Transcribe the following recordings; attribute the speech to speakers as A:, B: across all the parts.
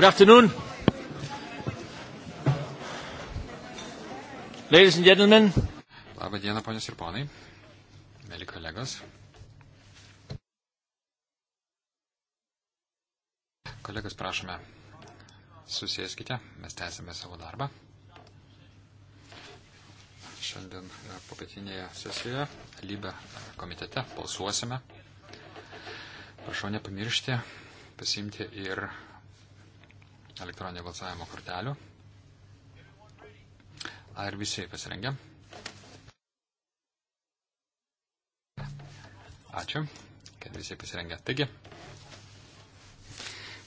A: Good afternoon. Ladies and gentlemen.
B: Labą dieną, ponios ir ponai, mėly kolegos. Kolegos, prašome, susėskite, mes tęsime savo darbą. Šiandien e, popietinėje sesijoje, lybe e, komitete, balsuosime. Prašau nepamiršti pasiimti ir elektroninio balsavimo kortelių. Ar visi pasirengę? Ačiū, kad visi pasirengę. Taigi,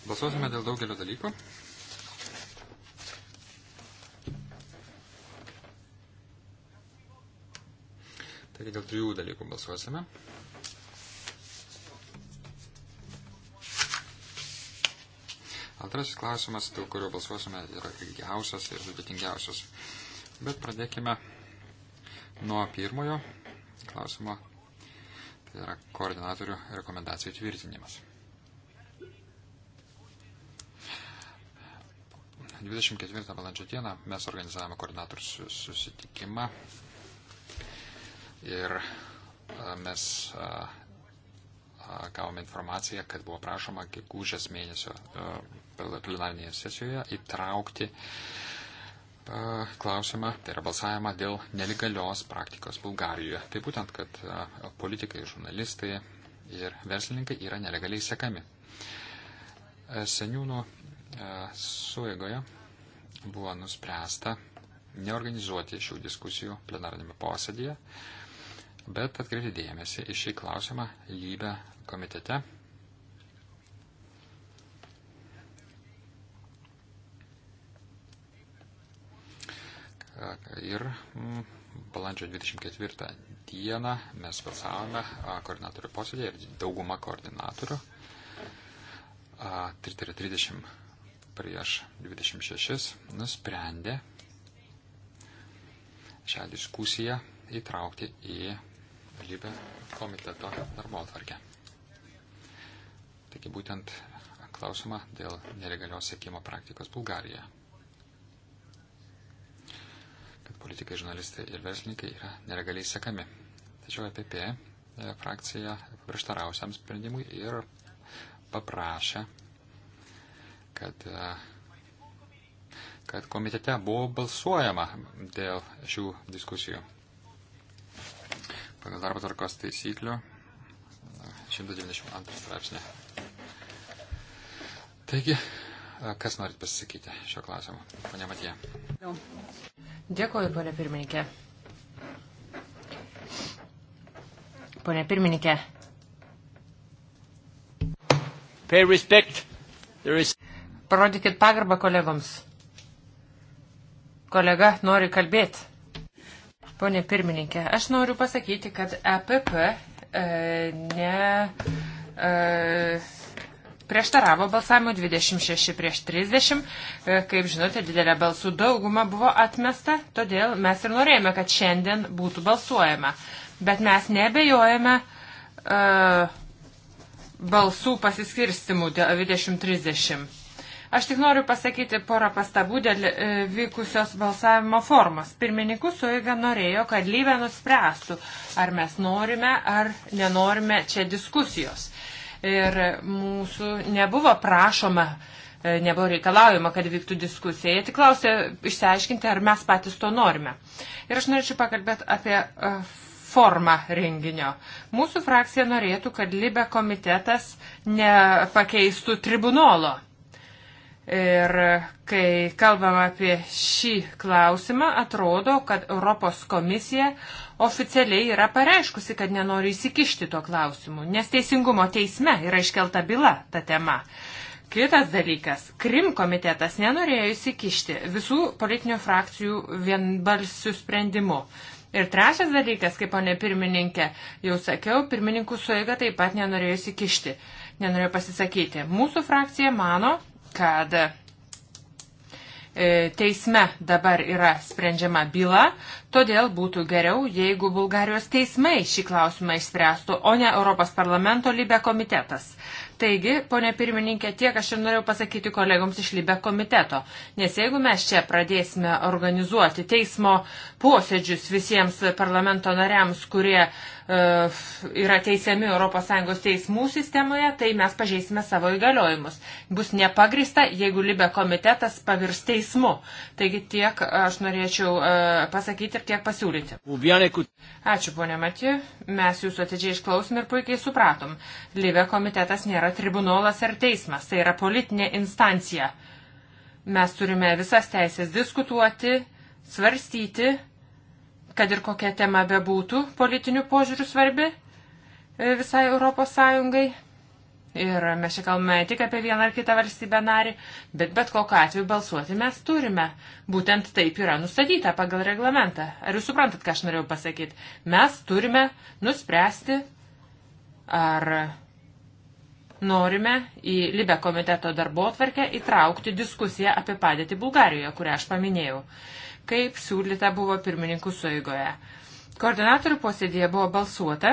B: balsuosime dėl daugelio dalykų. Taigi, dėl trijų dalykų balsuosime. Antrasis klausimas, dėl kurio balsuosime, yra ilgiausias ir sudėtingiausias. Bet pradėkime nuo pirmojo klausimo. Tai yra koordinatorių rekomendacijų tvirtinimas. 24 balandžio dieną mes organizavome koordinatorių susitikimą ir mes gavome informaciją, kad buvo prašoma gegužės mėnesio plenarinėje sesijoje įtraukti e, klausimą, tai yra balsavimą dėl nelegalios praktikos Bulgarijoje. Tai būtent, kad e, politikai, žurnalistai ir verslininkai yra nelegaliai sekami. E, Seniūno suėgoje buvo nuspręsta neorganizuoti šių diskusijų plenarinėme posėdėje, bet atkreipti dėmesį į šį klausimą lybę komitete Ir mm, balandžio 24 dieną mes balsavome koordinatorių posėdėje ir dauguma koordinatorių, tai yra 30 prieš 26, nusprendė šią diskusiją įtraukti į lybę komiteto darbo atvarkę. Taigi būtent klausimą dėl nelegalios sėkimo praktikos Bulgarijoje politikai, žurnalistai ir verslininkai yra nelegaliai sekami. Tačiau EPP e, frakcija prieštarausiam sprendimui ir paprašė, kad, e, kad komitete buvo balsuojama dėl šių diskusijų. Pagal darbo tvarkos taisyklių 192 e, straipsnė. Taigi, kas norit pasisakyti šio klausimu? Pane Matija.
C: Dėkoju, ponė pirmininkė. Pone pirmininkė.
A: Pay respect. There
C: is... Parodykit pagarbą kolegoms. Kolega nori kalbėti. Pone pirmininkė, aš noriu pasakyti, kad EPP e, ne. E, prieštaravo balsavimu 26 prieš 30. E, kaip žinote, didelė balsų dauguma buvo atmesta, todėl mes ir norėjome, kad šiandien būtų balsuojama. Bet mes nebejojame uh, e, balsų pasiskirstimų 2030. Aš tik noriu pasakyti porą pastabų dėl e, vykusios balsavimo formos. Pirmininkų suiga norėjo, kad lybė nuspręstų, ar mes norime ar nenorime čia diskusijos ir mūsų nebuvo prašoma, e, nebuvo reikalaujama, kad vyktų diskusija. Jie tik klausė išsiaiškinti, ar mes patys to norime. Ir aš norėčiau pakalbėti apie e, formą renginio. Mūsų frakcija norėtų, kad Libe komitetas nepakeistų tribunolo. Ir kai kalbam apie šį klausimą, atrodo, kad Europos komisija oficialiai yra pareiškusi, kad nenori įsikišti tuo klausimu, nes teisingumo teisme yra iškelta byla ta tema. Kitas dalykas, Krim komitetas nenorėjo įsikišti visų politinių frakcijų vienbalsių sprendimu. Ir trečias dalykas, kaip ponė pirmininkė, jau sakiau, pirmininkų suėga taip pat nenorėjo įsikišti, nenorėjo pasisakyti. Mūsų frakcija mano, kad e, teisme dabar yra sprendžiama byla, todėl būtų geriau, jeigu Bulgarijos teismai šį klausimą išspręstų, o ne Europos parlamento lybė komitetas. Taigi, ponė pirmininkė, tiek aš ir norėjau pasakyti kolegoms iš lybė komiteto, nes jeigu mes čia pradėsime organizuoti teismo posėdžius visiems parlamento nariams, kurie uh, E, yra teisiami ES teismų sistemoje, tai mes pažeisime savo įgaliojimus. Bus nepagrista, jeigu Libe komitetas pavirs teismu. Taigi tiek aš norėčiau e, pasakyti ir tiek pasiūlyti. Ačiū, ponė Matiju. Mes jūsų atidžiai išklausom ir puikiai supratom. Libe komitetas nėra tribunolas ar teismas, tai yra politinė instancija. Mes turime visas teisės diskutuoti, svarstyti kad ir kokia tema bebūtų politinių požiūrių svarbi e, visai Europos Sąjungai. Ir mes čia kalbame ne tik apie vieną ar kitą valstybę narį, bet bet kokiu atveju balsuoti mes turime. Būtent taip yra nustatyta pagal reglamentą. Ar jūs suprantat, ką aš norėjau pasakyti? Mes turime nuspręsti, ar norime į Libe komiteto darbo atvarkę įtraukti diskusiją apie padėtį Bulgarijoje, kurią aš paminėjau kaip siūlyta buvo pirmininkų sueigoje. Koordinatorių posėdėje buvo balsuota,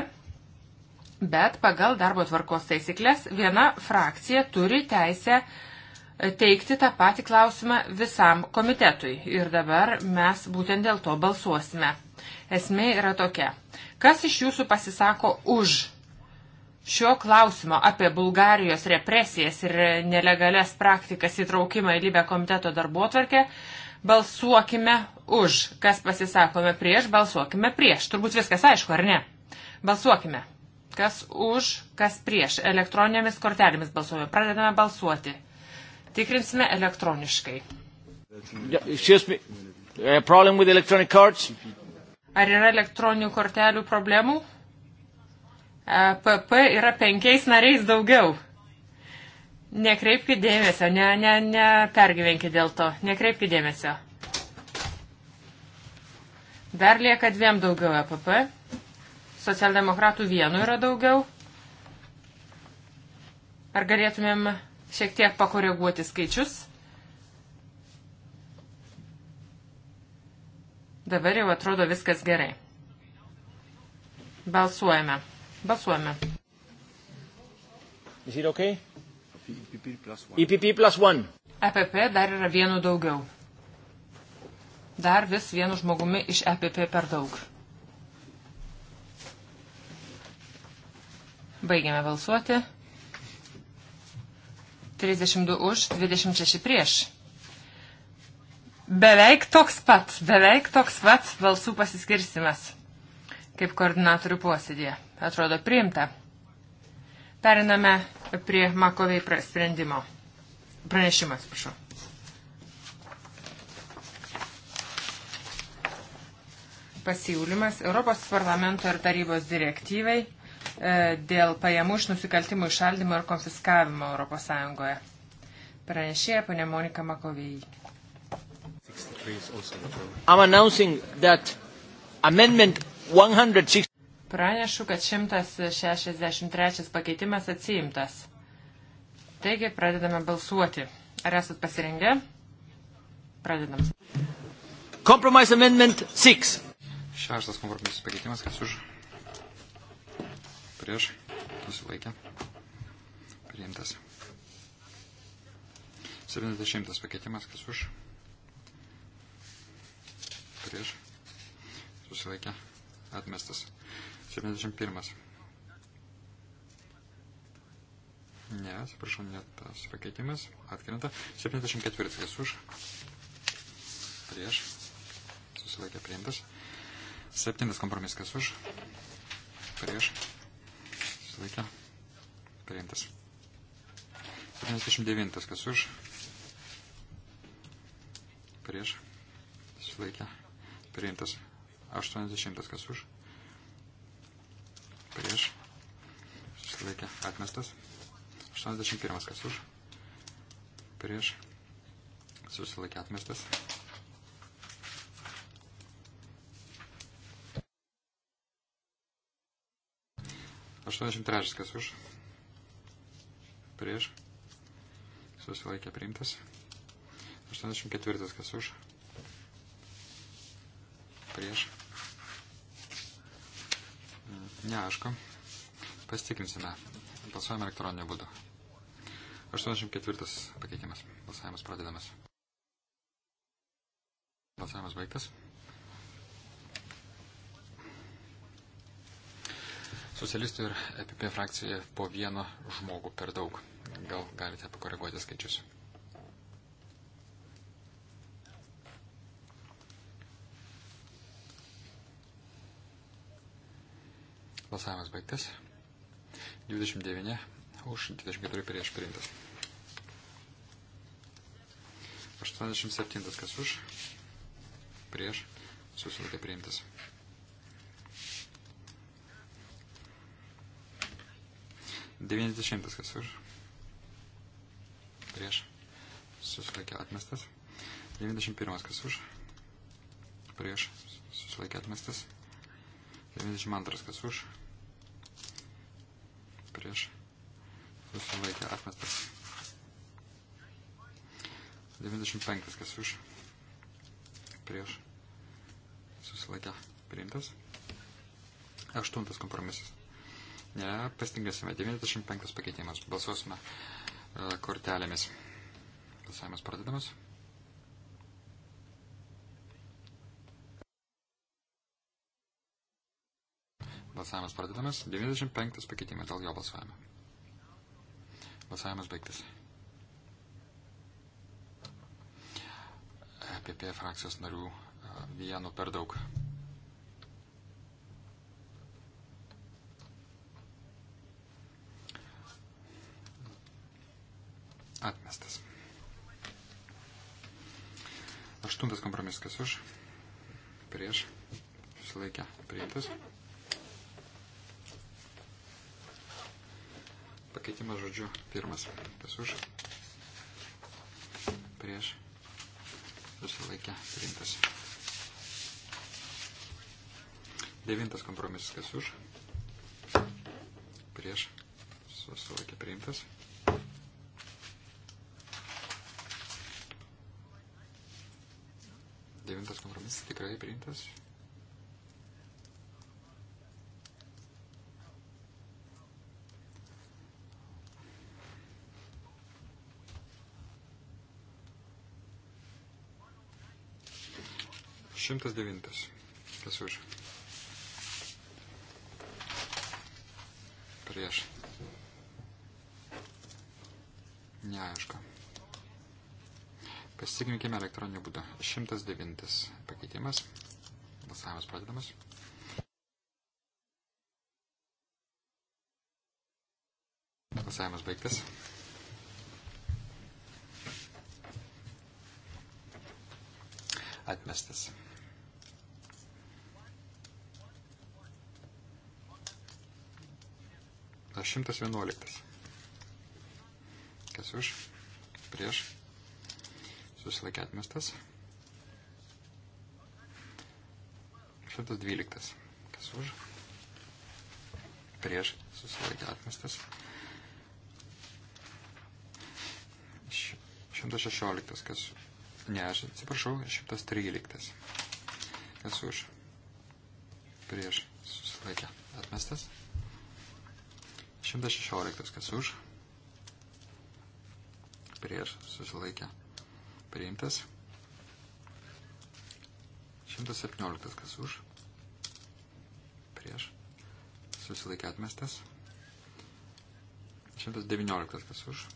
C: bet pagal darbo tvarkos taisyklės viena frakcija turi teisę teikti tą patį klausimą visam komitetui. Ir dabar mes būtent dėl to balsuosime. Esmė yra tokia. Kas iš jūsų pasisako už šio klausimo apie Bulgarijos represijas ir nelegales praktikas įtraukimą į Libę komiteto darbuotvarkę, Balsuokime už. Kas pasisakome prieš, balsuokime prieš. Turbūt viskas aišku, ar ne? Balsuokime. Kas už, kas prieš. Elektroninėmis kortelėmis balsuojame. Pradedame balsuoti. Tikrinsime elektroniškai. Ar yra elektroninių kortelių problemų? PP e, yra penkiais nariais daugiau. Nekreipkite dėmesio, ne, ne, ne pergyvenkite dėl to, nekreipkite dėmesio. Dar lieka dviem daugiau EPP, socialdemokratų vienu yra daugiau. Ar galėtumėm šiek tiek pakoreguoti skaičius? Dabar jau atrodo viskas gerai. Balsuojame. Balsuojame.
A: Is it okay? EPP
C: plus one. EPP dar yra vienu daugiau. Dar vis vienu žmogumi iš EPP per daug. Baigiame balsuoti. 32 už, 26 prieš. Beveik toks pat, beveik toks pat balsų pasiskirstimas kaip koordinatorių posėdėje. Atrodo priimta. Periname prie Makovei sprendimo. Pranešimas, prašau. Pasiūlymas Europos parlamento ir tarybos direktyvai e, dėl pajamų iš nusikaltimų išaldymo ir konfiskavimo Europos Sąjungoje. Pranešėja ponė Monika Makovėjai. I'm announcing that amendment 160. Pranešu, kad 163 pakeitimas atsiimtas. Taigi, pradedame balsuoti. Ar esat pasirengę? Pradedam. Compromise Amendment 6.
B: Šeštas kompromisas pakeitimas, kas už. Prieš. Susilaikė. Priimtas. 70 pakeitimas, kas už. Prieš. Susilaikė. Atmestas. 71. Ne, atsiprašau, net tas pakeitimas atkrenta. 74 kas už. Prieš. Susilaikė priimtas. 7 kompromis kas už. Prieš. Susilaikė priimtas. 79 kas už. Prieš. Susilaikė priimtas. 80 kas už prieš, susilaikė atmestas. 81 kas už, prieš, susilaikė atmestas. Aštuoniasdešimt trečias kas už, prieš, susilaikė priimtas. 84 kas už, prieš, Neaišku. Pasitikrinsime. Balsuojame elektroniniu būdu. 84 pakeitimas. Balsavimas pradedamas. Balsavimas baigtas. Socialistų ir EPP frakcija po vieną žmogų per daug. Gal galite pakoreguoti skaičius. Balsavimas baigtas. 29 už, 24 prieš priimtas. 87 kas už, prieš susilaikė priimtas. Devyniasdešimtas kas už. Prieš. Susilaikė atmestas. Devyniasdešimt pirmas kas už. Prieš. Susilaikė atmestas. Devyniasdešimt antras kas už prieš susilaikė atmestas. 95 kas už prieš susilaikė priimtas. 8 kompromisas. Ne, pastingasime. 95 pakeitimas. Balsuosime e, kortelėmis. Balsavimas pradedamas. Balsavimas pradedamas. 95 pakeitimas dėl jo balsavimo. Balsavimas baigtas. EPP frakcijos narių e, vienu per daug. Atmestas. Aštuntas kompromisas už prieš susilaikę priimtas. Pakeitimas žodžiu pirmas. Kas už? Prieš. Susilaikę. Priimtas. Devintas kompromisas. Kas už? Prieš. Susilaikę. Priimtas. Devintas kompromisas tikrai priimtas. 109. Kas už? Prieš. Neaišku. Pasitikinkime elektroniniu būdu. 109 pakeitimas. Balsavimas pradedamas. Balsavimas baigtas. atmestas. Patvirtinta 111. Kas už? Prieš. Susilaikė atmestas. 112. Kas už? Prieš. Susilaikė atmestas. 116. Kas Ne, aš atsiprašau, 113. Kas už? Prieš. Susilaikė atmestas. 116 kas už, prieš susilaikę priimtas. 117 kas už, prieš susilaikę atmestas. 119 kas už,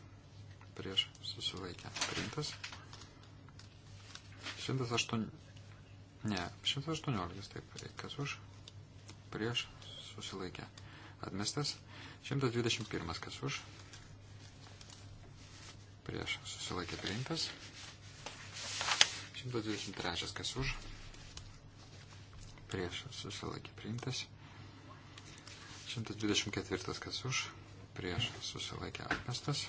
B: prieš susilaikę priimtas. 108, ne, 118 taip, kas už, prieš susilaikę atmestas. 121 kas už. Prieš susilaikė priimtas. 123 kas už. Prieš susilaikė priimtas. 124 kas už. Prieš susilaikė atmestas.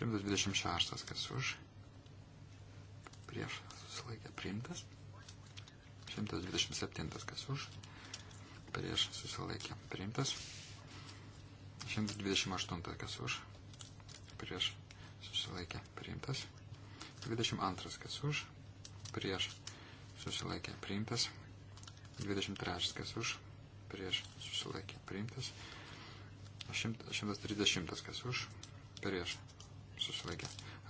B: 126 kas už. Prieš susilaikė priimtas. 127 kas už. Prieš susilaikė priimtas. 128 kas už, prieš susilaikė priimtas. 22 kas už, prieš susilaikė priimtas. 23 kas už, prieš susilaikė priimtas. 130 kas už, prieš susilaikė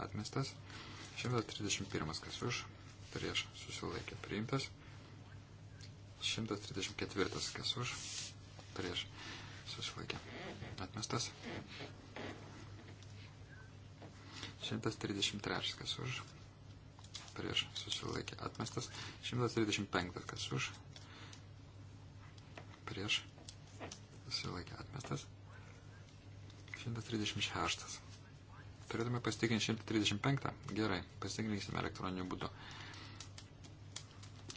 B: atmestas. 131 kas už, prieš susilaikė priimtas. 134 kas už, prieš susilaikė Atmestas. 133 kas už. Prieš susilaikė. Atmestas. 135 kas už. Prieš susilaikė. Atmestas. 136. Turėtume pasitikinti 135. Gerai, pasitikinsime elektroniniu būdu.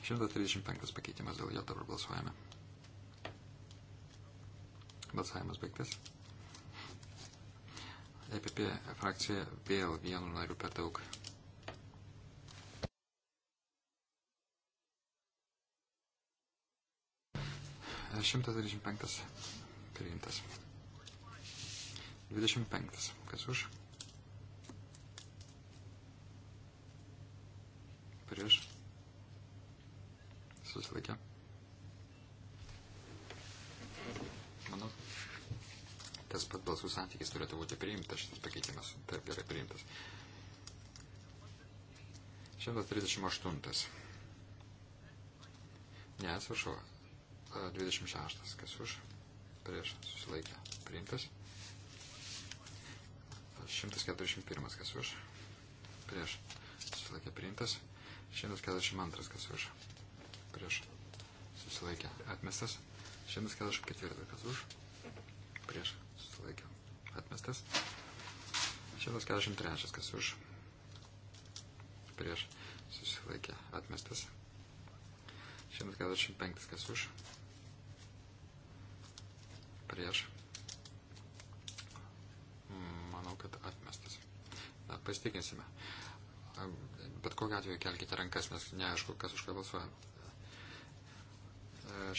B: 135 pakeitimas dėl jo dabar balsuojame. Balsavimas baigtas. EPP frakcija vėl vienu nariu per daug. Šimtas dvidešimt penktas priimtas. Dvidešimt penktas. Kas už? Prieš. Susilaikė. tas pat balsų santykis turėtų būti priimtas, šitas pakeitimas per gerai priimtas. 138. Ne, atsiprašau. 26. Kas už? Prieš susilaikę. Priimtas. 141. Kas už? Prieš susilaikę. Priimtas. 142. Kas už? Prieš susilaikę. Atmestas. 144. Kas už? Prieš susilaikė atmestas. 143, kas už, prieš susilaikė atmestas. 145, kas už, prieš. Manau, kad atmestas. Na, pasitikinsime. Bet kokiu atveju kelkite rankas, nes neaišku, kas už ką balsuoja.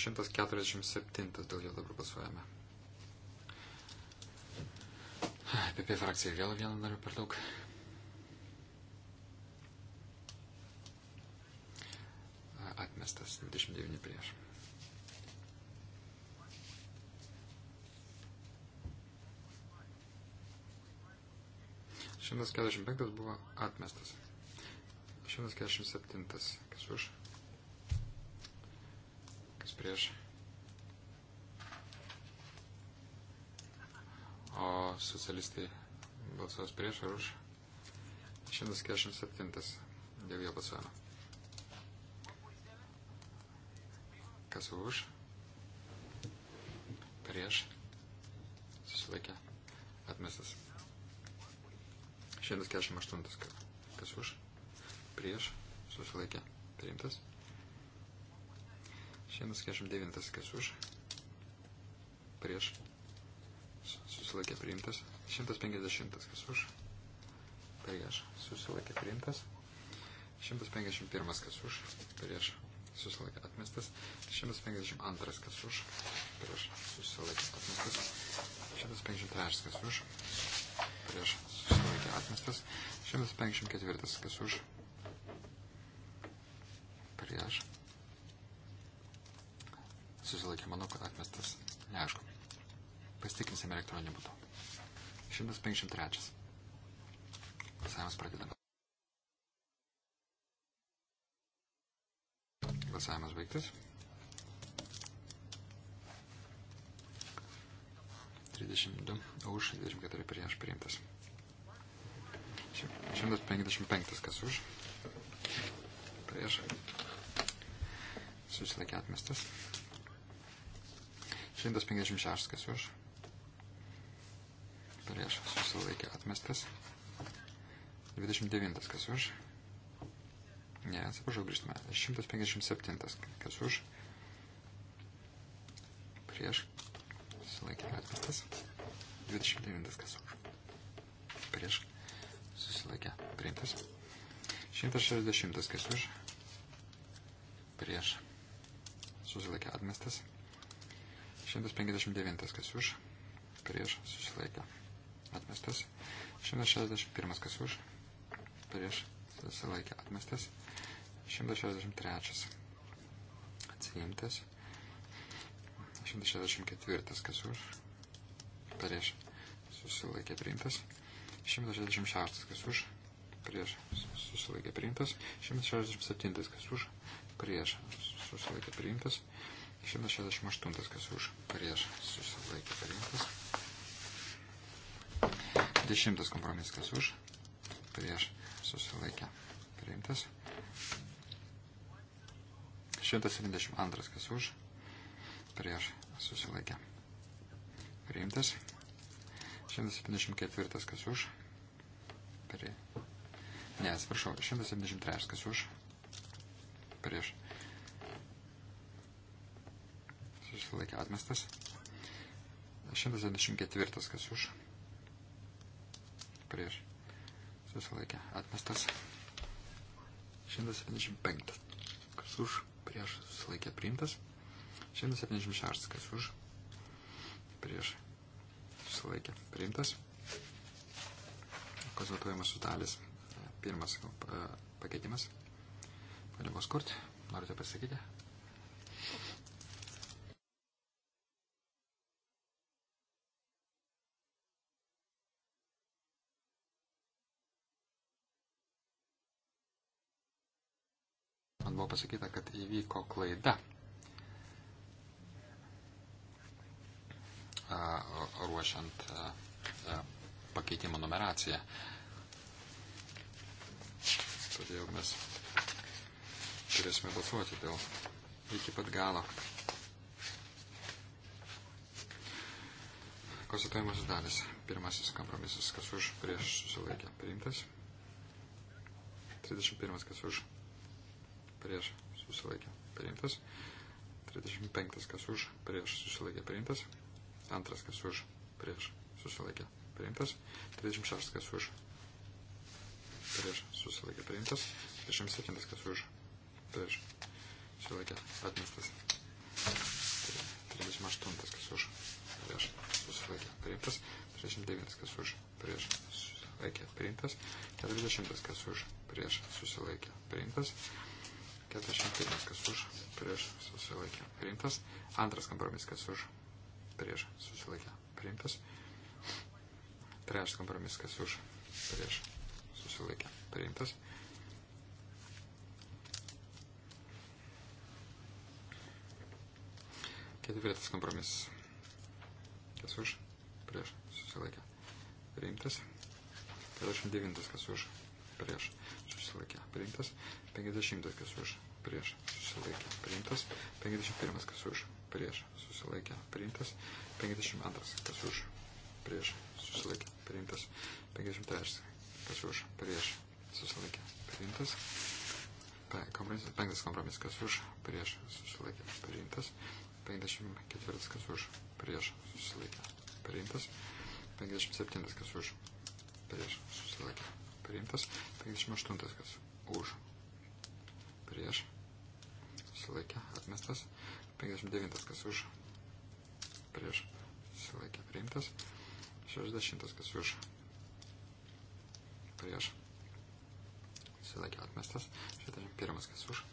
B: 147 dėl jo dabar balsuojame. PP frakcija vėl vieną narių per daug. Atmestas 29 prieš. Šimtas keturiasdešimt penktas buvo atmestas. Šimtas keturiasdešimt septintas. Kas už? Kas prieš? o socialistai balsuos prieš ar už 147 dėl jo balsuojama. Kas už? Prieš. Susilaikė. Atmestas. 148. Kas už? Prieš. Susilaikė. Priimtas. 149. Kas už? Prieš susilaikė priimtas. 150 kas už, prieš susilaikė priimtas. 151 kas už, prieš susilaikė atmestas. 152 kas už, prieš susilaikė atmestas. 153 kas už, prieš susilaikė atmestas. 154 kas už, prieš susilaikė, manau, kad atmestas. Neaišku. Pasitikrinsim elektroninį būdą. 153. Balsavimas pradedamas. Balsavimas baigtas. 32 už, 24 prieš priimtas. 155 kas už. Prieš. Susilaikė atmestas. 156 kas už prieš susilaikė atmestas. 29 kas už. Ne, atsiprašau, grįžtame. 157 kas už. Prieš susilaikė atmestas. 29 kas už. Prieš susilaikė priimtas. 160 kas už. Prieš susilaikė atmestas. 159 kas už. Prieš susilaikė atmestas. 161 kas už, prieš susilaikė atmestas. 163 atsiimtas. 164 kas už, prieš susilaikė priimtas. 166 kas už, prieš susilaikė priimtas. 167 kas už, prieš susilaikė priimtas. 168 kas už, prieš susilaikė priimtas. Dešimtas kompromisas už, prieš susilaikę priimtas. 172 kas už, prieš susilaikę priimtas. 174 kas už, prie... Ne, atsiprašau, 173 kas už, prieš susilaikę atmestas. 174 kas už, prieš susilaikė atmestas. 175, kas už, prieš susilaikė priimtas. 176, kas už, prieš susilaikė priimtas. Konsultuojamas sudalis. Pirmas e, pakeitimas. Kolegos Kurt, norite pasakyti? buvo pasakyta, kad įvyko klaida ruošiant pakeitimo numeraciją. Todėl mes turėsime balsuoti dėl iki pat galo. Konstatuojamos dalis. Pirmasis kompromisas, kas už prieš sulaikė priimtas. 31 kas už prieš susilaikė priimtas. 35 kas už, prieš susilaikė priimtas. Antras kas už, prieš susilaikė priimtas. 36 kas už, prieš susilaikė priimtas. 37 kas už, prieš susilaikė atmestas. 38 kas už, prieš susilaikė priimtas. 39 kas už, prieš susilaikė priimtas. 40 kas už, prieš susilaikė priimtas. 41 kas už, prieš susilaikė priimtas. Antras kompromisas kas už, prieš susilaikė priimtas. Trečias kompromisas kas už, prieš susilaikė priimtas. Ketvirtas kompromisas. Kas už, prieš susilaikė priimtas. 49 kas už, prieš susilaikė priimtas. 50 kas už, prieš susilaikė priimtas, 51 kas už, prieš susilaikė priimtas, 52 kas už, prieš susilaikė priimtas, 53 kas už, prieš susilaikė priimtas, 5 kompromis kas už, prieš susilaikė priimtas, 54 kas už, prieš susilaikė priimtas, 57 kas už, prieš susilaikė priimtas, 58 kas už, prieš, susilaikė atmestas, 59 kas už, prieš, susilaikė priimtas, 60 kas už, prieš, susilaikė atmestas, 61 kas už,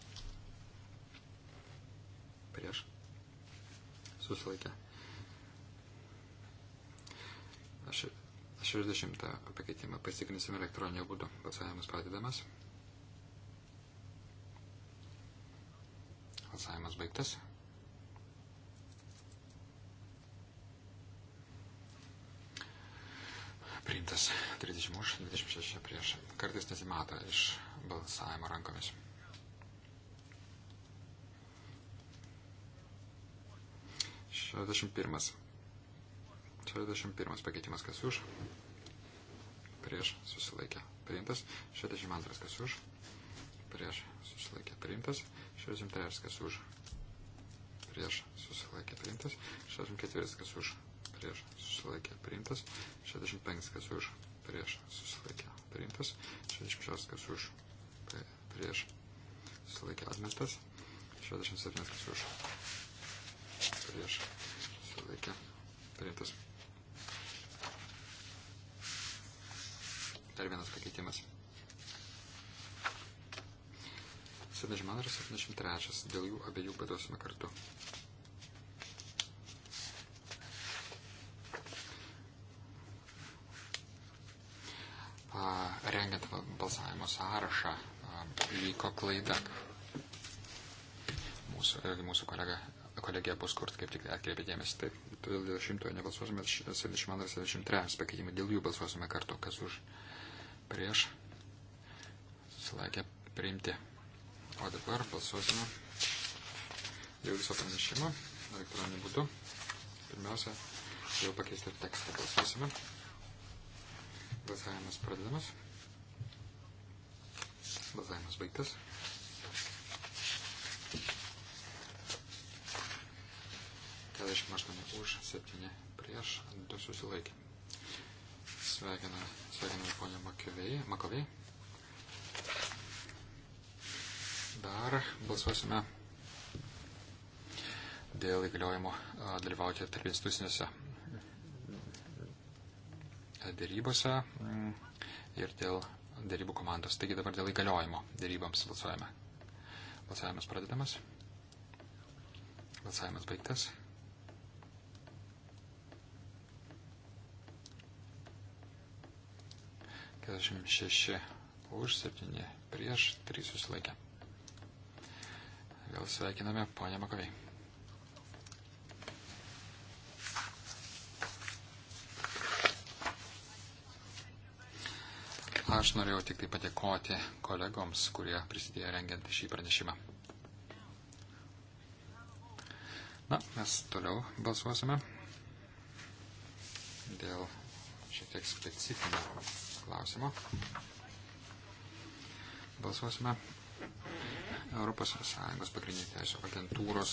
B: prieš, susilaikė. Aš 60 pakeitimą pasikrinsim elektroninio būdu. Balsavimas pradedamas. Balsavimas baigtas. Priimtas 30 už, 26 prieš. Kartais nesimato iš balsavimo rankomis. Šešdešimt pirmas. Šešdešimt pirmas pakeitimas kas už. Prieš susilaikė priimtas. Šešdešimt antras kas už. Prieš susilaikė priimtas. 62 kas už prieš susilaikė priimtas, 64 kas už prieš susilaikė priimtas, 65 kas už prieš susilaikė priimtas, 66 kas už prieš susilaikė atmestas, 67 kas už prieš susilaikė priimtas. Dar vienas pakeitimas. 72 ir 73. Dėl jų abiejų paduosime kartu. Rengiant balsavimo sąrašą vyko klaida. Mūsų, e, mūsų kolega, kolegija bus kurt, kaip tik atkreipė dėmesį. Taip, todėl dėl šimtojo nebalsuosime, 72 ir 73 pakeitimai, dėl jų balsuosime kartu, kas už prieš. Sulaikė priimti. O dabar balsuosime dėl viso pranešimo elektroniniu būdu. Pirmiausia, jau pakeisti tekstą balsuosime. Balsavimas pradedamas. Balsavimas baigtas. Keturiasdešimt aštuoni už, septyni prieš, du susilaikė. Sveikiname, sveikiname ponę Makovei. Dar balsuosime dėl įgaliojimo dalyvauti tarp institucinėse dėrybose mm, ir dėl dėrybų komandos. Taigi dabar dėl įgaliojimo dėryboms balsuojame. Balsavimas pradedamas. Balsavimas baigtas. Keturiasdešimt šeši už, septyni prieš, trys susilaikė. Vėl sveikiname ponę Makovei. Aš norėjau tik tai padėkoti kolegoms, kurie prisidėjo rengiant šį pranešimą. Na, mes toliau balsuosime dėl šiek tiek specifinio klausimo. Balsuosime ES pagrindinių teisų agentūros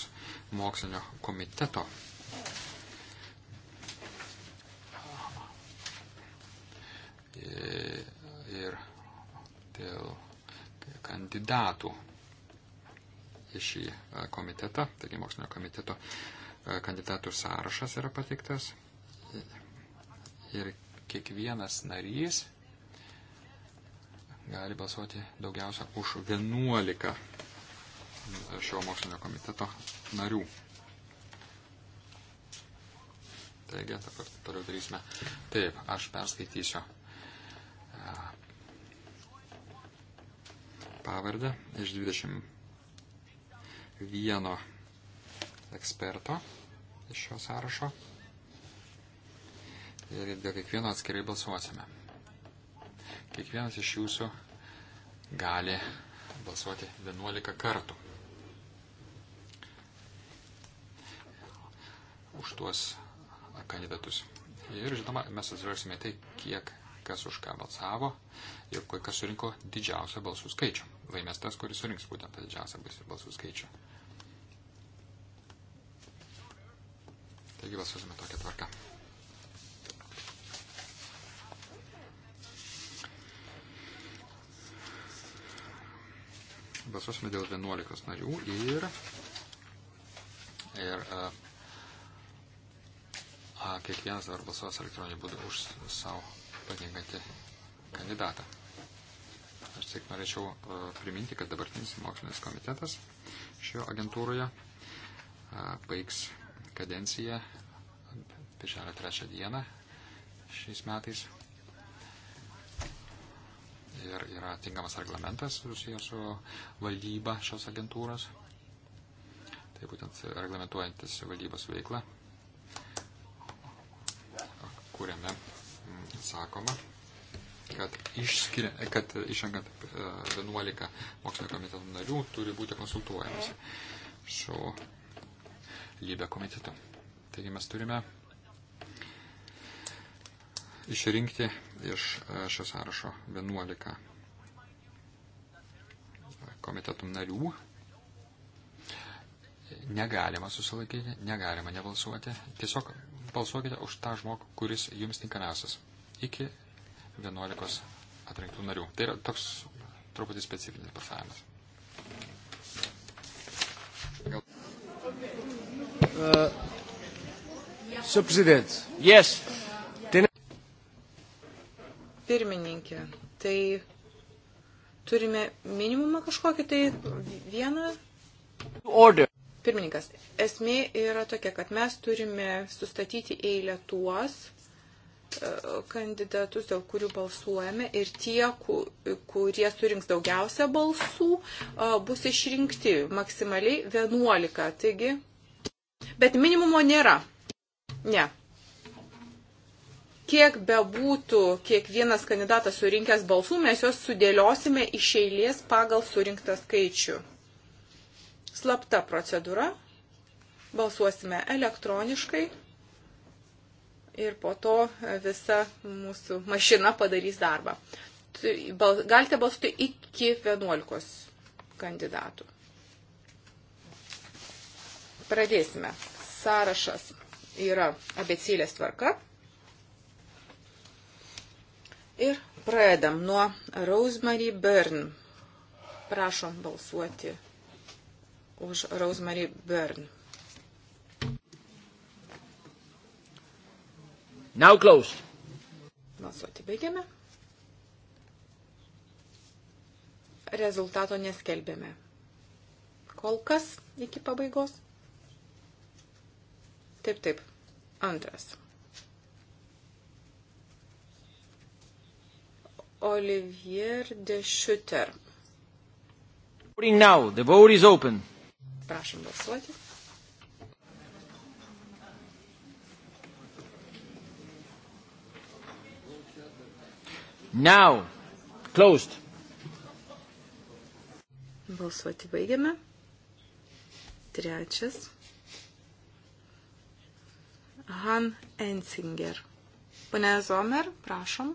B: mokslinio komiteto. Ir dėl kandidatų į šį komitetą, taigi mokslinio komiteto kandidatų sąrašas yra pateiktas. Ir kiekvienas narys gali balsuoti daugiausia už 11 šio mokslinio komiteto narių. Taigi, dabar toliau darysime. Taip, aš perskaitysiu e, pavardę iš 21 eksperto iš šio sąrašo. Ir dėl kiekvieno atskirai balsuosime. Kiekvienas iš jūsų gali balsuoti 11 kartų. Už tuos kandidatus. Ir žinoma, mes atsiversime tai, kiek kas už ką balsavo ir kas surinko didžiausią balsų skaičių. Laimės tas, kuris surinks būtent tą didžiausią balsų skaičių. Taigi balsuosime tokią tvarką. balsuosime dėl 11 narių ir, ir a, a, kiekvienas dabar balsuos elektroniniu būdu už savo patinkantį kandidatą. Aš tik norėčiau a, priminti, kad dabartinis mokslinis komitetas šio agentūroje a, baigs kadenciją birželio 3 dieną šiais metais ir yra tinkamas reglamentas susijęs su valdyba šios agentūros. Tai būtent reglamentuojantis valdybos veiklą, kuriame mm, sakoma, kad, išskiria, kad išrenkant 11 e, mokslinio komiteto narių turi būti konsultuojamas su lybė komitetu. Taigi mes turime išrinkti iš e, šio sąrašo 11 komitetų narių. Negalima susilaikyti, negalima nebalsuoti. Tiesiog balsuokite už tą žmogų, kuris jums tinkamiausias. Iki 11 atrinktų narių. Tai yra toks truputį specifinis balsavimas.
A: Gal... Uh, Sr. Presidente. Yes
D: pirmininkė, tai turime minimumą kažkokį tai vieną. Order. Pirmininkas, esmė yra tokia, kad mes turime sustatyti eilę tuos e, kandidatus, dėl kurių balsuojame ir tie, kurie surinks daugiausia balsų, e, bus išrinkti maksimaliai 11. Taigi, bet minimumo nėra. Ne, kiek bebūtų kiekvienas kandidatas surinkęs balsų, mes juos sudėliosime iš eilės pagal surinktą skaičių. Slapta procedūra. Balsuosime elektroniškai ir po to e, visa mūsų mašina padarys darbą. Tai galite balsuoti iki 11 kandidatų. Pradėsime. Sąrašas yra abecėlės tvarka. Ir pradedam nuo Rosemary Byrne. Prašom balsuoti už Rosemary Byrne. Now closed. Balsuoti baigiame. Rezultato neskelbėme. Kol kas iki pabaigos. Taip, taip. Antras. Olivier de Schutter.
A: Now, the vote is open.
D: Prašom balsuoti.
A: Now, closed.
D: Balsuoti baigiame. Trečias. Han Ensinger. Pane Zomer,
C: prašom.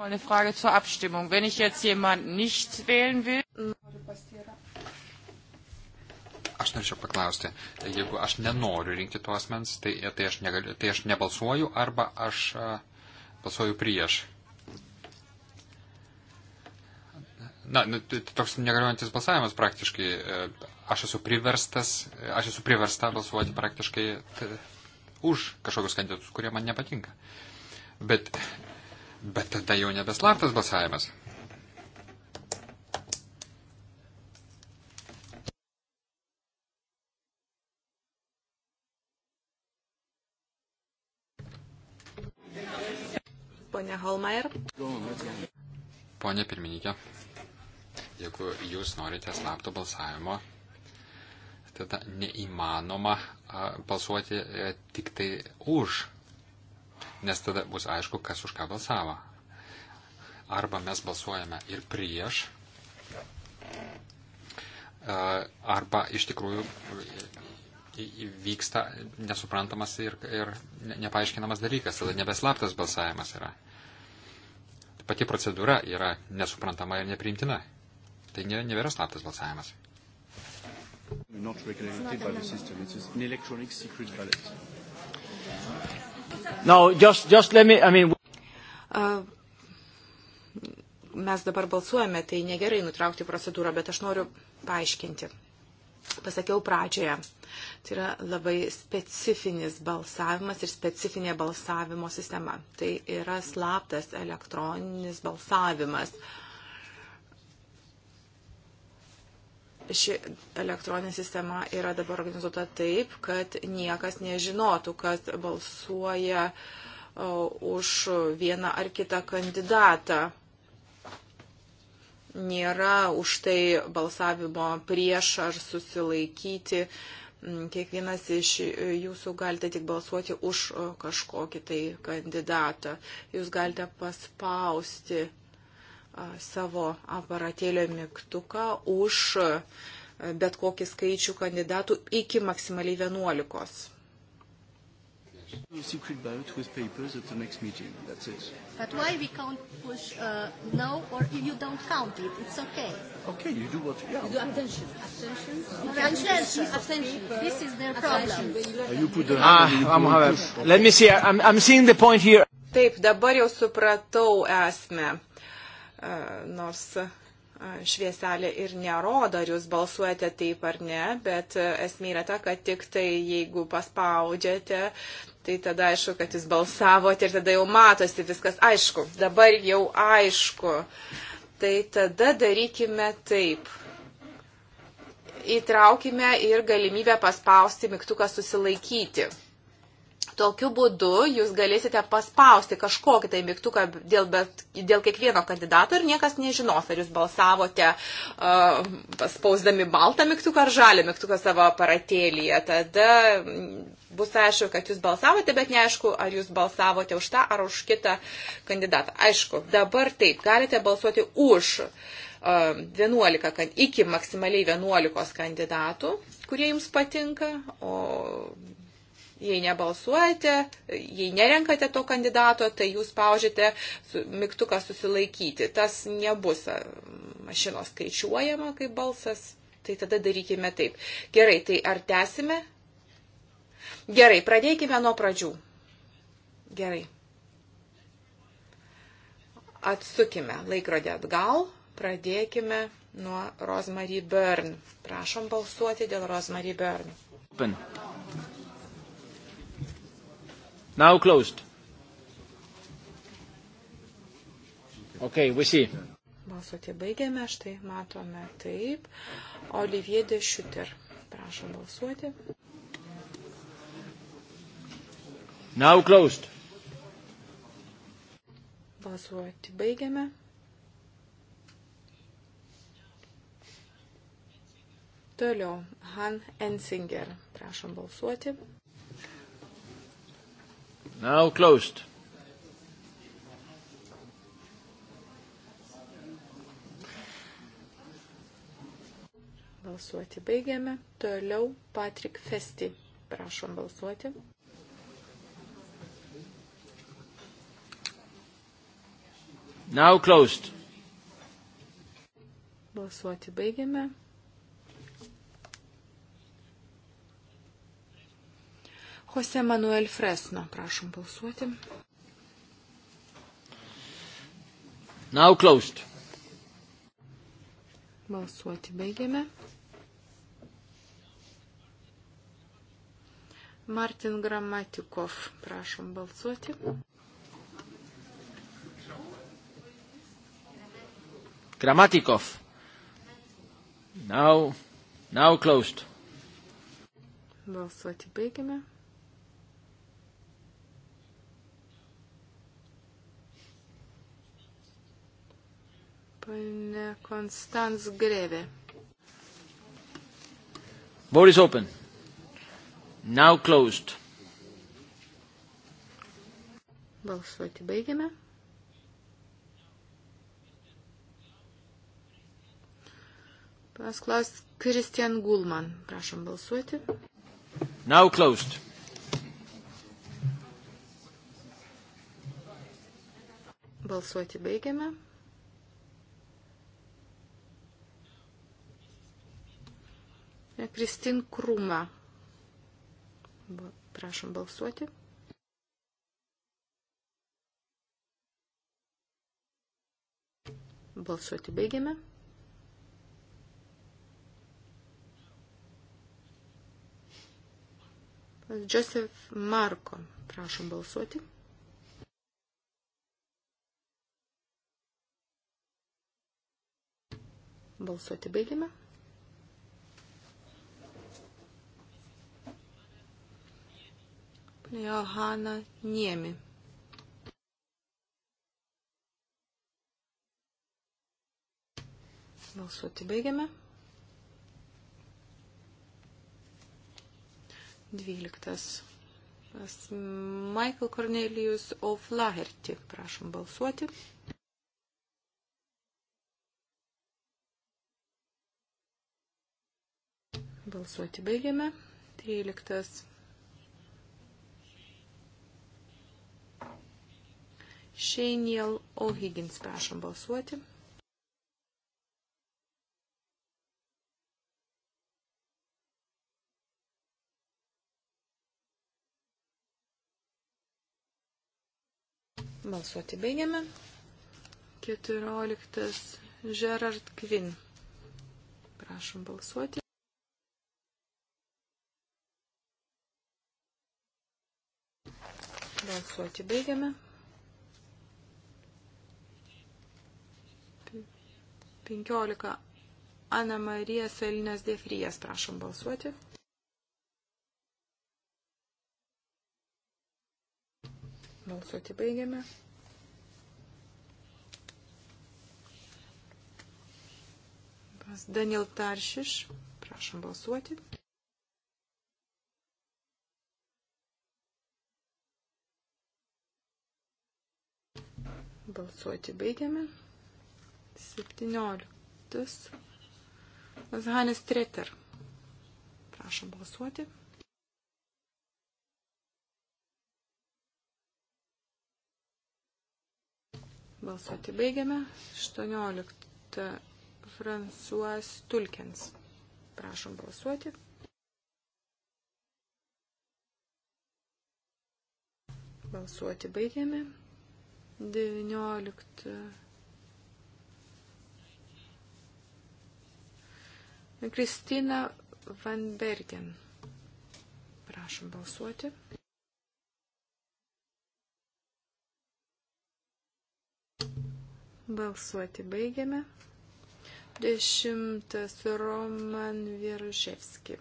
C: Meine Frage zur Abstimmung. Wenn ich jetzt jemanden nicht wählen will,
B: Aš norėčiau paklausti, jeigu aš nenoriu rinkti to asmens, tai, tai, aš, negaliu, tai aš nebalsuoju arba aš a, balsuoju prieš. Na, nu, tai toks negaliuojantis balsavimas praktiškai. E, aš esu priverstas, aš esu priversta balsuoti praktiškai t, už kažkokius kandidatus, kurie man nepatinka. Bet Bet tada jau nebeslaptas balsavimas.
D: Pone Holmeier.
B: Pone pirmininkė, jeigu jūs norite slapto balsavimo, tada neįmanoma balsuoti e, tik tai už nes tada bus aišku, kas už ką balsavo. Arba mes balsuojame ir prieš, e, arba iš tikrųjų vyksta nesuprantamas ir, ir nepaaiškinamas dalykas, tada nebeslaptas balsavimas yra. Pati procedūra yra nesuprantama ir nepriimtina. Tai nėra, nėra slaptas balsavimas.
C: Not regulated by the
D: system. It's an electronic secret ballot.
A: No, just, just let me, I mean...
D: Uh, mes dabar balsuojame, tai negerai nutraukti procedūrą, bet aš noriu paaiškinti. Pasakiau pradžioje, tai yra labai specifinis balsavimas ir specifinė balsavimo sistema. Tai yra slaptas elektroninis balsavimas. Uh, ši elektroninė sistema yra dabar organizuota taip, kad niekas nežinotų, kad balsuoja e, už vieną ar kitą kandidatą. Nėra už tai balsavimo prieš ar susilaikyti. Mm, kiekvienas iš jūsų galite tik balsuoti už e, kažkokį tai kandidatą. Jūs galite paspausti savo aparatėlio mygtuką už bet kokį skaičių kandidatų iki maksimaliai 11. But why we can't push uh, no or if you don't count it, it's okay.
A: Okay, you do what you yeah. You do
D: abstention. Abstention. Okay. Abstention. abstention.
A: This is their problem. Ah, you put the ah, I'm, I'm, let me see. I'm, I'm seeing the point here.
D: Taip, dabar jau supratau esmę. Uh, nors švieselė ir nerodo, ar jūs balsuojate taip ar ne, bet esmė yra ta, kad tik tai jeigu paspaudžiate, tai tada aišku, kad jūs balsavote ir tada jau matosi viskas aišku. Dabar jau aišku. Tai tada darykime taip. Įtraukime ir galimybę paspausti mygtuką susilaikyti. Tokiu būdu jūs galėsite paspausti kažkokį tai mygtuką dėl, bet, dėl kiekvieno kandidato ir niekas nežinos, ar jūs balsavote uh, spausdami baltą mygtuką ar žalią mygtuką savo aparatėlyje. Tada bus aišku, kad jūs balsavote, bet neaišku, ar jūs balsavote už tą ar už kitą kandidatą. Aišku, dabar taip, galite balsuoti už uh, 11, kad iki maksimaliai 11 kandidatų, kurie jums patinka, o Jei nebalsuojate, jei nerenkate to kandidato, tai jūs paužiate mygtuką susilaikyti. Tas nebus mašinos skaičiuojama kaip balsas. Tai tada darykime taip. Gerai, tai ar tęsime? Gerai, pradėkime nuo pradžių. Gerai. Atsukime laikrodį atgal, pradėkime nuo Rosemary Byrne. Prašom balsuoti dėl Rosemary Byrne.
A: Open. Now closed.
D: Okay, we see. Balsuoti baigėme, štai matome taip. Olivier de Schutter. Prašom balsuoti.
A: Now closed.
D: Balsuoti baigėme. Toliau, Han Ensinger. Prašom balsuoti.
A: Now closed.
D: Balsuoti baigiame. Toliau Patrick Festi. Prašom balsuoti.
A: Now closed.
D: Balsuoti baigiame. Jose Manuel Fresno, prašom balsuoti.
A: Now closed.
D: Balsuoti baigėme. Martin Gramatikov, prašom balsuoti.
A: Gramatikov. Now, now closed.
D: Balsuoti baigėme. Pane Konstans Grevė.
A: Vote is open. Now closed.
D: Balsuoti baigiame. Panas klaus Kristian Gulman. Prašom balsuoti.
A: Now closed.
D: Balsuoti baigiame. Kristin Krūma. Prašom balsuoti. Balsuoti baigiame. Joseph Marko. Prašom balsuoti. Balsuoti baigiame. Johana Niemi. Balsuoti baigiame. 12. Pas Michael Cornelijus Oflaherty. Prašom balsuoti. Balsuoti baigiame. 13. Shaniel O'Higgins, prašom balsuoti. Balsuoti baigiame. 14. Gerard Quinn. Prašom balsuoti. Balsuoti baigiame. 15. Ana Marija Felinės Defrijas, prašom balsuoti. Balsuoti baigiame. Daniel Taršiš, prašom balsuoti. Balsuoti baigiame. 17. Hanis Treter. Prašom balsuoti. Balsuoti baigiame. 18. Fransuas Tulkens. Prašom balsuoti. Balsuoti baigiame. 19. Kristina Van Bergen. Prašom balsuoti. Balsuoti baigiame. Dešimtas Roman Viruševski.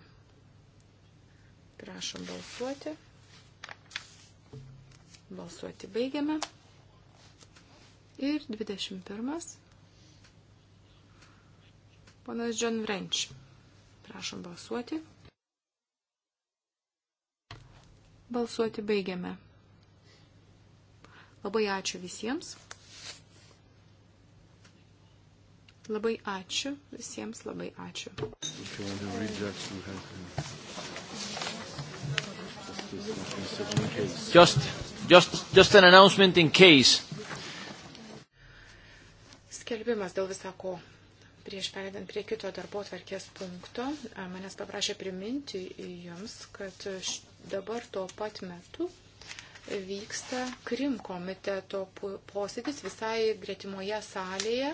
D: Prašom balsuoti. Balsuoti baigiame. Ir 21. Ponas John Wrench. Prašom balsuoti. Balsuoti baigiame. Labai ačiū visiems. Labai ačiū visiems, labai ačiū.
A: Just, just, just an announcement in case.
D: Skelbimas dėl visako Prieš perėdant prie kito darbo tvarkės punkto, manęs paprašė priminti jums, kad dabar tuo pat metu vyksta Krim komiteto posėdis visai gretimoje salėje.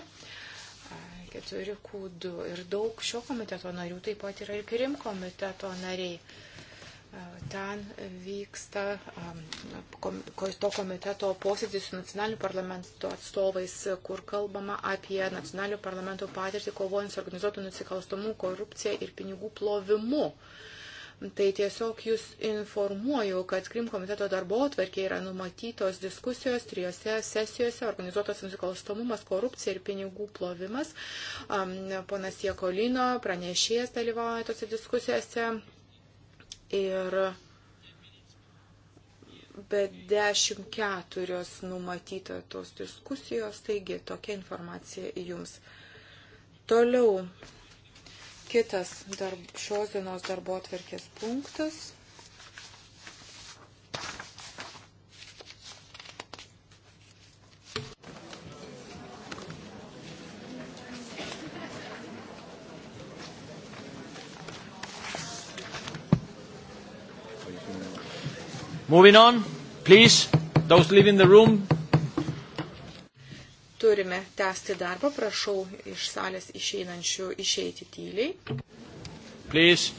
D: 4 kūdų ir daug šio komiteto narių taip pat yra ir Krim komiteto nariai. Ten vyksta to komiteto posėdis su nacionaliniu parlamento atstovais, kur kalbama apie nacionalinių parlamentų patirtį kovojant su organizuotų nusikalstamų korupcija ir pinigų plovimu. Tai tiesiog jūs informuoju, kad Krim komiteto darbo atvarkė yra numatytos diskusijos trijose sesijose - organizuotas nusikalstamumas, korupcija ir pinigų plovimas. Ponas Jekolino pranešėjas dalyvauja tose diskusijose, ir bet 14 numatyta tos diskusijos, taigi tokia informacija jums. Toliau kitas darb, šios dienos darbo atverkės punktas.
A: Moving on, please, those leaving the room.
D: Turime tęsti darbą, prašau iš salės išeinančių išeiti tyliai.
A: Please,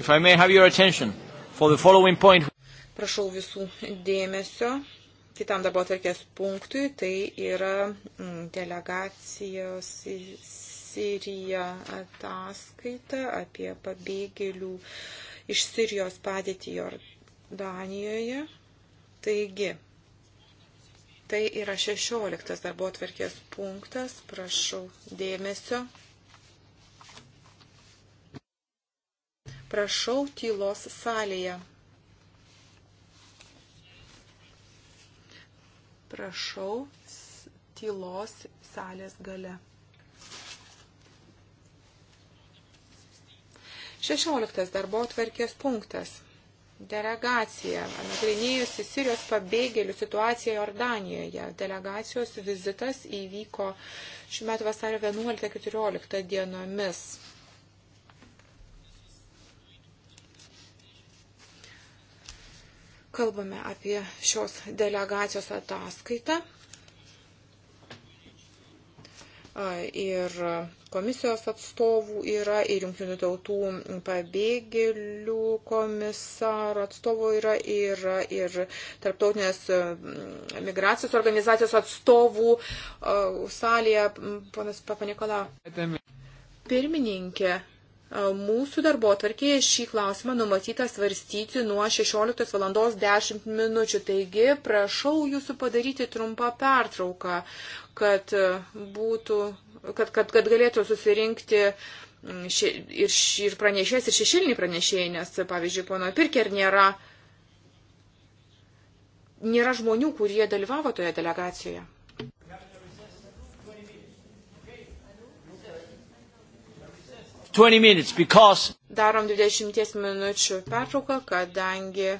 A: if I may have your attention for the following point.
D: Prašau visų dėmesio kitam darbo atvarkės punktui, tai yra mm, delegacijos į Siriją ataskaita apie pabėgėlių iš Sirijos padėtį Jordanijos. Danijoje. Taigi, tai yra 16 darbo atverkės punktas, prašau dėmesio. Prašau tylos salėje. Prašau tylos salės gale. 16 darbo atverkės punktas delegacija, nagrinėjusi Sirijos pabėgėlių situaciją Jordanijoje. Delegacijos vizitas įvyko šiuo metu vasario 11-14 dienomis. Kalbame apie šios delegacijos ataskaitą ir komisijos atstovų yra, ir jungtinių tautų pabėgėlių komisaro atstovų yra, ir, ir tarptautinės mm, migracijos organizacijos atstovų salėje, ponas Papanikola. Pirmininkė, Mūsų darbo atvarkėje šį klausimą numatyta svarstyti nuo 16 val. 10 minučių. Taigi, prašau jūsų padaryti trumpą pertrauką, kad, e, būtų, kad, kad, kad galėtų susirinkti ir, ir pranešėjas, ir šešiliniai pranešėjai, nes, pavyzdžiui, pono Pirker nėra, nėra žmonių, kurie dalyvavo toje delegacijoje.
A: Minutes, because...
D: Darom 20 minučių pertrauką, kadangi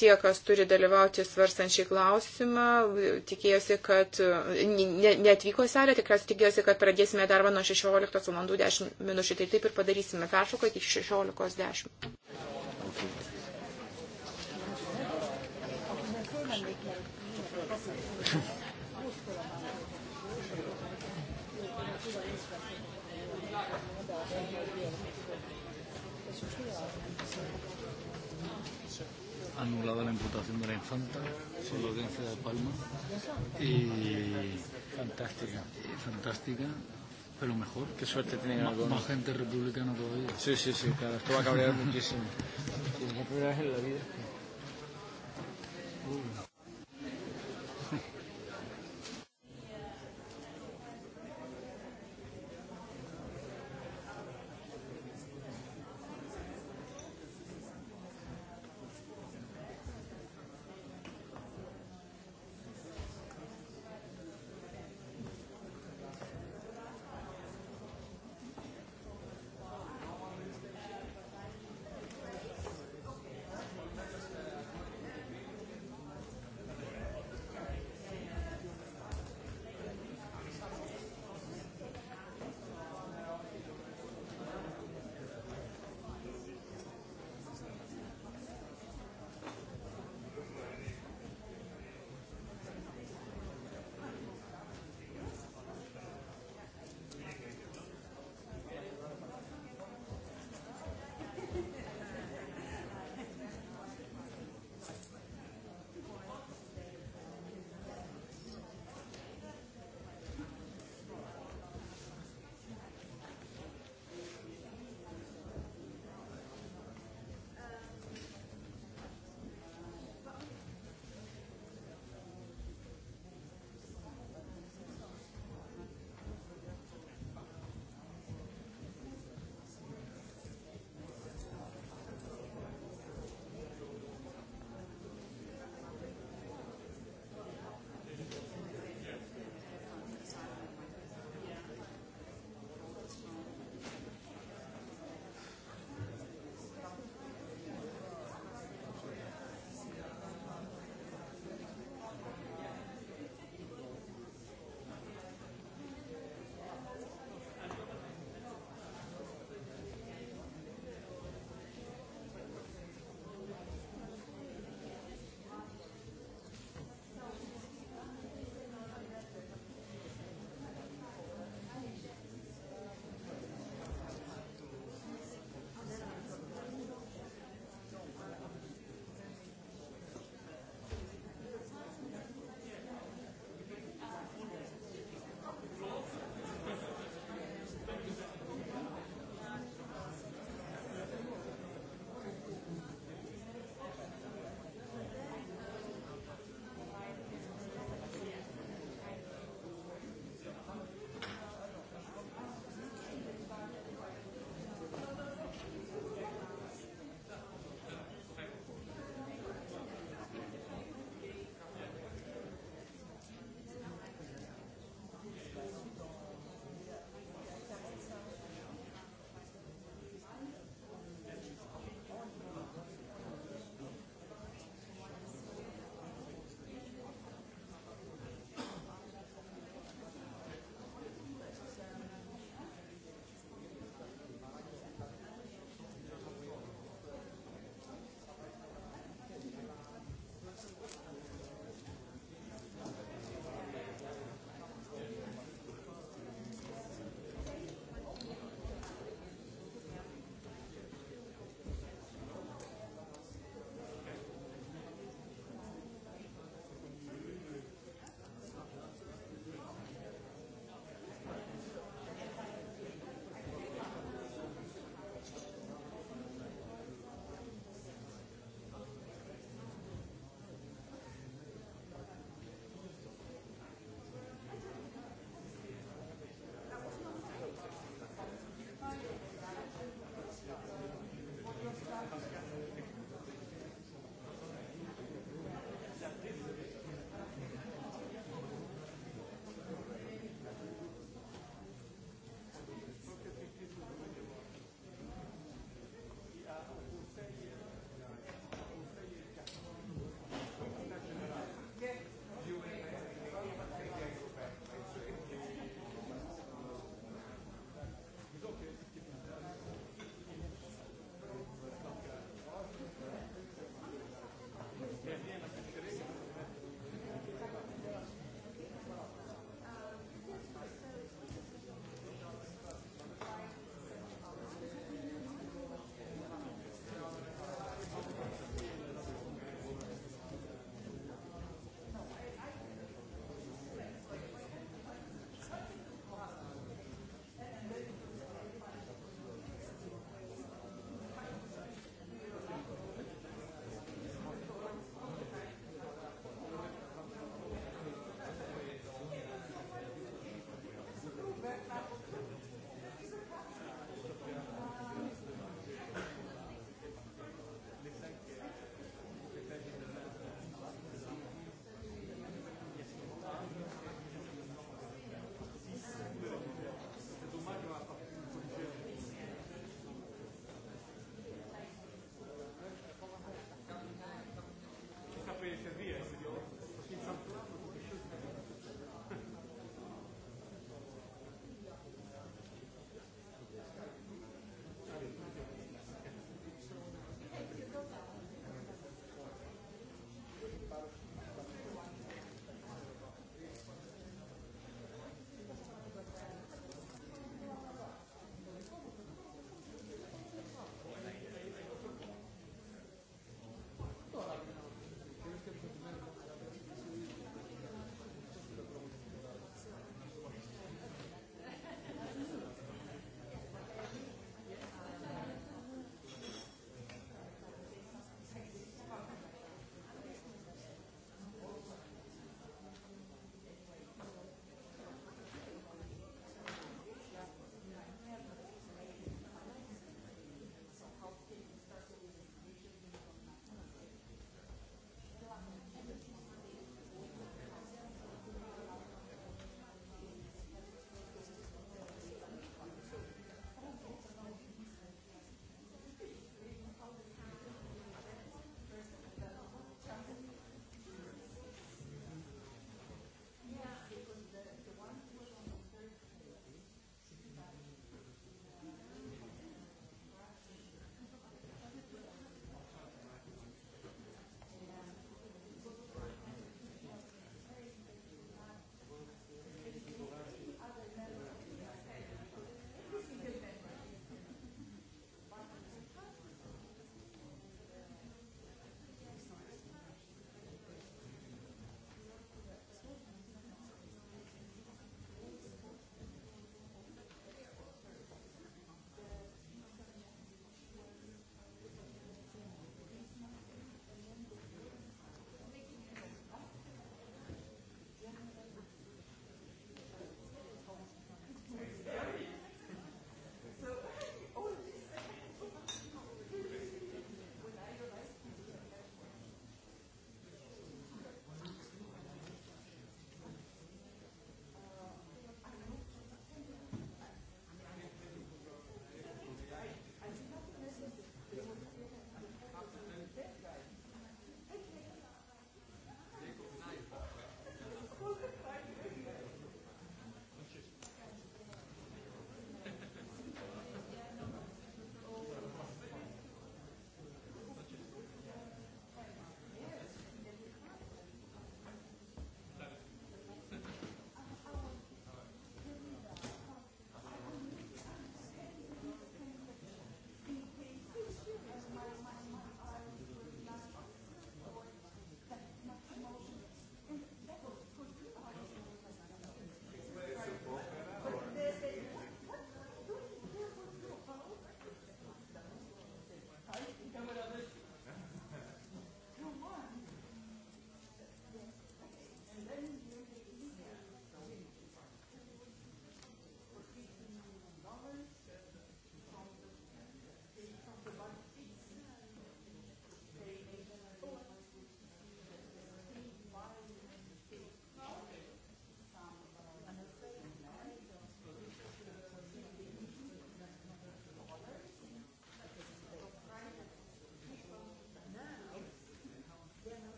D: tie, kas turi dalyvauti svarstant šį klausimą, tikėjosi, kad ne, neatvyko į salę, tikriausiai tikėjosi, kad pradėsime darbą nuo 16 val. 10 minučių. Tai taip ir padarysime peršoką iki 16.10.
A: Okay. anulada la imputación de la infanta por la audiencia de Palma y fantástica, y fantástica pero mejor. Qué suerte tiene Ma, Más gente republicana todavía. Sí, sí, sí, claro. Esto va a cabrear muchísimo. Sí, es la primera vez en la vida. Uy.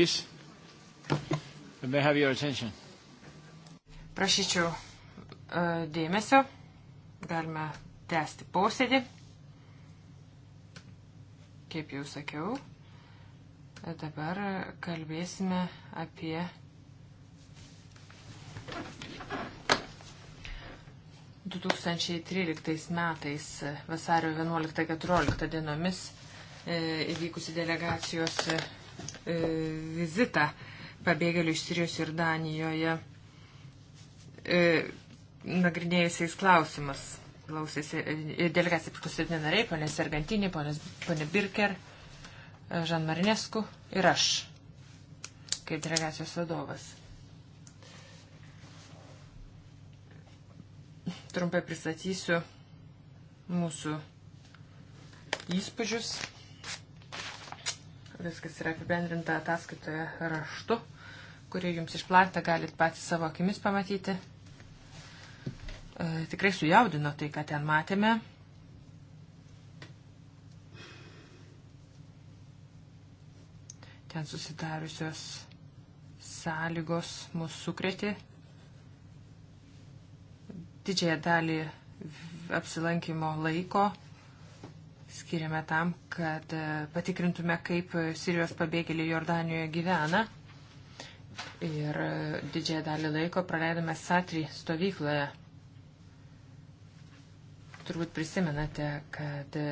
A: please. I may have your attention.
C: Prašyčiau e, dėmesio. Galime tęsti posėdį. Kaip jau sakiau, e, dabar kalbėsime apie du tūkstančiai tryliktais metais vasario vienuoliktą keturioliktą dienomis e, įvykusi delegacijos E, vizitą pabėgėlių iš Sirijos ir Danijoje e, nagrinėjusiais klausimas. Klausėsi e, delegacija priklausėtinė nariai, ponė Sergantinė, ponė Birker, Žan Marinesku ir aš, kaip delegacijos vadovas. Trumpai pristatysiu mūsų įspūdžius. Viskas yra apibendrinta ataskaitoje raštu, kurį jums išplatę galit patys savo akimis pamatyti. E, tikrai sujaudino tai, ką ten matėme. Ten susidariusios sąlygos mūsų sukrėti. Didžiąją dalį apsilankimo laiko skiriame tam, kad e, patikrintume, kaip Sirijos pabėgėliai Jordanijoje gyvena. Ir e, didžiąją dalį laiko praleidome Satri stovykloje. Turbūt prisimenate, kad e,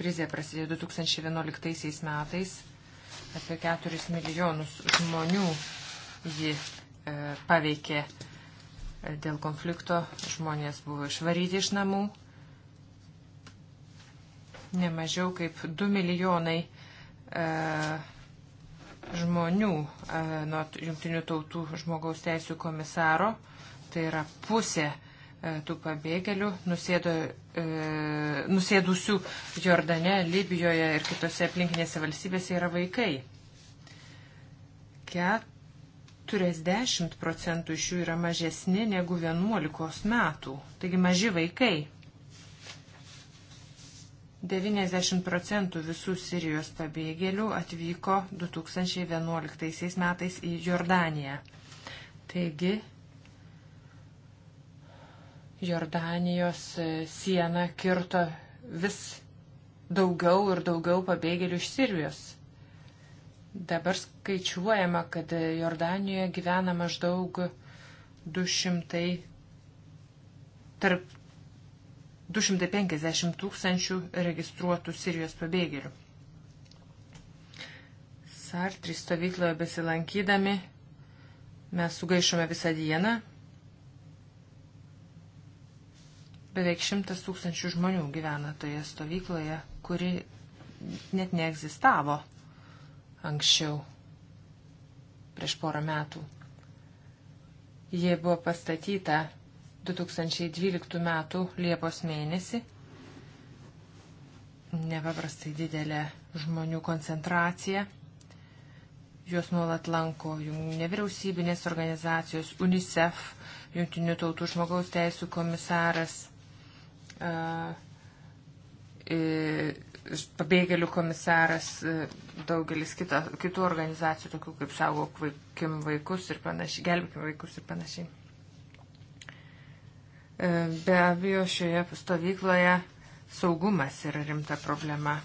C: krizė prasidėjo 2011 metais. Apie 4 milijonus žmonių ji paveikė dėl konflikto. Žmonės buvo išvaryti iš namų nemažiau kaip 2 milijonai e, žmonių e, nuo Junktinių tautų žmogaus teisų komisaro, tai yra pusė e, tų pabėgėlių nusėdo, e, nusėdusių Jordane, Libijoje ir kitose aplinkinėse valstybėse yra vaikai. 40 procentų iš jų yra mažesni negu 11 metų, taigi maži vaikai. 90 procentų visų Sirijos pabėgėlių atvyko 2011 metais į Jordaniją. Taigi, Jordanijos e, siena kirto vis daugiau ir daugiau pabėgėlių iš Sirijos. Dabar skaičiuojama, kad Jordanijoje gyvena maždaug 200 tarp 250 tūkstančių registruotų Sirijos pabėgėlių. Sartri stovykloje besilankydami mes sugaišome visą dieną. Beveik šimtas tūkstančių žmonių gyvena toje stovykloje, kuri net neegzistavo anksčiau, prieš porą metų. Jie buvo pastatyta 2012 m. Liepos mėnesį. Nepaprastai didelė žmonių koncentracija. Juos nuolat lanko nevyriausybinės organizacijos UNICEF, Junktinių tautų žmogaus teisų komisaras, pabėgėlių komisaras, daugelis kita, kitų organizacijų, tokių kaip saugokim vaikus ir panašiai, gelbėkim vaikus ir panašiai. E, be abejo, šioje stovykloje saugumas yra rimta problema.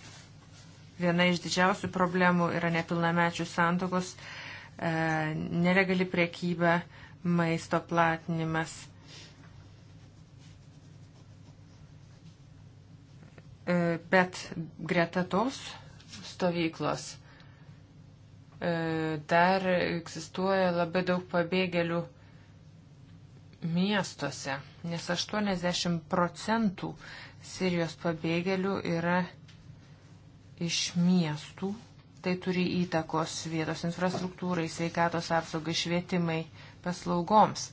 C: Viena iš didžiausių problemų yra nepilnamečių santokos, e, nelegali priekyba, maisto platinimas. E, bet greta tos stovyklos dar egzistuoja labai daug pabėgėlių miestuose, nes 80 procentų Sirijos pabėgėlių yra iš miestų. Tai turi įtakos vietos infrastruktūrai, sveikatos apsaugai, švietimai, paslaugoms.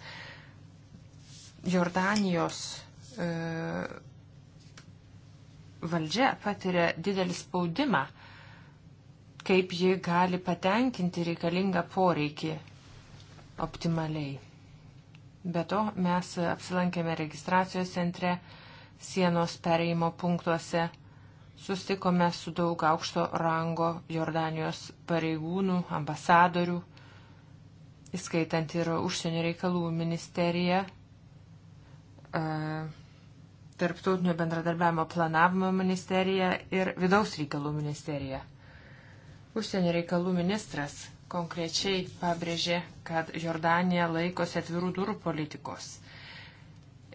C: Jordanijos e, valdžia patiria didelį spaudimą, kaip ji gali patenkinti reikalingą poreikį optimaliai. Be to, mes apsilankėme registracijos centre, sienos pereimo punktuose, sustikome su daug aukšto rango Jordanijos pareigūnų, ambasadorių, įskaitant ir užsienio reikalų ministeriją, e, tarptautinio bendradarbiavimo planavimo ministeriją ir vidaus reikalų ministeriją. Užsienio reikalų ministras konkrečiai pabrėžė, kad Jordanija laikosi atvirų durų politikos.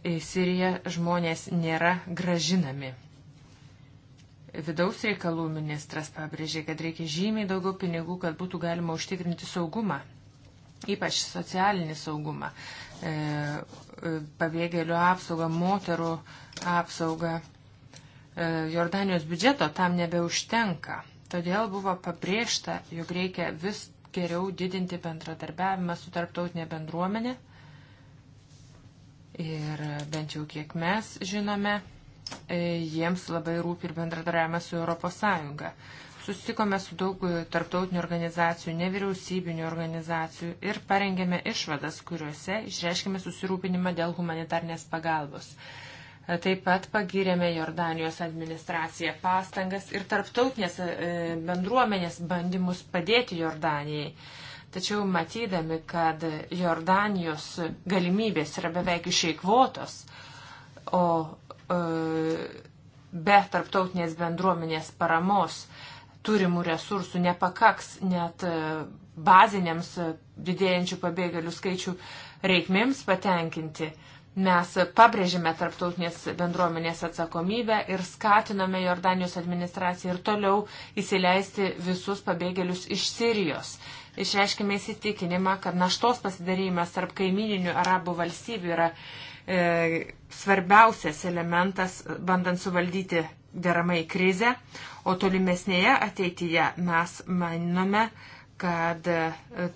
C: Į Siriją žmonės nėra gražinami. Vidaus reikalų ministras pabrėžė, kad reikia žymiai daugiau pinigų, kad būtų galima užtikrinti saugumą, ypač socialinį saugumą, e, e pabėgėlių apsaugą, moterų apsaugą. E, Jordanijos biudžeto tam nebeužtenka. Todėl buvo pabrėžta, jog reikia vis geriau didinti bendradarbiavimą su tarptautinė bendruomenė. Ir bent jau kiek mes žinome, e, jiems labai rūpi ir bendradarbiavimas su Europos Sąjunga. Susitikome su daug tarptautinių organizacijų, nevyriausybinių organizacijų ir parengėme išvadas, kuriuose išreiškėme susirūpinimą dėl humanitarnės pagalbos. Taip pat pagirėme Jordanijos administraciją pastangas ir tarptautinės e, bendruomenės bandymus padėti Jordanijai. Tačiau matydami, kad Jordanijos galimybės yra beveik išeikvotos, o e, be tarptautinės bendruomenės paramos turimų resursų nepakaks net e, baziniams didėjančių pabėgėlių skaičių reikmėms patenkinti, Mes pabrėžime tarptautinės bendruomenės atsakomybę ir skatiname Jordanijos administraciją ir toliau įsileisti visus pabėgėlius iš Sirijos. Išreiškime įsitikinimą, kad naštos pasidarymas tarp kaimininių arabų valstybių yra e, svarbiausias elementas, bandant suvaldyti deramai krizę, o tolimesnėje ateityje mes manome, kad e,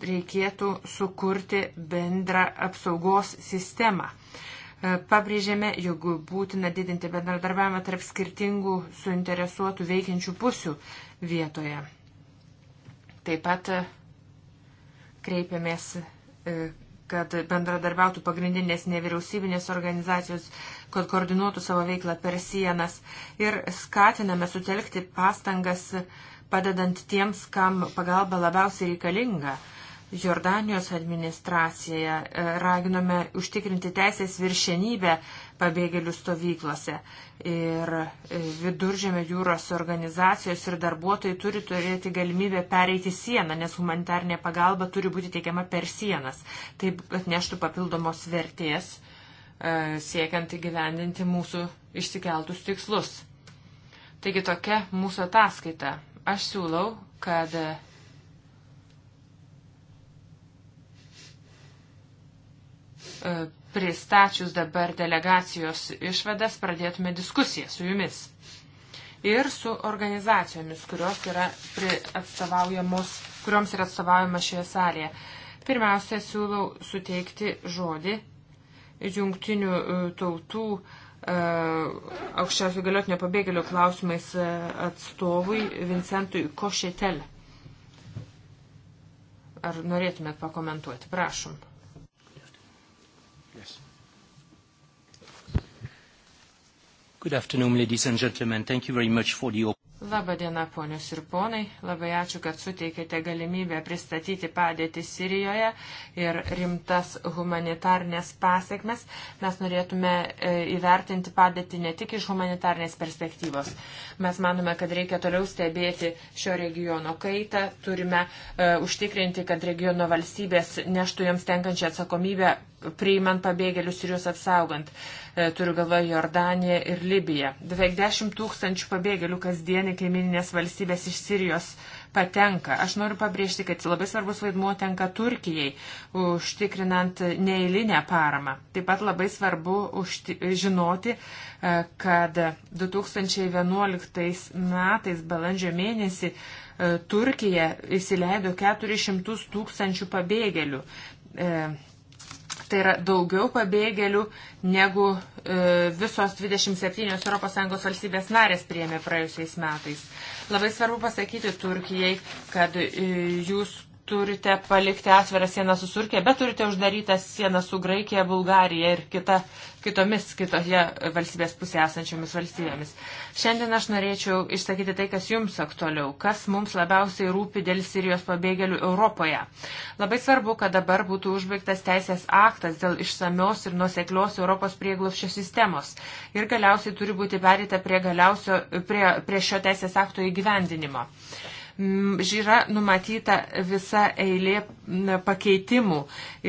C: reikėtų sukurti bendrą apsaugos sistemą. E, pabrėžėme, jog būtina didinti bendradarbiavimą tarp skirtingų suinteresuotų veikiančių pusių vietoje. Taip pat e, kreipėmės, kad bendradarbiautų pagrindinės nevyriausybinės organizacijos, kad koordinuotų savo veiklą per sienas ir skatiname sutelkti pastangas uh, padedant tiems, kam pagalba labiausiai reikalinga. Jordanijos administraciją e, raginome užtikrinti teisės viršenybę pabėgėlių stovyklose. Ir e, viduržėmio jūros organizacijos ir darbuotojai turi turėti galimybę pereiti sieną, nes humanitarnė pagalba turi būti teikiama per sienas. Taip atneštų papildomos vertės e, siekiant įgyvendinti mūsų išsikeltus tikslus. Taigi tokia mūsų ataskaita. Aš siūlau, kad e, pristačius dabar delegacijos išvadas pradėtume diskusiją su jumis ir su organizacijomis, kurios yra atstovaujamos, kurioms yra atstovaujama šioje salėje. Pirmiausia, siūlau suteikti žodį jungtinių e, tautų uh, E, aukščiausio galiotinio pabėgėlio klausimais e, atstovui Vincentui Košetel. Ar norėtumėt pakomentuoti? Prašom.
A: Yes. Good afternoon, ladies and gentlemen. Thank
B: you very much for the
C: Labadiena, ponius ir ponai. Labai ačiū, kad suteikėte galimybę pristatyti padėtį Sirijoje ir rimtas humanitarnės pasiekmes. Mes norėtume e, įvertinti padėtį ne tik iš humanitarnės perspektyvos. Mes manome, kad reikia toliau stebėti šio regiono kaitą. Turime uh, užtikrinti, kad regiono valstybės neštų joms tenkančią atsakomybę priimant pabėgėlius ir juos apsaugant. E, turiu galvoje Jordaniją ir Libiją. Beveik 10 tūkstančių pabėgėlių kasdienį kaimininės valstybės iš Sirijos patenka. Aš noriu pabrėžti, kad labai svarbus vaidmuo tenka Turkijai, užtikrinant neįlinę paramą. Taip pat labai svarbu užti, žinoti, e, kad 2011 metais balandžio mėnesį e, Turkija įsileido 400 tūkstančių pabėgėlių Tai yra daugiau pabėgėlių, negu e, visos 27 ES valstybės narės priėmė praėjusiais metais. Labai svarbu pasakyti Turkijai, kad e, jūs turite palikti atvirą sieną su Surkė, bet turite uždarytą sieną su Graikija, Bulgarija ir kita, kitomis kitoje valstybės pusėje esančiomis valstybėmis. Šiandien aš norėčiau išsakyti tai, kas jums aktualiau, kas mums labiausiai rūpi dėl Sirijos pabėgėlių Europoje. Labai svarbu, kad dabar būtų užbaigtas teisės aktas dėl išsamios ir nuseklios Europos prieglopščio sistemos. Ir galiausiai turi būti perita prie, galiausio, prie, prie šio teisės akto įgyvendinimo. Yra numatyta visa eilė pakeitimų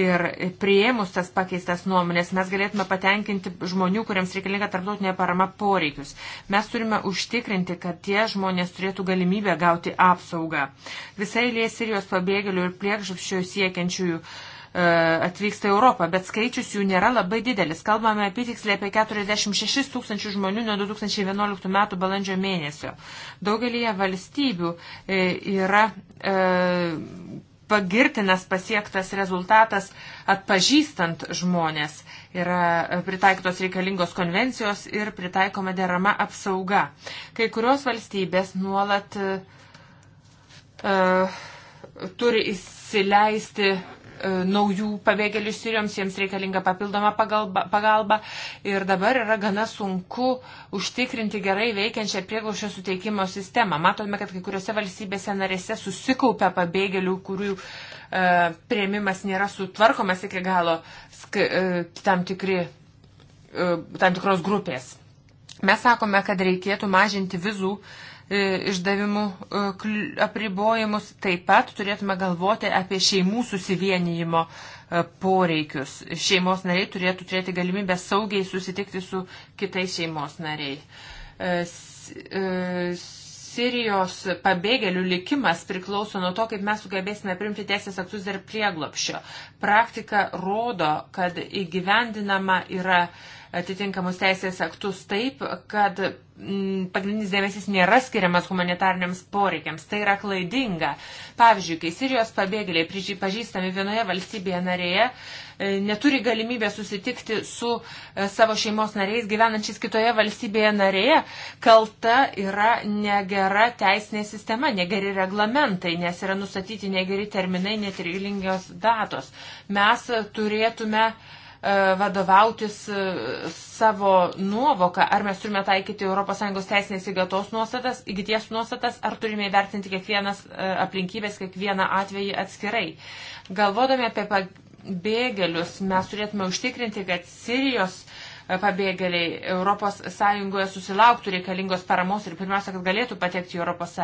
C: ir prieimus tas pakeistas nuomonės mes galėtume patenkinti žmonių, kuriems reikalinga tarptautinė parama poreikius. Mes turime užtikrinti, kad tie žmonės turėtų galimybę gauti apsaugą. Visa eilė Sirijos pabėgėlių ir priekžupščių siekiančiųjų atvyksta į Europą, bet skaičius jų nėra labai didelis. Kalbame apie tiksliai apie 46 tūkstančių žmonių nuo 2011 metų balandžio mėnesio. Daugelįje valstybių e, yra e, pagirtinas pasiektas rezultatas atpažįstant žmonės. Yra pritaikytos reikalingos konvencijos ir pritaikoma derama apsauga. Kai kurios valstybės nuolat uh, turi įsileisti E, naujų pabėgėlių Sirijams, jiems reikalinga papildoma pagalba, pagalba ir dabar yra gana sunku užtikrinti gerai veikiančią prieglaušio suteikimo sistemą. Matome, kad kai kuriuose valstybėse narėse susikaupia pabėgėlių, kurių e, prieimimas nėra sutvarkomas iki galo e, tam, tikri, tam tikros grupės. Mes sakome, kad reikėtų mažinti vizų uh, E, išdavimų e, apribojimus, taip pat turėtume galvoti apie šeimų susivienijimo e, poreikius. Šeimos nariai turėtų turėti galimybę saugiai susitikti su kitais šeimos nariai. Sirijos pabėgėlių likimas priklauso nuo to, kaip mes sugebėsime primti teisės aktus dar prieglopščio. Praktika rodo, kad įgyvendinama yra uh, atitinkamus teisės aktus taip, kad mm, pagrindinis dėmesys nėra skiriamas humanitarniams poreikiams. Tai yra klaidinga. Pavyzdžiui, kai Sirijos pabėgėliai pažįstami vienoje valstybėje narėje e, neturi galimybę susitikti su e, savo šeimos nariais gyvenančiais kitoje valstybėje narėje, kalta yra negera teisinė sistema, negeri reglamentai, nes yra nustatyti negeri terminai, netrilingios datos. Mes turėtume uh, E, vadovautis e, savo nuovoką, ar mes turime taikyti ES teisinės įgatos nuostatas, įgyties nuostatas, ar turime įvertinti kiekvienas e, aplinkybės, kiekvieną atvejį atskirai. Galvodami apie pabėgėlius, mes turėtume užtikrinti, kad Sirijos pabėgėliai ES susilauktų reikalingos paramos ir pirmiausia, kad galėtų patekti į ES.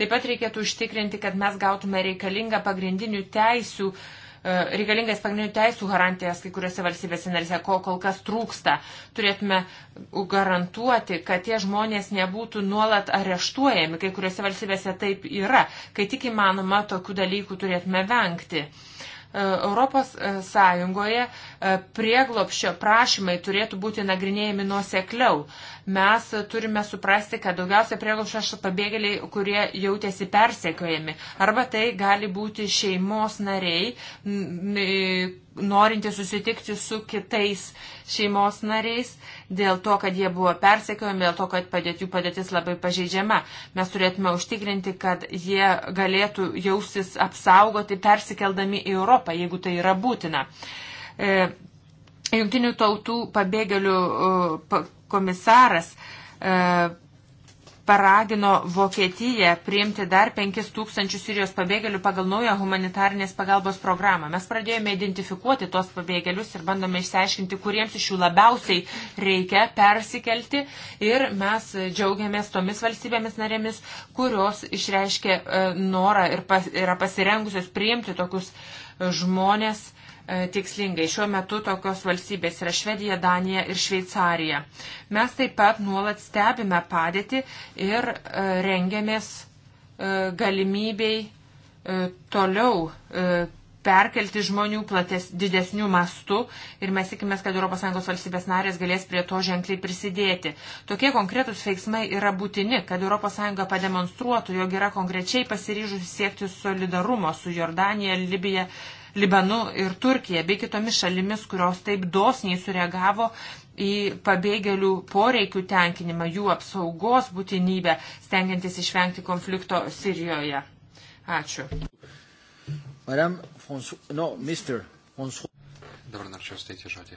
C: Taip pat reikėtų užtikrinti, kad mes gautume reikalingą pagrindinių teisių uh, E, reikalingas pagrindinių teisų garantijas kai kuriuose valstybėse narise, ko kol kas trūksta. Turėtume garantuoti, kad tie žmonės nebūtų nuolat areštuojami, kai kuriuose valstybėse taip yra. Kai tik įmanoma, tokių dalykų turėtume vengti. E, Europos e, Sąjungoje e, prieglopščio prašymai turėtų būti nagrinėjami nuosekliau. Mes turime suprasti, kad daugiausia prieglopščio pabėgėliai, kurie jautėsi persekiojami. Arba tai gali būti šeimos nariai, norinti susitikti su kitais šeimos nariais, dėl to, kad jie buvo persekiojami, dėl to, kad padėt, jų padėtis labai pažeidžiama. Mes turėtume užtikrinti, kad jie galėtų jausis apsaugoti persikeldami į Europą, jeigu tai yra būtina. E, Junktinių tautų pabėgėlių e, komisaras e, paragino Vokietiją priimti dar 5000 Sirijos pabėgėlių pagal naują humanitarnės pagalbos programą. Mes pradėjome identifikuoti tos pabėgėlius ir bandome išsiaiškinti, kuriems iš jų labiausiai reikia persikelti. Ir mes džiaugiamės tomis valstybėmis narėmis, kurios išreiškė e, norą ir pas, yra pasirengusios priimti tokius e, žmonės E, tikslingai. Šiuo metu tokios valstybės yra Švedija, Danija ir Šveicarija. Mes taip pat nuolat stebime padėtį ir e, rengiamės e, galimybei toliau perkelti žmonių plates, didesnių mastų ir mes tikimės, kad ES valstybės narės galės prie to ženkliai prisidėti. Tokie konkretūs veiksmai yra būtini, kad ES pademonstruotų, jog yra konkrečiai pasiryžusi siekti solidarumo su Jordanija, Libija Libanu ir Turkija bei kitomis šalimis, kurios taip dosniai sureagavo į pabėgėlių poreikių tenkinimą, jų apsaugos būtinybę, stengiantis išvengti konflikto Sirijoje. Ačiū.
A: Madame François, no, Mr. François.
B: Dabar norėčiau steikti žodį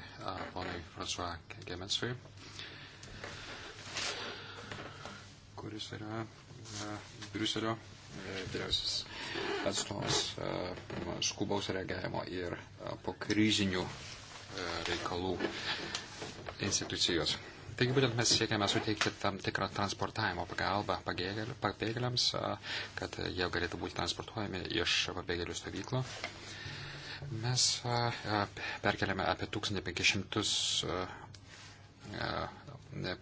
B: ponui François Gemensui, kuris yra Briuselio vyriausias atstovas e, skubaus reagavimo ir e, po kryžinių e, reikalų institucijos. Taigi būtent mes siekiame suteikti tam tikrą transportavimo pagalbą pabėgėliams, kad jie galėtų būti transportuojami iš pabėgėlių stovyklų. Mes perkeliame apie 1500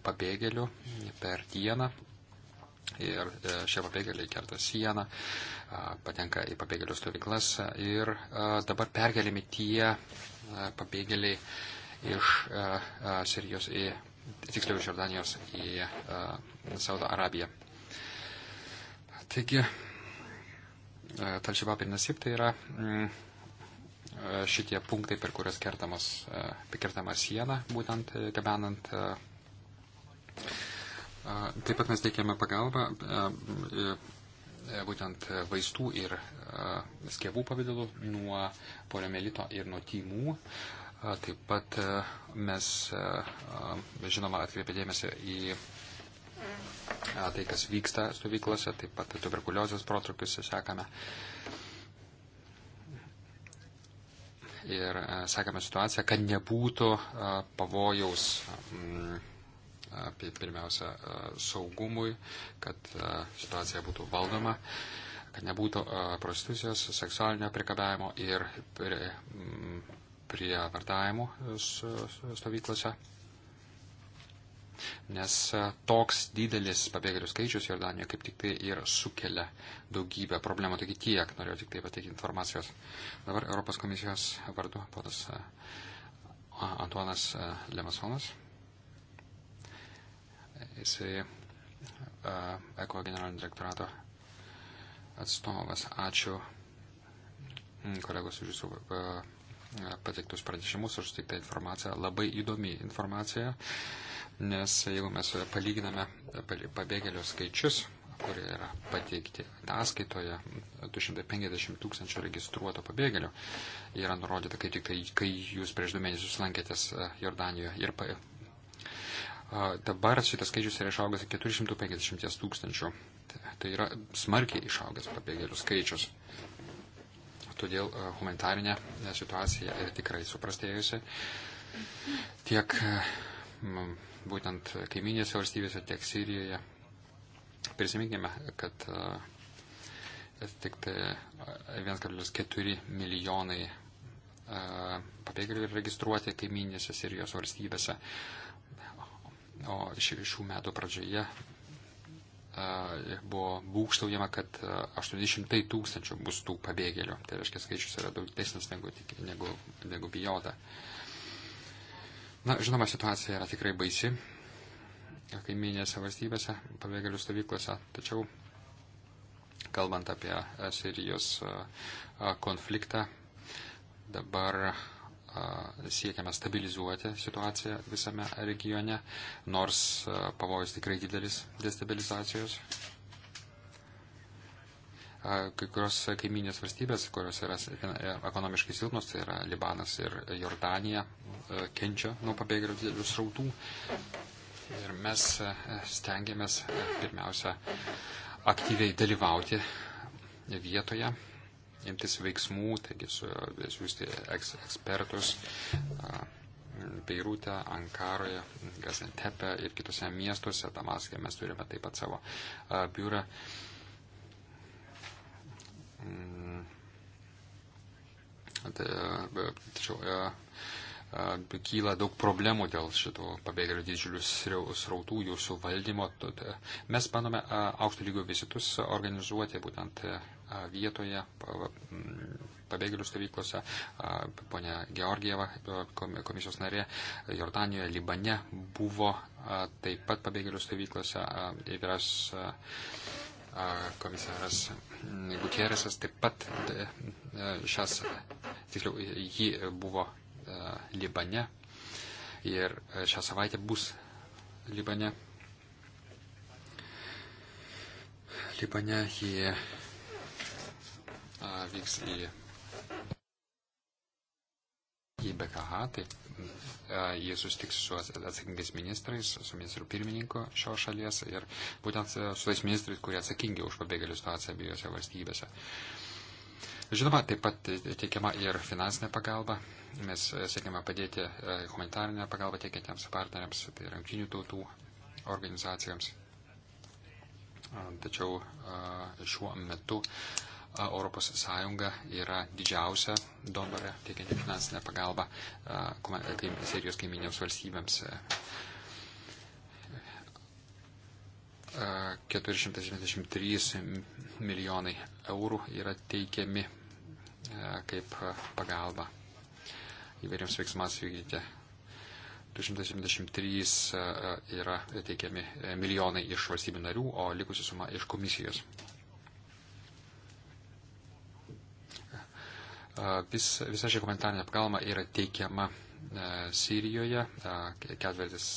B: pabėgėlių per dieną ir e, šie pabėgėliai kerta sieną, patenka į pabėgėlių stovyklas ir dabar perkeliami tie pabėgėliai iš Sirijos į, tiksliau iš Jordanijos į Saudo Arabiją. Taigi, Talšibab ir Nasib tai yra mm, šitie punktai, per kurias kertama siena, būtent e, gabenant Taip pat mes teikiame pagalbą e, e, būtent vaistų ir skėvų pavydalų nuo poliomelito ir nuo tymų. Taip pat e, mes, žinoma, atkreipėdėmėsi į tai, kas vyksta stovyklose, taip pat tuberkuliozės protrukius sekame. Ir sekame situaciją, kad nebūtų pavojaus. Mm, apie pirmiausia e, saugumui, kad e, situacija būtų valdoma, kad nebūtų e, prostitucijos, seksualinio prikabėjimo ir prie, prie vardavimų stovyklose. Nes toks didelis pabėgėlių skaičius Jordanijoje kaip tik tai ir sukelia daugybę problemų. Taigi tiek norėjau tik tai pateikti informacijos. Dabar Europos komisijos vardu ponas Antuanas Lemasonas. Jisai Eko generalinio direktorato atstovas. Ačiū kolegos už jūsų pateiktus pranešimus, už suteiktą informaciją. Labai įdomi informacija, nes jeigu mes palyginame pabėgėlių skaičius, kurie yra pateikti ataskaitoje, 250 tūkstančių registruoto pabėgėlių yra nurodyta, kai tik tai, kai jūs prieš du mėnesius lankėtės Jordanijoje ir Dabar šitas skaičius yra išaugęs iki 450 tūkstančių. Tai, tai yra smarkiai išaugęs pabėgėlių skaičius. Todėl humanitarinė e, situacija yra tikrai suprastėjusi. Tiek e, būtent kaiminėse valstybėse, tiek Sirijoje. Prisiminkime, kad e, tik tai 1,4 milijonai pabėgėlių registruoti kaiminėse Sirijos valstybėse. O šių metų pradžioje buvo būkštaujama, kad 80 tūkstančių bus tų pabėgėlių. Tai reiškia, skaičius yra daug didesnis negu, negu, negu bijota. Na, žinoma, situacija yra tikrai baisi kaiminėse valstybėse, pabėgėlių stovyklose, tačiau kalbant apie Sirijos konfliktą, dabar siekiame stabilizuoti situaciją visame regione, nors pavojus tikrai didelis destabilizacijos. Kai kurios kaiminės valstybės, kurios yra e, ekonomiškai silpnos, tai yra Libanas ir Jordanija, kenčia nuo pabėgėlių didelių srautų. Ir mes stengiamės pirmiausia aktyviai dalyvauti vietoje imtis veiksmų, taigi su, siūsti eks, ekspertus Beirute, Ankaroje, Gazentepe ir kitose miestuose, Damaskė mes turime taip pat savo biurą. Mm. Tačiau kyla daug problemų dėl šitų pabėgėlių didžiulių srautų, jų suvaldymo. Mes bandome aukšto lygio vizitus organizuoti būtent vietoje pabėgėlių stovyklose. Pone Georgieva, komisijos narė, Jordanijoje, Libane buvo taip pat pabėgėlių stovyklose. Vyras komisaras Gutieresas taip pat šias, tiksliau, jį buvo E, Libane ir e, šią savaitę bus Libane. Libane jie e, vyks į, į BKH, taip jie sustiks su atsakingais ministrais, su ministru pirmininku šios šalies ir būtent su tais ministrais, kurie atsakingi už pabėgėlių situaciją abiejose valstybėse. Uh, Žinoma, taip pat teikiama ir finansinė pagalba. Mes e, siekime padėti e, humanitarinę pagalbą teikiantiems partneriams, tai rankinių tautų organizacijoms. Tačiau šiuo metu ES yra didžiausia donorė teikianti finansinę pagalbą Sirijos kaiminėms valstybėms. 473 e, milijonai eurų yra teikiami E, kaip pagalba įvairiams veiksmams vykdyti. 273 e, e, yra teikiami milijonai iš valstybių narių, o likusi suma iš komisijos. Vis, visa ši komentarinė apgalma yra teikiama Sirijoje, ketvirtis.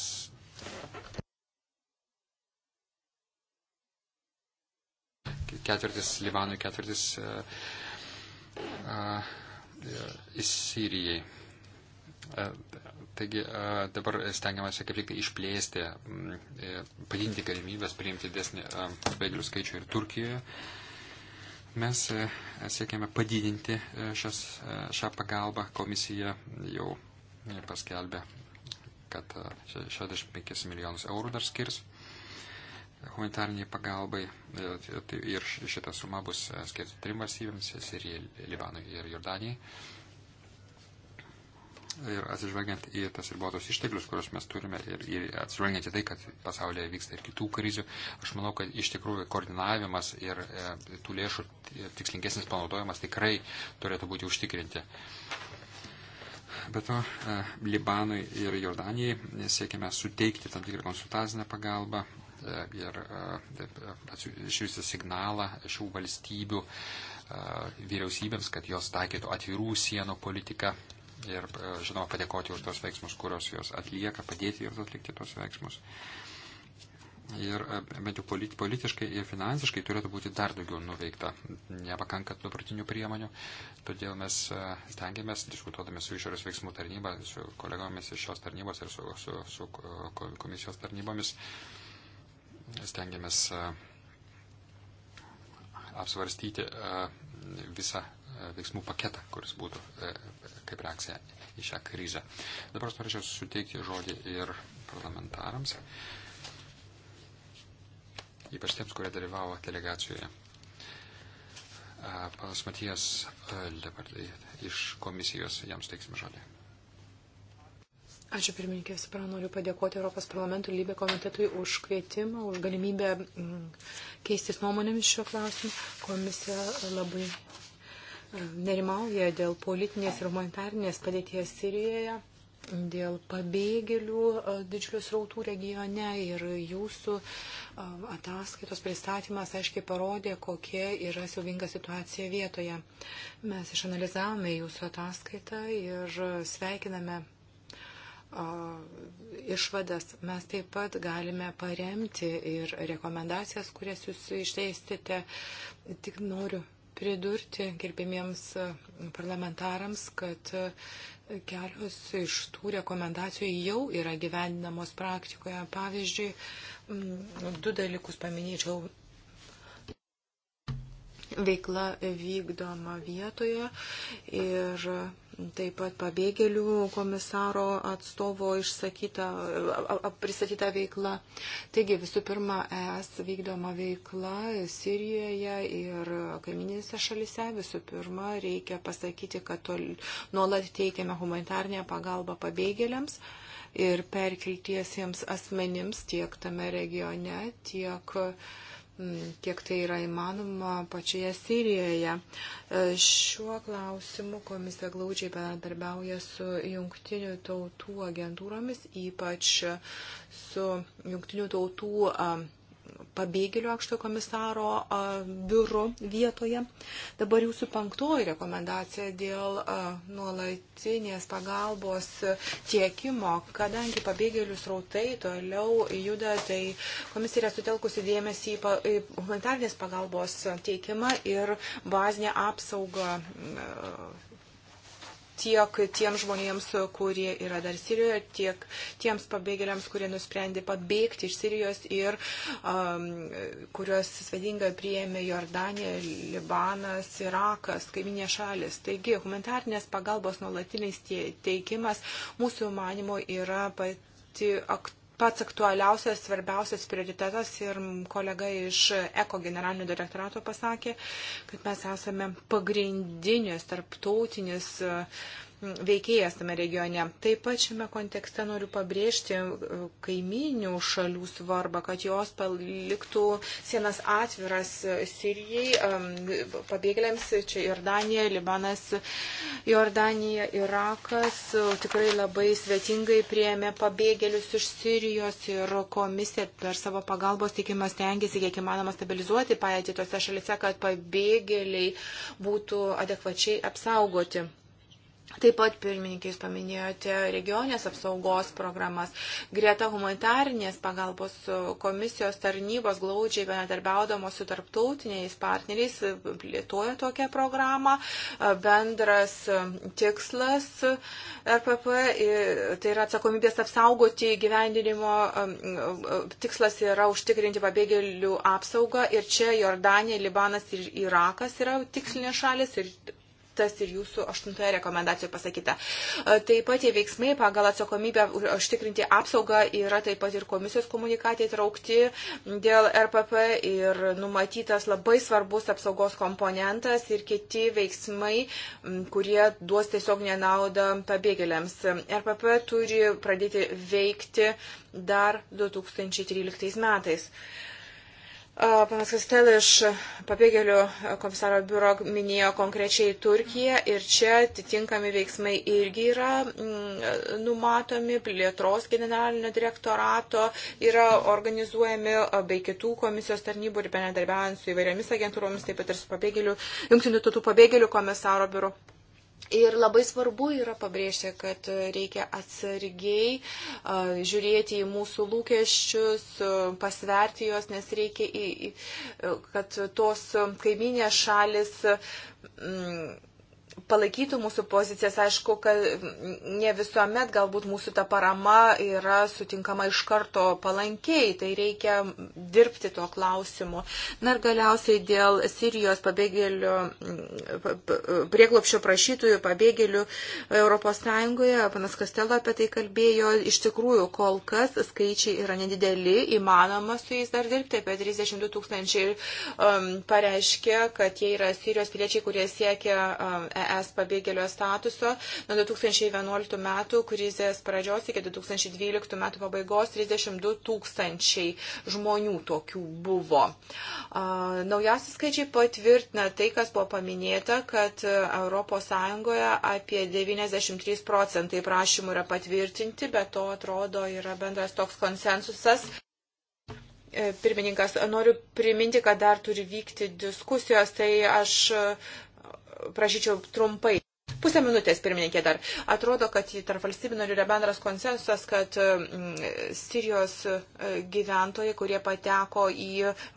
B: Ketvirtis Libanui, ketvirtis uh, Sirijai. Taigi dabar stengiamasi kaip tik išplėsti, padinti galimybės priimti didesnį pabėgėlių skaičių ir Turkijoje. Mes siekiame padidinti šias, šią pagalbą. Komisija jau paskelbė, kad 65 milijonus eurų dar skirs humanitariniai pagalbai. E, tai ir šita suma bus skirta trim valstybėms - Sirijai, Libanui ir Jordanijai. Ir atsižvelgiant į tas ribotus išteklius, kuriuos mes turime, ir, ir atsižvelgiant į tai, kad pasaulyje vyksta ir kitų krizių, aš manau, kad iš tikrųjų koordinavimas ir e, tų lėšų tikslingesnis panaudojimas tikrai turėtų būti užtikrinti. Be to, e, Libanui ir Jordanijai siekime suteikti tam tikrą konsultacinę pagalbą, ir e, e, atsiųsti signalą šių valstybių e, vyriausybėms, kad jos taikytų atvirų sienų politiką ir, žinoma, padėkoti už tos veiksmus, kurios jos atlieka, padėti jos atlikti tos veiksmus. Ir bent jau politiškai ir finansiškai turėtų būti dar daugiau nuveikta, nepakanka dabartinių priemonių. Todėl mes stengiamės, diskutuodami su išorės veiksmų tarnyba, su kolegomis iš šios tarnybos ir su, su, su komisijos tarnybomis, uh, stengiamės e, apsvarstyti e, visą e, veiksmų paketą, kuris būtų kaip reakcija į šią krizę. Dabar aš norėčiau suteikti žodį ir parlamentarams, ypač tiems, kurie dalyvavo delegacijoje. Panas Matijas Lepardai iš komisijos, jam suteiksime žodį.
D: Ačiū pirmininkė, suprantu, noriu padėkoti Europos parlamentų lybė komitetui už kvietimą, už galimybę mm, keistis nuomonėmis šiuo klausimu. Komisija labai mm, nerimauja dėl politinės ir humanitarnės padėties Sirijoje, dėl pabėgėlių e, didžiulių srautų regione ir jūsų e, ataskaitos pristatymas aiškiai parodė, kokia yra siaubinga situacija vietoje. Mes išanalizavome jūsų ataskaitą ir e, sveikiname išvadas mes taip pat galime paremti ir rekomendacijas, kurias jūs išteistėte. Tik noriu pridurti gerbėmiems parlamentarams, kad kelios iš tų rekomendacijų jau yra gyvendinamos praktikoje. Pavyzdžiui, du dalykus paminėčiau veikla vykdoma vietoje ir taip pat pabėgėlių komisaro atstovo išsakyta, pristatyta veikla. Taigi visų pirma, ES vykdoma veikla Sirijoje ir kaiminėse šalise. Visų pirma, reikia pasakyti, kad tol, nuolat teikiame humanitarnę pagalbą pabėgėliams ir perkeltiesiems asmenims tiek tame regione, tiek uh, Mm, kiek tai yra įmanoma pačioje Sirijoje. E, šiuo klausimu komisija glaudžiai bendarbiauja su jungtinių tautų agentūromis, ypač su jungtinių tautų pabėgėlių aukšto komisaro biuru vietoje. Dabar jūsų penktoji rekomendacija dėl nuolatinės pagalbos tiekimo, kadangi pabėgėlių srautai toliau juda, tai komisija yra sutelkusi dėmesį į humanitarnės pagalbos teikimą ir bazinę apsaugą tiek tiems žmonėms, kurie yra dar Sirijoje, tiek tiems pabėgėliams, kurie nusprendė pabėgti iš Sirijos ir um, kuriuos svedingai priėmė Jordanija, Libanas, Irakas, kaiminė šalis. Taigi, humanitarnės pagalbos nuolatinis teikimas mūsų manimo yra pati aktuali pats aktualiausias, svarbiausias prioritetas ir kolega iš ECO generalinio direktorato pasakė, kad mes esame pagrindinis tarptautinis uh, veikėjas tame regione. Taip pat šiame kontekste noriu pabrėžti e, kaiminių šalių svarbą, kad jos paliktų sienas atviras e, Sirijai, pabėgėliams e, čia Jordanija, Libanas, Jordanija, Irakas tikrai labai svetingai prieėmė pabėgėlius iš Sirijos ir komisija per savo pagalbos tikimą stengiasi kiek įmanoma stabilizuoti padėtį tose šalise, kad pabėgėliai būtų adekvačiai apsaugoti. Taip pat, pirmininkai, jūs paminėjote regionės apsaugos programas. Greta humanitarnės pagalbos komisijos tarnybos glaudžiai bendradarbiaudamos su tarptautiniais partneriais plėtoja tokią programą. Bendras tikslas RPP, tai yra atsakomybės apsaugoti gyvendinimo, tikslas yra užtikrinti pabėgėlių apsaugą ir čia Jordanija, Libanas ir Irakas yra tikslinės šalis ir tas ir jūsų aštuntoje rekomendacijoje pasakyta. E, taip pat tie veiksmai pagal atsakomybę užtikrinti apsaugą yra taip pat ir komisijos komunikatai traukti dėl RPP ir numatytas labai svarbus apsaugos komponentas ir kiti veiksmai, kurie duos tiesiog nenaudą pabėgėliams. RPP turi pradėti veikti dar 2013 metais. Panas Kastel iš pabėgėlių komisaro biuro minėjo konkrečiai Turkiją ir čia atitinkami veiksmai irgi yra mm, numatomi, plėtros generalinio direktorato yra organizuojami bei kitų komisijos tarnybų ir bendradarbiaujant su įvairiomis agentūromis, taip pat ir su pabėgėlių, jungtinių tautų pabėgėlių komisaro biuro. Ir labai svarbu yra pabrėžti, kad reikia atsargiai žiūrėti į mūsų lūkesčius, pasverti juos, nes reikia, kad tos kaiminės šalis. Mm, palaikytų mūsų pozicijas, aišku, kad ne visuomet galbūt mūsų ta parama yra sutinkama iš karto palankiai, tai reikia dirbti tuo klausimu. Na ir galiausiai dėl Sirijos pabėgėlių, prieglopšio prašytojų pabėgėlių ES, panas Kastelo apie tai kalbėjo, iš tikrųjų kol kas skaičiai yra nedideli, įmanoma su jais dar dirbti, apie 32 tūkstančiai um, pareiškia, kad jie yra Sirijos piliečiai, kurie siekia um, ES pabėgėlio statuso nuo 2011 metų krizės pradžios iki 2012 metų pabaigos 32 tūkstančiai žmonių tokių buvo. Naujausi skaičiai patvirtina tai, kas buvo paminėta, kad ES apie 93 procentai prašymų yra patvirtinti, bet to atrodo yra bendras toks konsensusas e, pirmininkas, noriu priminti, kad dar turi vykti diskusijos, tai aš prašyčiau trumpai. Pusę minutės, pirmininkė, dar. Atrodo, kad tarp valstybių narių yra bendras konsensusas, kad mm, Sirijos e, gyventojai, kurie pateko į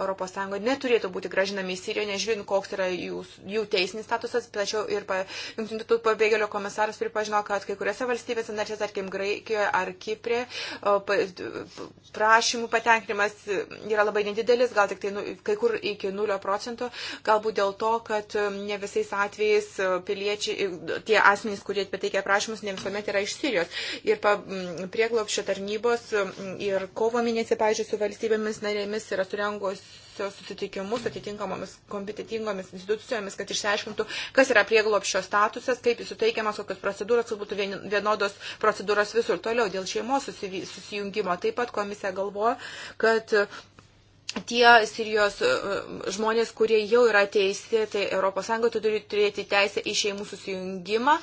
D: ES, neturėtų būti gražinami į Siriją, nežiūrint, koks yra jų, jų teisinis statusas, tačiau ir pa, Junktinių tautų pabėgėlio komisaras pripažino, kad kai kuriuose valstybėse, narčias, tarkim, Graikijoje ar Kiprė, prašymų patenkinimas yra labai nedidelis, gal tik tai nu, kai kur iki 0 procentų, galbūt dėl to, kad mm, ne visais atvejais e, piliečiai, tie asmenys, kurie pateikia prašymus, ne visuomet yra iš Sirijos. Ir prieglopščio tarnybos ir kovo mėnesį, pažiūrėjau, su valstybėmis narėmis yra surengos susitikimus atitinkamomis kompetitingomis institucijomis, kad išsiaiškintų, kas yra prieglopščio statusas, kaip jis suteikiamas, kokios procedūros, kad būtų vienodos procedūros visur. Toliau dėl šeimos susijungimo. Taip pat komisija galvoja, kad tie Sirijos e, e, žmonės, kurie jau yra teisti, tai ES turi turėti teisę į šeimų susijungimą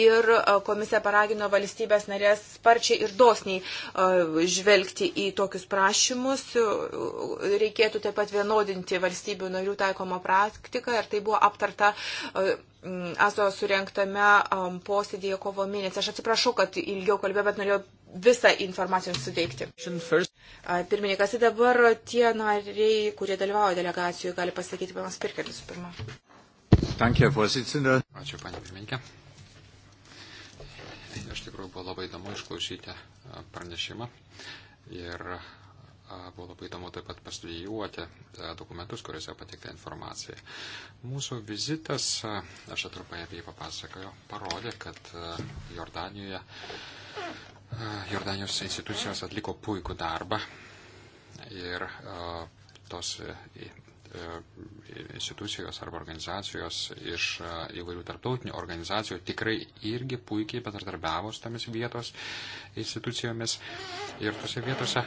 D: ir e, komisija paragino valstybės narės sparčiai ir dosniai žvelgti į tokius prašymus. Reikėtų taip pat vienodinti valstybių narių taikomą praktiką ir tai buvo aptarta ASO surinktame posėdėje kovo mėnesį. Aš atsiprašau, kad ilgiau kalbėjau, bet norėjau visą informaciją suteikti. Pirmininkas, tai dabar tie nariai, kurie dalyvauja delegacijoje, gali pasakyti panas Pirkė visų pirma.
B: Tankė, pozicinė. Ačiū, panė pirmininkė. Iš tikrųjų buvo labai įdomu išklausyti pranešimą ir buvo labai įdomu taip pat pastudijuoti dokumentus, kuriuose patikta informacija. Mūsų vizitas, aš atrupai apie jį papasakoju, parodė, kad Jordanijoje Jordanijos institucijos atliko puikų darbą ir e, tos e, e, institucijos arba organizacijos iš įvairių tarptautinių organizacijų tikrai irgi puikiai bendradarbiavo su tomis vietos institucijomis ir tose vietose,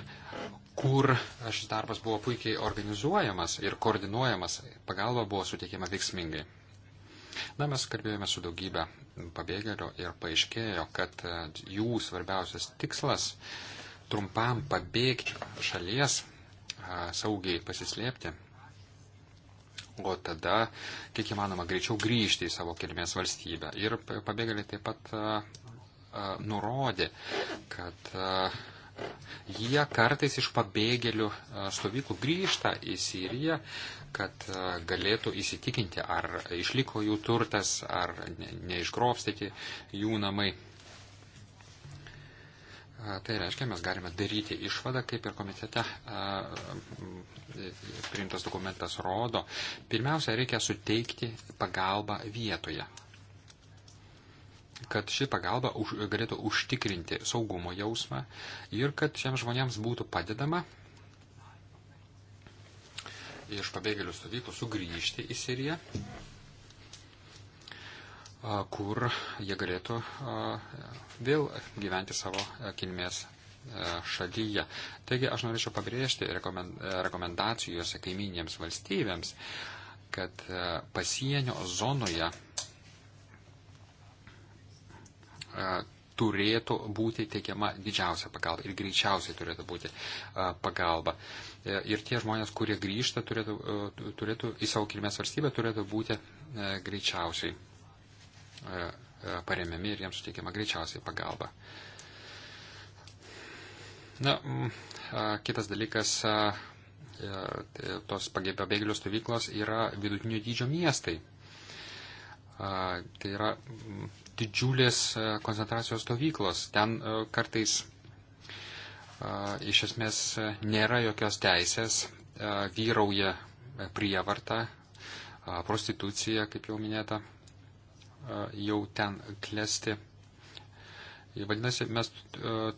B: kur šis darbas buvo puikiai organizuojamas ir koordinuojamas, pagalba buvo suteikiama veiksmingai. Na, mes kalbėjome su daugybė pabėgėlių ir paaiškėjo, kad e, jų svarbiausias tikslas trumpam pabėgti šalies, saugiai pasislėpti, o tada, kiek įmanoma, greičiau grįžti į savo kilmės valstybę. Ir pabėgėliai taip pat nurodė, kad Jie kartais iš pabėgėlių stovyklų grįžta į Siriją, kad galėtų įsitikinti, ar išliko jų turtas, ar neišgrobstyti jų namai. Tai reiškia, mes galime daryti išvadą, kaip ir komitete priimtas dokumentas rodo. Pirmiausia, reikia suteikti pagalbą vietoje kad ši pagalba už, galėtų užtikrinti saugumo jausmą ir kad šiems žmonėms būtų padedama iš pabėgėlių stovyklų sugrįžti į Siriją, kur jie galėtų vėl gyventi savo kilmės šalyje. Taigi aš norėčiau pabrėžti rekomendacijose kaiminėms valstybėms, kad pasienio zonoje turėtų būti teikiama didžiausia pagalba ir greičiausiai turėtų būti pagalba. E, ir tie žmonės, kurie grįžta turėtų, e, turėtų, į savo kilmės valstybę, turėtų būti e, greičiausiai paremiami ir jiems suteikiama greičiausiai pagalba. Na, kitas dalykas, tos pabėgėlių stovyklos yra vidutinio dydžio miestai. Tai yra didžiulės e, koncentracijos stovyklos. Ten e, kartais e, iš esmės nėra jokios teisės, vyrauja prievarta, prostitucija, kaip jau minėta, jau ten klesti. Vadinasi, mes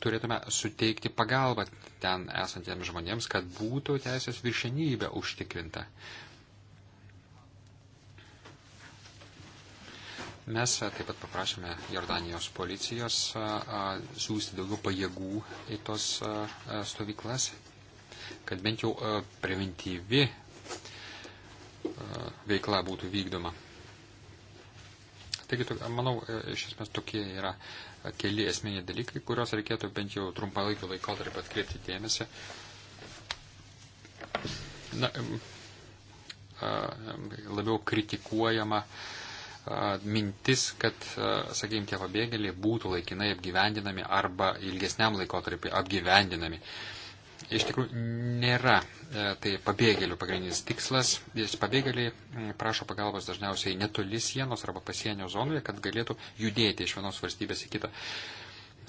B: turėtume suteikti pagalbą ten esantiems žmonėms, kad būtų teisės viršenybė užtikrinta. Uh, Mes taip pat paprašėme Jordanijos policijos siūsti daugiau pajėgų į tos stovyklas, kad bent jau preventyvi veikla būtų vykdoma. Taigi, manau, iš esmės tokie yra keli esminiai dalykai, kuriuos reikėtų bent jau trumpalaikiu laikotarpiu atkreipti dėmesį. Na, labiau kritikuojama uh, mintis, kad, sakykime, tie pabėgėliai būtų laikinai apgyvendinami arba ilgesniam laikotarpiu apgyvendinami. Iš tikrųjų, nėra e, tai pabėgėlių pagrindinis tikslas. Pabėgėliai prašo pagalbos dažniausiai netoli sienos arba pasienio zonoje, kad galėtų judėti iš vienos valstybės į kitą.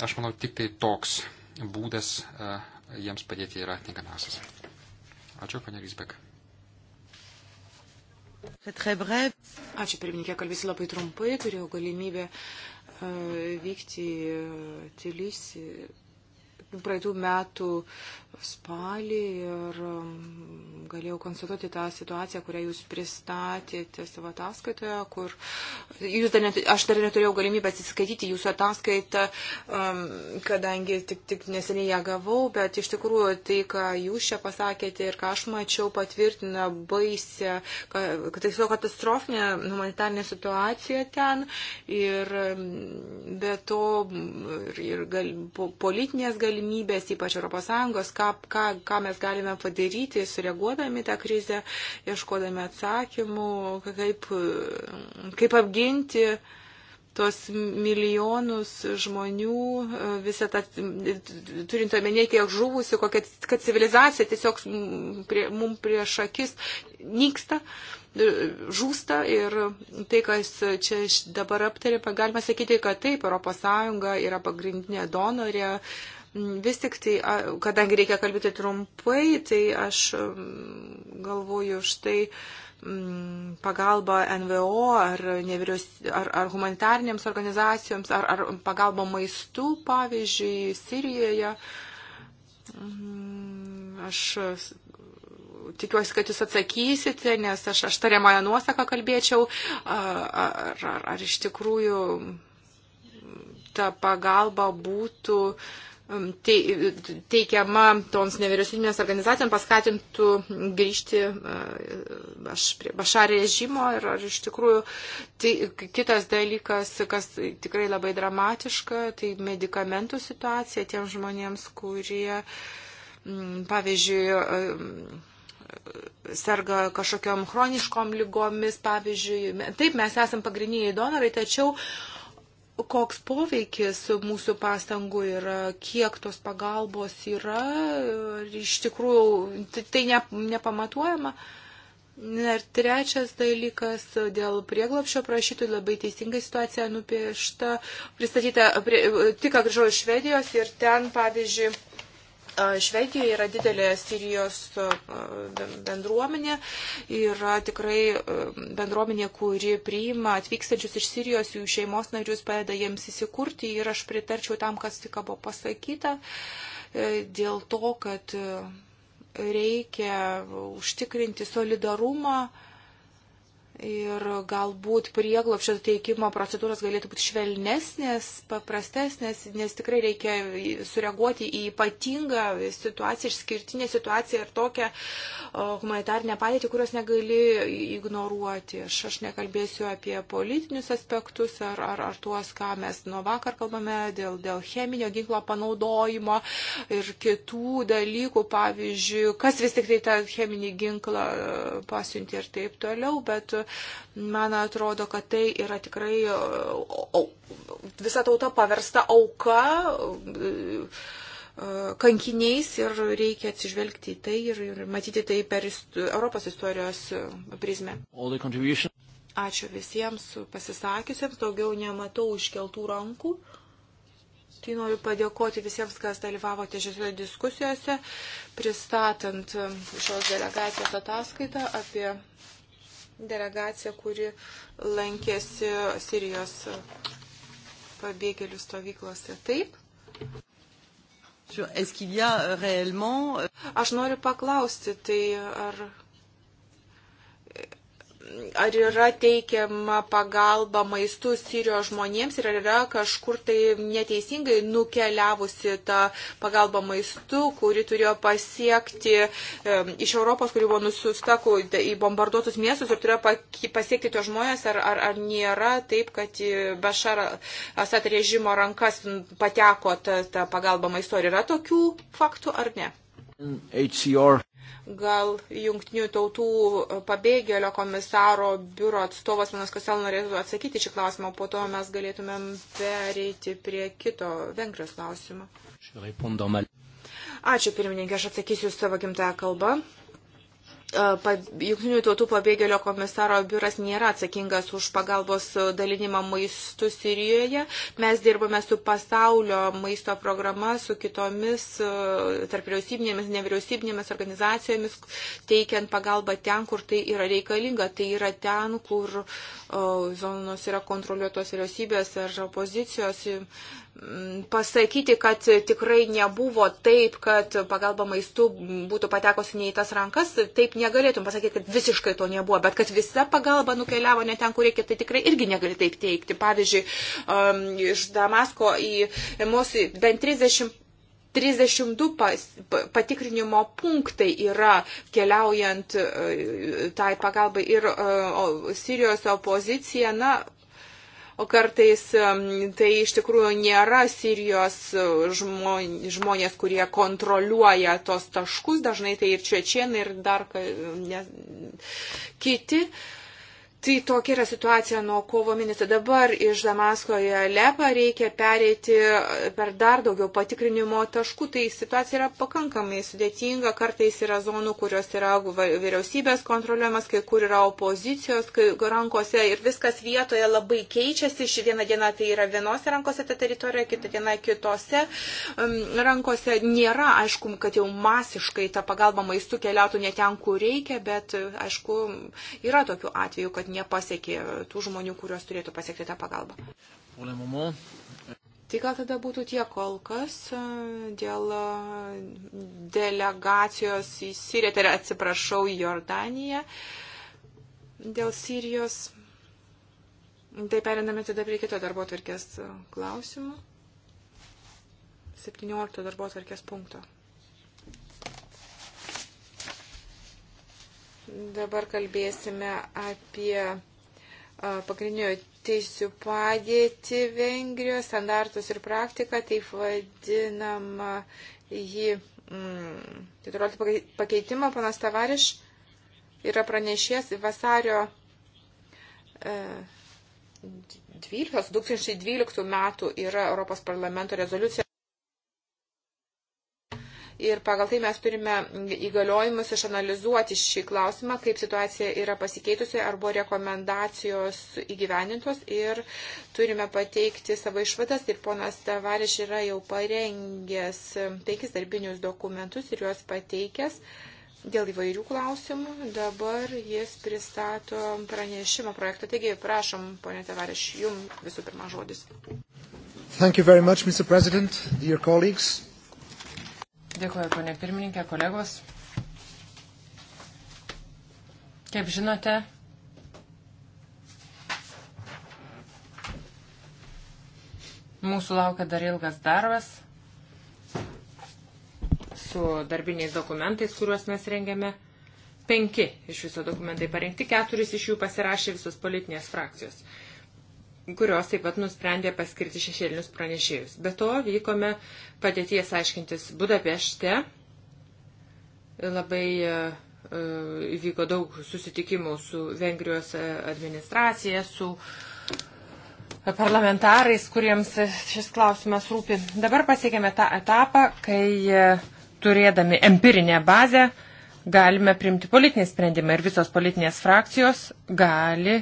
B: Aš manau, tik tai toks būdas jiems padėti yra tinkamiausias. Ačiū, panė Risbek.
D: Tai Ačiū pirmininkė, kalbėsiu labai trumpai, turėjau galimybę e, vykti į e, Tilisį praeitų metų spalį ir um, galėjau konstatuoti tą situaciją, kurią jūs pristatėte savo ataskaitoje, kur jūs dar net, aš dar neturėjau galimybę atsiskaityti jūsų ataskaitą, um, kadangi tik, tik neseniai ją gavau, bet iš tikrųjų tai, ką jūs čia pasakėte ir ką aš mačiau, patvirtina baisę, kad tiesiog katastrofinė humanitarinė situacija ten ir um, be to ir, ir gal, po, politinės galimybės galimybės, ypač ES, ką, ką, ką mes galime padaryti, sureaguodami tą krizę, ieškodami atsakymų, kaip, kaip apginti tos milijonus žmonių, visą tą, turint omenyje, kiek žuvusių, kokia, kad civilizacija tiesiog prie, mums prieš akis nyksta, žūsta ir tai, kas čia dabar aptarė, galima sakyti, kad taip, ES yra pagrindinė donorė Vis tik tai, kadangi reikia kalbėti trumpai, tai aš galvoju štai pagalba NVO ar, nevyriaus, ar, ar humanitarniams organizacijoms, ar, ar pagalba maistu, pavyzdžiui, Sirijoje. Mhm, aš tikiuosi, kad jūs atsakysite, nes aš, aš tariamąją nuosaką kalbėčiau, ar, ar, ar iš tikrųjų ta pagalba būtų uh, Um, teikiama toms nevyriausybinės organizacijoms paskatintų grįžti uh, aš prie Bašarį režimo ir ar iš tikrųjų tai, kitas dalykas, kas tikrai labai dramatiška, tai medikamentų situacija tiem žmonėms, kurie, mm, pavyzdžiui, um, serga kažkokiam chroniškom lygomis, pavyzdžiui. Taip, mes esam pagrindiniai donorai, tačiau uh, koks poveikis mūsų pastangų yra, kiek tos pagalbos yra, iš tikrųjų tai, tai ne, nepamatuojama. Ir trečias dalykas, dėl prieglapšio prašytų labai teisingai situacija nupiešta, pristatyta, prie, tik grįžau iš Švedijos ir ten, pavyzdžiui, Švedijoje yra didelė Sirijos bendruomenė, yra tikrai bendruomenė, kuri priima atvykstančius iš Sirijos, jų šeimos narius padeda jiems įsikurti ir aš pritarčiau tam, kas tik buvo pasakyta, e, dėl to, kad e, reikia užtikrinti solidarumą Ir galbūt prieglopščio teikimo procedūros galėtų būti švelnesnės, paprastesnės, nes tikrai reikia sureaguoti į ypatingą situaciją, išskirtinę situaciją ir tokią humanitarnę padėtį, kurios negali ignoruoti. Aš, aš nekalbėsiu apie politinius aspektus ar, ar, ar tuos, ką mes nuo vakar kalbame dėl, dėl cheminio ginklo panaudojimo ir kitų dalykų, pavyzdžiui, kas vis tik tai tą cheminį ginklą pasiunti ir taip toliau. Bet man atrodo, kad tai yra tikrai visa tauta paversta auka e, kankiniais ir reikia atsižvelgti į tai ir, ir matyti tai per istu, Europos istorijos prizmę. Ačiū visiems pasisakiusiems, daugiau nematau iškeltų rankų. Tai noriu padėkoti visiems, kas dalyvavote šiose diskusijose, pristatant šios delegacijos ataskaitą apie delegacija, kuri lankėsi Sirijos pabėgėlių stovyklose. Taip. Euh, euh, Aš noriu paklausti, tai ar ar yra teikiama pagalba maistu Sirijos žmonėms ir ar yra kažkur tai neteisingai nukeliavusi ta pagalba maistu, kuri turėjo pasiekti e, iš Europos, kuri buvo nusiusta į bombarduotus miestus ir turėjo pasiekti tos žmonės, ar, ar, ar nėra taip, kad Bešar Asat režimo rankas pateko ta, ta pagalba maistu, ar yra tokių faktų ar ne?
A: HCR.
D: Gal jungtinių tautų pabėgėlio komisaro biuro atstovas Manas Kasel norėtų atsakyti šį klausimą, po to mes galėtumėm pereiti prie kito Vengrijos klausimo. Ačiū pirmininkė, aš atsakysiu savo gimtąją kalbą. Junktinių tautų pabėgėlio komisaro biuras nėra atsakingas už pagalbos dalinimą maistu Sirijoje. Mes dirbame su pasaulio maisto programa, su kitomis tarpvyriausybinėmis, nevyriausybinėmis organizacijomis, teikiant pagalbą ten, kur tai yra reikalinga. Tai yra ten, kur o, zonos yra kontroliuotos vyriausybės ar opozicijos pasakyti, kad tikrai nebuvo taip, kad pagalba maistu būtų patekusi ne į tas rankas, taip negalėtum pasakyti, kad visiškai to nebuvo, bet kad visa pagalba nukeliavo ne ten, kur reikia, tai tikrai irgi negali taip teikti. Pavyzdžiui, um, iš Damasko į mūsų bent 30 32 patikrinimo punktai yra keliaujant uh, tai pagalbai ir uh, Sirijos opozicija, na, o kartais tai iš tikrųjų nėra Sirijos e, žmonės, kurie kontroliuoja tos taškus, dažnai tai ir čečienai, ir dar kiti. Uh, Tai tokia yra situacija nuo kovo mėnesio. Dabar iš Damasko į Alepą reikia pereiti per dar daugiau patikrinimo taškų. Tai situacija yra pakankamai sudėtinga. Kartais yra zonų, kurios yra vyriausybės kontroliuojamas, kai kur yra opozicijos kai, rankose ir viskas vietoje labai keičiasi. Ši viena diena tai yra vienose rankose ta teritorija, kita diena kitose um, rankose. Nėra, aišku, kad jau masiškai ta pagalba maistu keliautų ne ten, kur reikia, bet, aišku, yra tokių atvejų, kad kad nepasiekė tų žmonių, kurios turėtų pasiekti tą pagalbą. Tai gal tada būtų tiek kol kas e, dėl e, delegacijos į Siriją, tai yra atsiprašau, Jordaniją, dėl Sirijos. Tai periname tada prie kito darbo tvarkės e, klausimų. 17 darbo tvarkės punkto. Dabar kalbėsime apie pagrindinio teisų padėti Vengrijos, standartus ir praktiką, taip vadinama jį mm, 14 pakeitimą, panas Tavariš yra pranešęs vasario e, 12, 2012 metų yra Europos parlamento rezoliucija ir pagal tai mes turime įgaliojimus išanalizuoti šį klausimą, kaip situacija yra pasikeitusi, ar buvo rekomendacijos įgyvenintos ir turime pateikti savo išvadas ir ponas Tavariš yra jau parengęs penkis darbinius dokumentus ir juos pateikęs dėl įvairių klausimų. Dabar jis pristato pranešimo projektą. Taigi, prašom, ponė Tavariš, jums visų pirma
C: žodis.
B: Thank you very much, Mr. President, dear colleagues.
C: Dėkuoju, ponė pirmininkė, kolegos. Kaip žinote, mūsų laukia dar ilgas darbas su darbiniais dokumentais, kuriuos mes rengiame. Penki iš viso dokumentai parengti, keturis iš jų pasirašė visos politinės frakcijos kurios taip pat nusprendė paskirti šešėlinius pranešėjus. Be to vykome padėties aiškintis Budapešte. Labai įvyko e, e, daug susitikimų su Vengrijos e, administracija, su parlamentarais, kuriems šis klausimas rūpi. Dabar pasiekėme tą etapą, kai turėdami empirinę bazę galime primti politinį sprendimą ir visos politinės frakcijos gali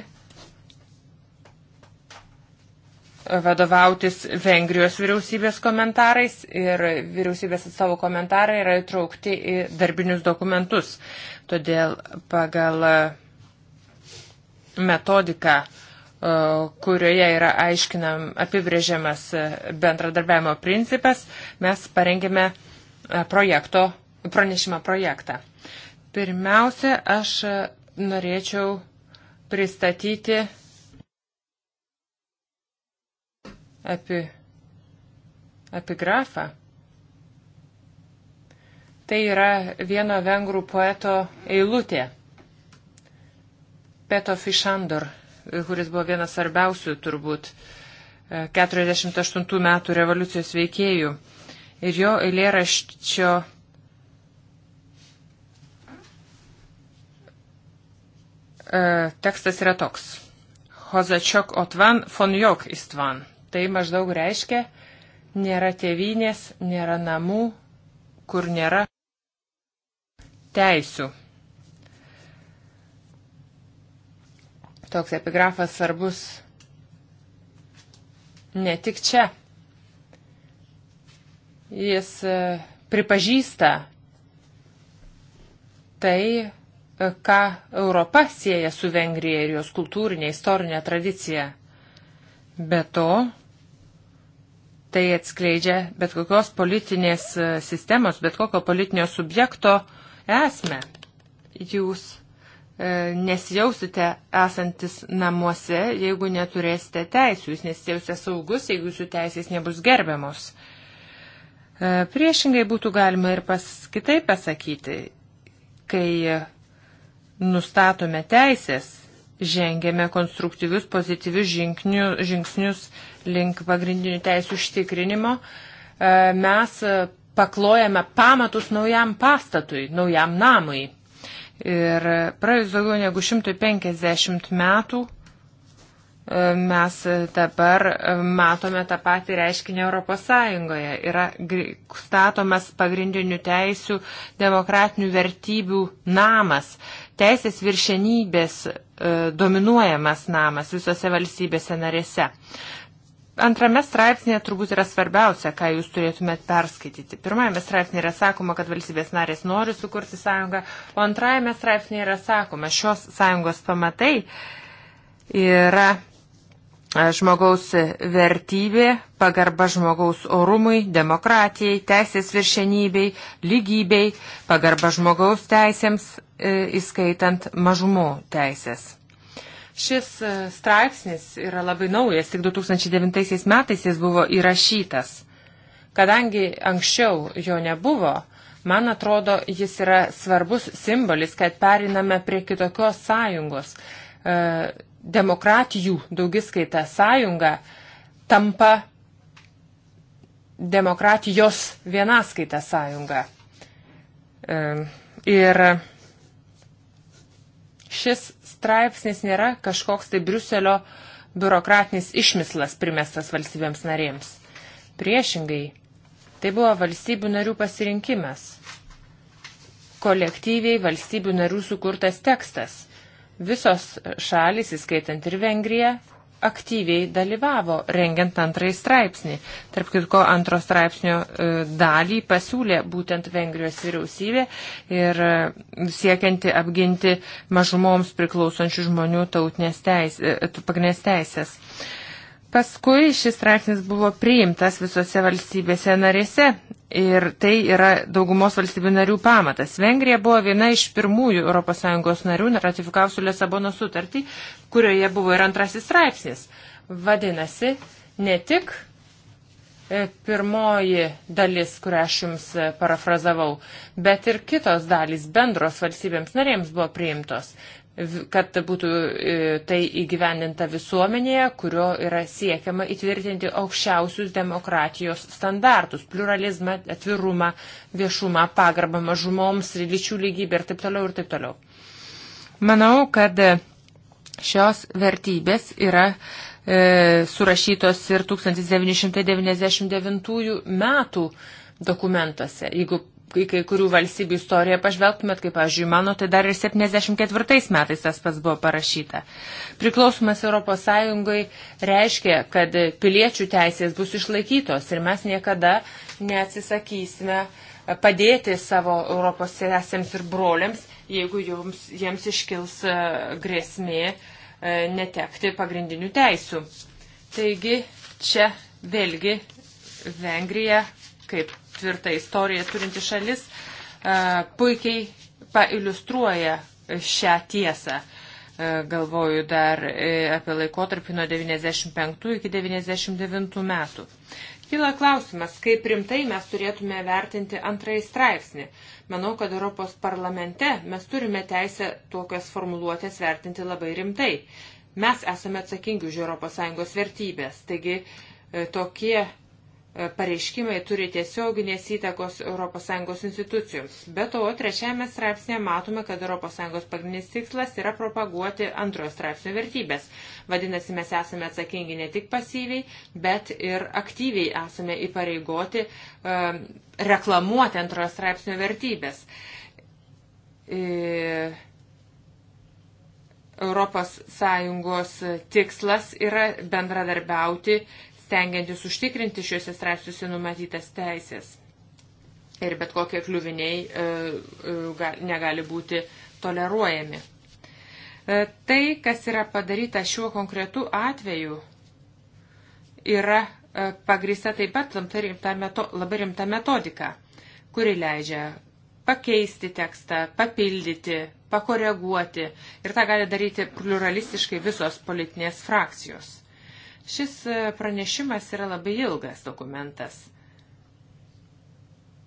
C: vadovautis Vengrijos vyriausybės komentarais ir vyriausybės atstovų komentarai yra įtraukti į darbinius dokumentus. Todėl pagal e, metodiką, e, kurioje yra aiškinam apibrėžiamas e, bendradarbiavimo principas, mes parengėme projekto, pranešimą projektą. Pirmiausia, aš norėčiau pristatyti epi, epigrafą. Tai yra vieno vengrų poeto eilutė. Peto Fišandor, kuris buvo vienas svarbiausių turbūt 48 e, metų revoliucijos veikėjų. Ir jo eilėraščio e, tekstas yra toks. Hozačiok otvan, fonjok istvan. Tai maždaug reiškia, nėra tėvynės, nėra namų, kur nėra teisių. Toks epigrafas svarbus ne tik čia. Jis e, pripažįsta tai, e, ką Europa sieja su Vengrija ir jos kultūrinė istorinė tradicija. Be to, Tai atskleidžia bet kokios politinės e, sistemos, bet kokio politinio subjekto esmę. Jūs e, nesijausite esantis namuose, jeigu neturėsite teisų, jūs nesijausite saugus, jeigu jūsų teisės nebus gerbiamos. E, priešingai būtų galima ir pas kitaip pasakyti, kai nustatome teisės, žengėme konstruktyvius, pozityvius žingsnius, žingsnius link pagrindinių teisų užtikrinimo. E, mes paklojame pamatus naujam pastatui, naujam namui. Ir praėjus daugiau negu 150 metų e, mes dabar matome tą patį reiškinį Europos Sąjungoje. Yra statomas pagrindinių teisių, demokratinių vertybių namas teisės viršenybės e, dominuojamas namas visose valstybėse narėse. Antrame straipsnėje turbūt yra svarbiausia, ką jūs turėtumėt perskaityti. Pirmajame straipsnėje yra sakoma, kad valstybės narės nori sukurti sąjungą, o antrajame straipsnėje yra sakoma, šios sąjungos pamatai yra žmogaus vertybė, pagarba žmogaus orumui, demokratijai, teisės viršenybei, lygybei, pagarba žmogaus teisėms, e, įskaitant mažumų teisės. Šis e, straipsnis yra labai naujas, tik 2009 metais jis buvo įrašytas. Kadangi anksčiau jo nebuvo, man atrodo, jis yra svarbus simbolis, kad periname prie kitokios sąjungos e, demokratijų daugiskaita sąjunga tampa demokratijos vienaskaita sąjunga. Ir šis straipsnis nėra kažkoks tai Briuselio biurokratinis išmislas primestas valstybėms narėms. Priešingai, tai buvo valstybių narių pasirinkimas. Kolektyviai valstybių narių sukurtas tekstas. Visos šalys, įskaitant ir Vengriją, aktyviai dalyvavo rengiant antrąjį straipsnį. Tarp kitko, antro straipsnio e, dalį pasiūlė būtent Vengrijos vyriausybė ir e, siekianti apginti mažumoms priklausančių žmonių tautinės teisės, e, pagrindinės teisės. teisės. Paskui šis straipsnis buvo priimtas visose valstybėse narėse ir tai yra daugumos valstybių narių pamatas. Vengrija buvo viena iš pirmųjų ES narių ratifikavusių Lesabono sutartį, kurioje buvo ir antrasis straipsnis. Vadinasi, ne tik e, pirmoji dalis, kurią aš jums e, parafrazavau, bet ir kitos dalys bendros valstybėms narėms buvo priimtos kad būtų e, tai įgyvendinta visuomenėje, kurio yra siekiama įtvirtinti aukščiausius demokratijos standartus - pluralizmą, atvirumą, viešumą, pagarbą mažumoms, lyčių lygybę ir taip toliau ir taip toliau. Manau, kad šios vertybės yra e, surašytos ir 1999 metų dokumentuose. Jeigu kai kai kurių valstybių istoriją pažvelgtumėt, kaip, pavyzdžiui, mano, tai dar ir 74 metais tas pats buvo parašyta. Priklausomas ES reiškia, kad piliečių teisės bus išlaikytos ir mes niekada neatsisakysime padėti savo Europos sesėms ir broliams, jeigu jums, jiems iškils e, grėsmė e, netekti pagrindinių teisų. Taigi čia vėlgi Vengrija kaip tvirtą istoriją turinti šalis e, puikiai pailustruoja šią tiesą. E, galvoju dar e, apie laikotarpį nuo 95 iki 99 metų. Kyla klausimas, kaip rimtai mes turėtume vertinti antrąjį straipsnį. Manau, kad Europos parlamente mes turime teisę tokias formuluotės vertinti labai rimtai. Mes esame atsakingi už ES vertybės, taigi tokie pareiškimai turi tiesioginės įtakos ES institucijoms. Be to, trečiame straipsnėje matome, kad ES pagrindinis tikslas yra propaguoti antrojo straipsnio vertybės. Vadinasi, mes esame atsakingi ne tik pasyviai, bet ir aktyviai esame įpareigoti e, reklamuoti antrojo straipsnio vertybės. E, ES tikslas yra bendradarbiauti stengiantis užtikrinti šiuose straipsniuose numatytas teisės. Ir bet kokie kliuviniai e, e, negali būti toleruojami. E, tai, kas yra padaryta šiuo konkretu atveju, yra e, pagrįsta taip pat labai rimta, meto, labai rimta metodika, kuri leidžia pakeisti tekstą, papildyti, pakoreguoti. Ir tą gali daryti pluralistiškai visos politinės frakcijos. Šis e, pranešimas yra labai ilgas dokumentas.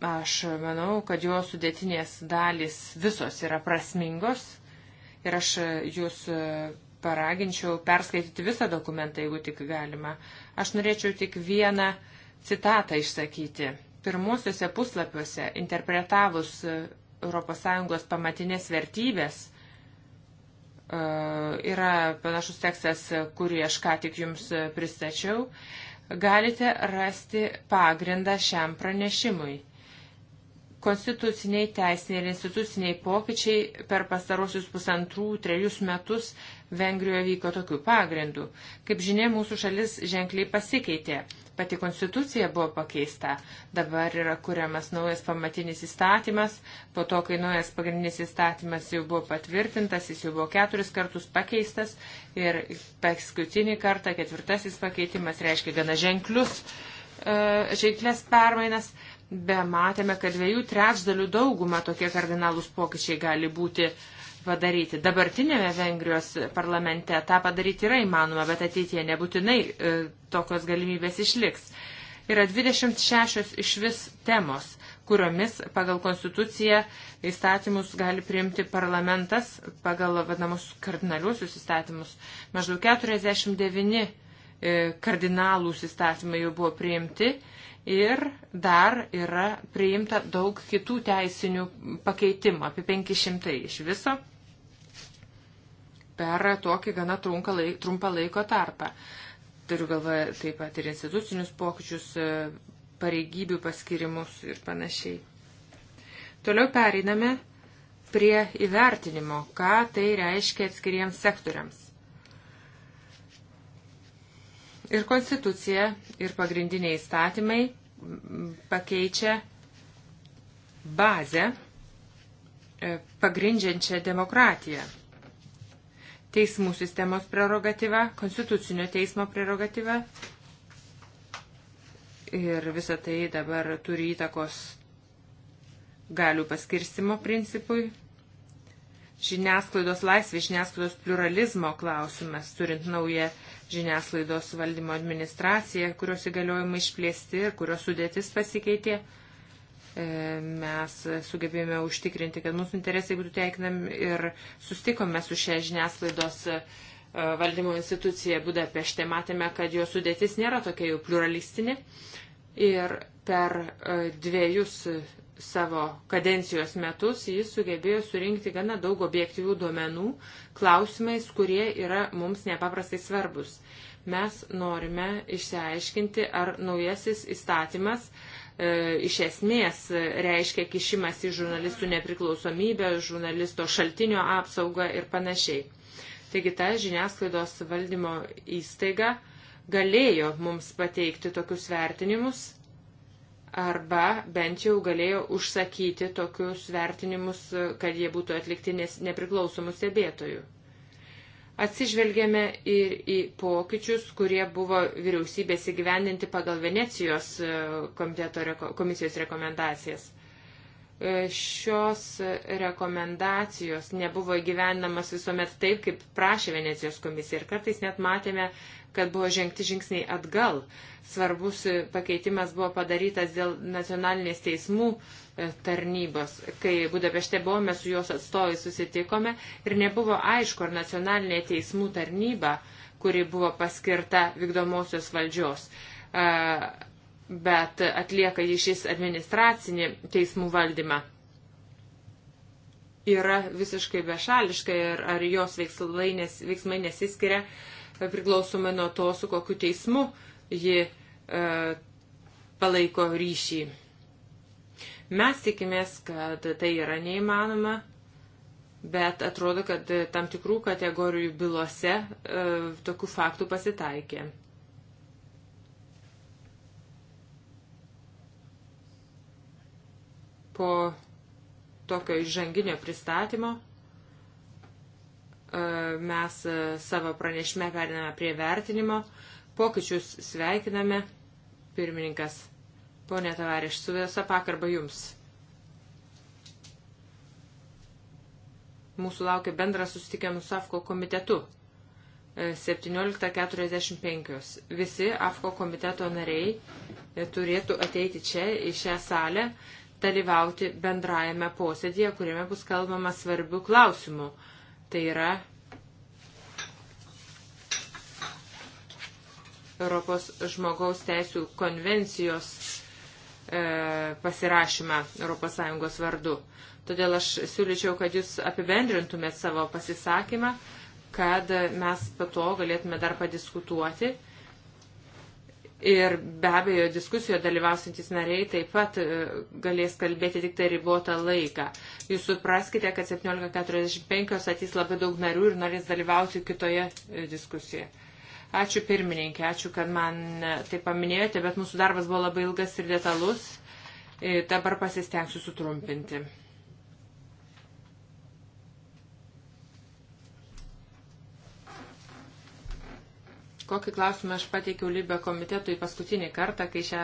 C: Aš manau, kad jo sudėtinės dalys visos yra prasmingos ir aš e, jūs e, paraginčiau perskaityti visą dokumentą, jeigu tik galima. Aš norėčiau tik vieną citatą išsakyti. Pirmuosiuose puslapiuose interpretavus ES pamatinės vertybės, E, yra panašus tekstas, kurį aš ką tik jums pristačiau, galite rasti pagrindą šiam pranešimui. Konstituciniai, teisiniai ir instituciniai pokyčiai per pastarosius pusantrų, trejus metus Vengrijoje vyko tokių pagrindų. Kaip žinia, mūsų šalis ženkliai pasikeitė. Pati konstitucija buvo pakeista, dabar yra kuriamas naujas pamatinis įstatymas, po to, kai naujas pagrindinis įstatymas jau buvo patvirtintas, jis jau buvo keturis kartus pakeistas ir paskutinį kartą ketvirtasis pakeitimas reiškia gana ženklius, e, ženklės permainas, be matėme, kad dviejų trečdalių daugumą tokie kardinalūs pokyčiai gali būti uh, padaryti. Dabartinėme Vengrijos parlamente tą padaryti yra įmanoma, bet ateitie nebūtinai e, tokios galimybės išliks. Yra 26 iš vis temos, kuriomis pagal konstituciją įstatymus gali priimti parlamentas, pagal vadinamus kardinaliuosius įstatymus. Maždaug 49 e, kardinalūs įstatymai jau buvo priimti ir dar yra priimta daug kitų teisinių pakeitimų, apie 500 iš viso per tokį gana laik, trumpą laiko tarpą. Turiu galvoje taip pat ir institucinius pokyčius, e, pareigybių paskirimus ir panašiai. Toliau pereiname prie įvertinimo, ką tai reiškia atskiriems sektoriams. Ir konstitucija, ir pagrindiniai įstatymai pakeičia bazę e, pagrindžiančią demokratiją teismų sistemos prerogatyva, konstitucinio teismo prerogatyva. Ir visa tai dabar turi įtakos galių paskirstimo principui. Žiniasklaidos laisvė, žiniasklaidos pluralizmo klausimas, turint naują žiniasklaidos valdymo administraciją, kurios įgaliojimai išplėsti ir kurios sudėtis pasikeitė E, mes sugebėjome užtikrinti, kad mūsų interesai būtų teikinami ir sustikome su šia žiniasklaidos e, valdymo institucija Budapešte. Matėme, kad jo sudėtis nėra tokia jau pluralistinė ir per e, dviejus savo kadencijos metus jis sugebėjo surinkti gana daug objektyvių duomenų klausimais, kurie yra mums nepaprastai svarbus. Mes norime išsiaiškinti, ar naujasis įstatymas uh, E, iš esmės reiškia kišimas į žurnalistų nepriklausomybę, žurnalisto šaltinio apsaugą ir panašiai. Taigi ta žiniasklaidos valdymo įstaiga galėjo mums pateikti tokius vertinimus arba bent jau galėjo užsakyti tokius vertinimus, kad jie būtų atlikti nepriklausomų stebėtojų atsižvelgėme ir į pokyčius, kurie buvo vyriausybės įgyvendinti pagal Venecijos e, komiteto, komisijos rekomendacijas. E, šios rekomendacijos nebuvo įgyvendamas visuomet taip, kaip prašė Venecijos komisija. Ir kartais net matėme, kad buvo žengti žingsniai atgal. Svarbus pakeitimas buvo padarytas dėl nacionalinės teismų e, tarnybos. Kai Budapešte buvome, su jos atstovai susitikome ir nebuvo aišku, ar nacionalinė teismų tarnyba, kuri buvo paskirta vykdomosios valdžios, e, bet atlieka jį šis administracinį teismų valdymą, yra visiškai bešališka ir ar jos nes, veiksmai nesiskiria priklausomai nuo to, su kokiu teismu ji e, palaiko ryšį. Mes tikimės, kad tai yra neįmanoma, bet atrodo, kad tam tikrų kategorijų bylose e, tokių faktų pasitaikė. po tokio įžanginio pristatymo e, mes e, savo pranešime periname prie vertinimo. Pokyčius sveikiname, pirmininkas. Pone Tavariš, su visa pakarba jums. Mūsų laukia bendras susitikimas su AFKO komitetu. 17.45. E, Visi AFKO komiteto nariai turėtų ateiti čia į šią salę dalyvauti bendrajame posėdėje, kuriame bus kalbama svarbių klausimų. Tai yra Europos žmogaus teisų konvencijos e, pasirašymą ES vardu. Todėl aš siūlyčiau, kad jūs apibendrintumėt savo pasisakymą, kad mes po to galėtume dar padiskutuoti Ir be abejo, diskusijoje dalyvausintys nariai taip pat e, galės kalbėti tik tai ribotą laiką. Jūs supraskite, kad 17.45 atys labai daug narių ir norės dalyvauti kitoje e, diskusijoje. Ačiū pirmininkė, ačiū, kad man e, tai paminėjote, bet mūsų darbas buvo labai ilgas ir detalus. Dabar pasistengsiu sutrumpinti. Kokį klausimą aš pateikiau Libė komitetui paskutinį kartą, kai šią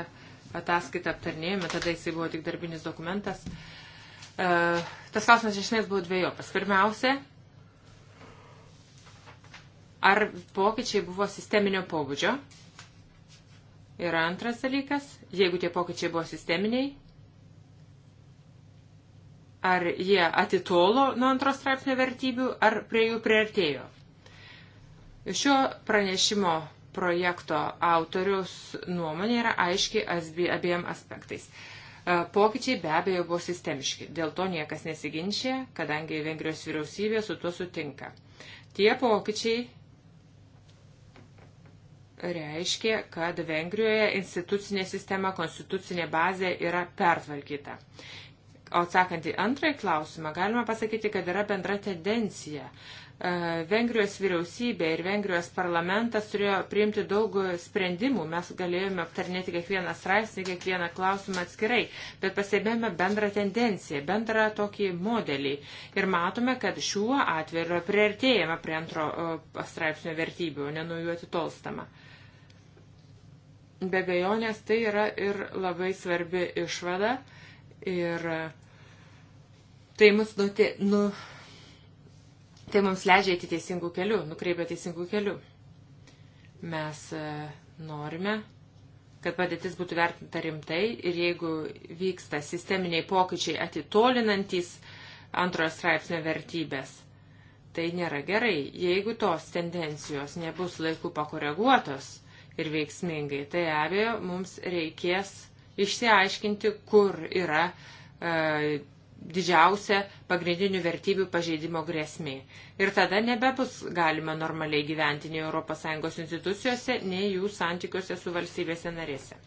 C: ataskaitą aptarnėjome, tada jisai buvo tik darbinis dokumentas. E, tas klausimas iš esmės buvo dviejopas. Pirmiausia, ar pokyčiai buvo sisteminio pobūdžio? Ir antras dalykas, jeigu tie pokyčiai buvo sisteminiai, ar jie atitolo nuo antros straipsnio vertybių, ar prie jų priartėjo. Šio pranešimo projekto autorius nuomonė yra aiški abiem aspektais. E, pokyčiai be abejo buvo sistemiški, dėl to niekas nesiginčia, kadangi Vengrijos vyriausybė su tuo sutinka. Tie pokyčiai reiškia, kad Vengrijoje institucinė sistema, konstitucinė bazė yra pertvarkyta. O atsakant į antrąjį klausimą, galima pasakyti, kad yra bendra tendencija. E, Vengrijos vyriausybė ir Vengrijos parlamentas turėjo priimti daug sprendimų. Mes galėjome aptarnėti kiekvieną straipsnį, kiekvieną klausimą atskirai, bet pastebėjome bendrą tendenciją, bendrą tokį modelį. Ir matome, kad šiuo atveju yra prieartėjama prie antro e, straipsnio vertybių, o ne nuo jų atitolstama. Be bejonės tai yra ir labai svarbi išvada. Ir tai mus nuti, nu, Tai mums leidžia eiti teisingų kelių, nukreipia teisingų kelių. Mes e, norime, kad padėtis būtų vertinta rimtai ir jeigu vyksta sisteminiai pokyčiai atitolinantis antrojo straipsnio vertybės, tai nėra gerai. Jeigu tos tendencijos nebus laiku pakoreguotos ir veiksmingai, tai abejo mums reikės išsiaiškinti, kur yra e, didžiausia pagrindinių vertybių pažeidimo grėsmė. Ir tada nebebus galima normaliai gyventi nei ES institucijose, nei jų santykiuose su valstybėse narėse.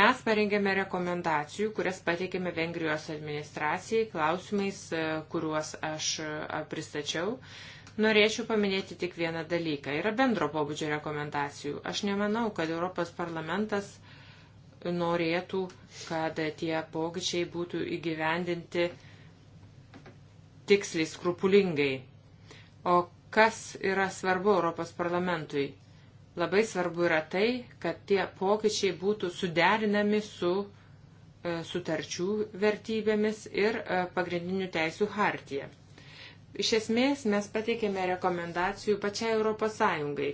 C: Mes parengėme rekomendacijų, kurias pateikėme Vengrijos administracijai klausimais, e, kuriuos aš e, pristačiau. Norėčiau paminėti tik vieną dalyką. Yra bendro pobūdžio rekomendacijų. Aš nemanau, kad Europos parlamentas uh, norėtų, kad tie pokyčiai būtų įgyvendinti tiksliai, skrupulingai. O kas yra svarbu Europos parlamentui? Labai svarbu yra tai, kad tie pokyčiai būtų suderinami su e, sutarčių vertybėmis ir e, pagrindinių teisų hartija. Iš esmės mes pateikėme rekomendacijų pačiai Europos Sąjungai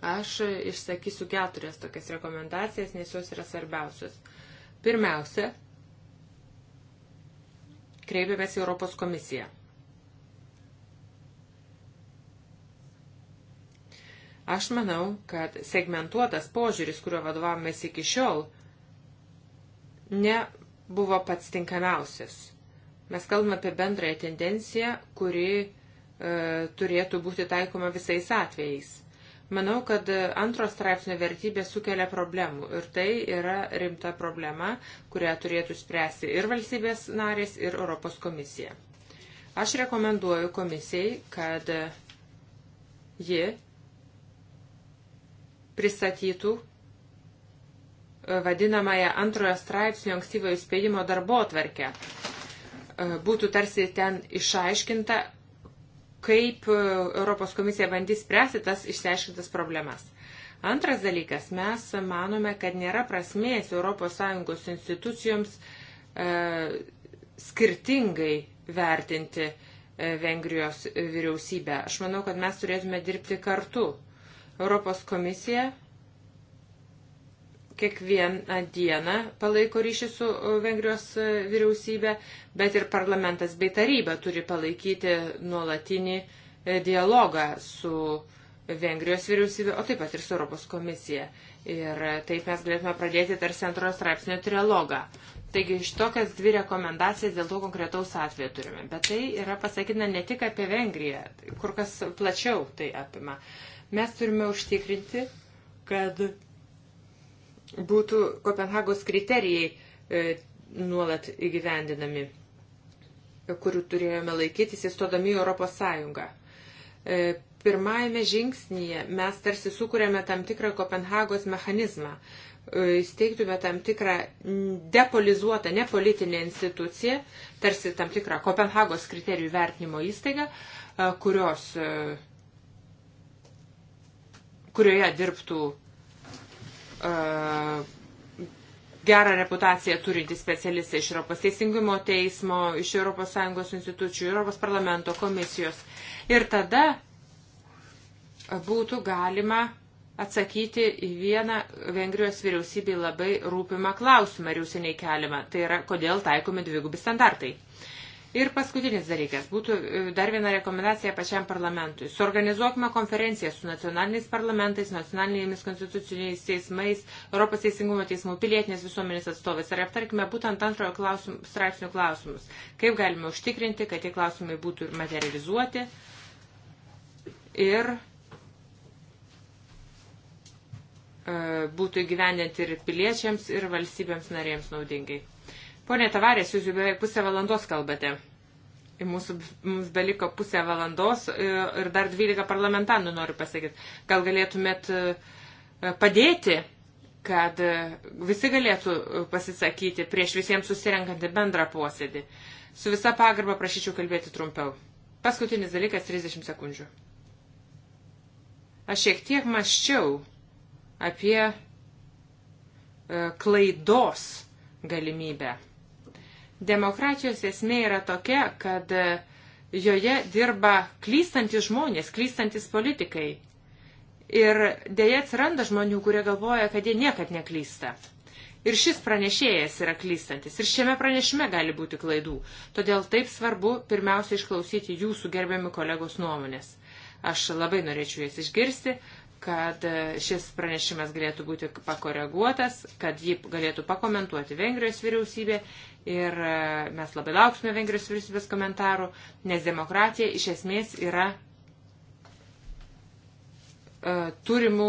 C: Aš išsakysiu keturias tokias rekomendacijas, nes jos yra svarbiausios. Pirmiausia, kreipėmės į Europos komisiją. Aš manau, kad segmentuotas požiūris, kuriuo vadovavomės iki šiol, nebuvo pats tinkamiausias. Mes kalbame apie bendrąją tendenciją, kuri e, turėtų būti taikoma visais atvejais Manau, kad antros straipsnio vertybė sukelia problemų ir tai yra rimta problema, kurią turėtų spręsti ir valstybės narės, ir Europos komisija. Aš rekomenduoju komisijai, kad ji pristatytų e, vadinamąją antrojo straipsnio ankstyvo įspėjimo darbo tvarkę. E, būtų tarsi ten išaiškinta, kaip e, Europos komisija bandys spręsti tas išsiaiškintas problemas. Antras dalykas, mes manome, kad nėra prasmės ES institucijoms e, skirtingai vertinti e, Vengrijos vyriausybę. Aš manau, kad mes turėtume dirbti kartu. Europos komisija kiekvieną dieną palaiko ryšį su e, Vengrijos e, vyriausybė, bet ir parlamentas bei taryba turi palaikyti nuolatinį e, dialogą su Vengrijos vyriausybė, o taip pat ir su Europos komisija. Ir taip mes galėtume pradėti tarsi antrojo straipsnio trilogą. Taigi iš tokias dvi rekomendacijas dėl to konkretaus atveju turime. Bet tai yra pasakyta ne tik apie Vengriją, kur kas plačiau tai apima. Mes turime užtikrinti, kad būtų Kopenhagos kriterijai e, nuolat įgyvendinami, kurių turėjome laikytis įstodami į Europos Sąjungą. E, pirmajame žingsnyje mes tarsi sukūrėme tam tikrą Kopenhagos mechanizmą, e, įsteigtume tam tikrą depolizuotą, nepolitinę instituciją, tarsi tam tikrą Kopenhagos kriterijų vertinimo įstaigą, kurios, kurioje dirbtų gerą reputaciją turintys specialistai iš Europos Teisingumo teismo, iš ES institucijų, Europos parlamento komisijos. Ir tada būtų galima atsakyti į vieną Vengrijos vyriausybei labai rūpimą klausimą ir jau seniai keliamą. Tai yra, kodėl taikomi dvigubi standartai. Uh, Ir paskutinis dalykas būtų e, dar viena rekomendacija pačiam parlamentui. Suorganizuokime konferenciją su nacionaliniais parlamentais, nacionalinėmis konstituciniais teismais, Europos teisingumo teismų pilietinės visuomenės atstovais ir aptarkime būtent antrojo klausim, straipsnių klausimus. Kaip galime užtikrinti, kad tie klausimai būtų ir materializuoti. Ir e, būtų įgyvendinti ir piliečiams, ir valstybėms narėms naudingai. Pone Tavarės, jūs jau beveik pusę valandos kalbate. Mūsų, mums beliko pusę valandos e, ir dar 12 parlamentanų noriu pasakyti. Gal galėtumėt e, padėti, kad e, visi galėtų pasisakyti prieš visiems susirenkantį bendrą posėdį. Su visa pagarba prašyčiau kalbėti trumpiau. Paskutinis dalykas - 30 sekundžių. Aš šiek tiek maščiau apie klaidos galimybę Demokratijos esmė yra tokia, kad joje dirba klystantis žmonės, klystantis politikai. Ir dėja atsiranda žmonių, kurie galvoja, kad jie niekad neklysta. Ir šis pranešėjas yra klystantis. Ir šiame pranešime gali būti klaidų. Todėl taip svarbu pirmiausia išklausyti jūsų gerbiami kolegos nuomonės. Aš labai norėčiau jas išgirsti kad e, šis pranešimas galėtų būti pakoreguotas, kad jį galėtų pakomentuoti Vengrijos vyriausybė ir e, mes labai lauksime Vengrijos vyriausybės komentarų, nes demokratija iš esmės yra uh, turimų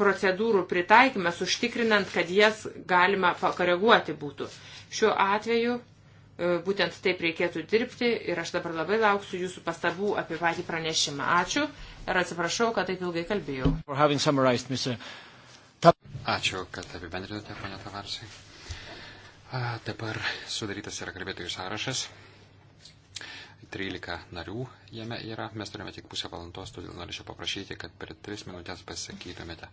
C: procedūrų pritaikymas, užtikrinant, kad jas galima pakoreguoti būtų. Šiuo atveju būtent taip reikėtų dirbti ir aš dabar labai lauksiu jūsų pastabų apie patį pranešimą. Ačiū. Ir atsiprašau, kad taip ilgai kalbėjau.
B: Ačiū, kad apibendrinote, ponia Tavarsai. Dabar sudarytas yra kalbėtojų sąrašas. 13 narių jame yra, mes turime tik pusę valandos, todėl norėčiau paprašyti, kad per 3 minutės pasisakytumėte.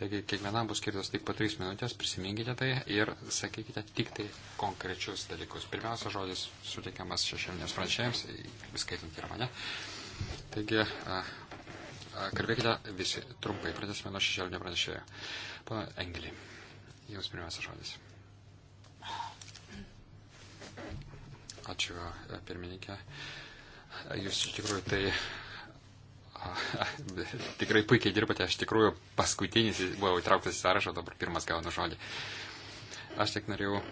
B: Taigi kiekvienam bus skirtas tik po 3 minutės, prisiminkite tai ir sakykite tik tai konkrečius dalykus. Pirmiausia žodis suteikiamas šešėlinės pranešėjams, įskaitant ir mane. Taigi, Kalbėkite visi trumpai, pradėsime nuo šešėlinio pranešėjo. Pana Engelį, jums pirmiausia žodis. Ačiū, pirmininkė. Jūs iš tikrųjų tai tikrai puikiai dirbate, aš tikrųjų paskutinis buvau įtrauktas į sąrašą, dabar pirmas gaunu žodį. Aš tik norėjau,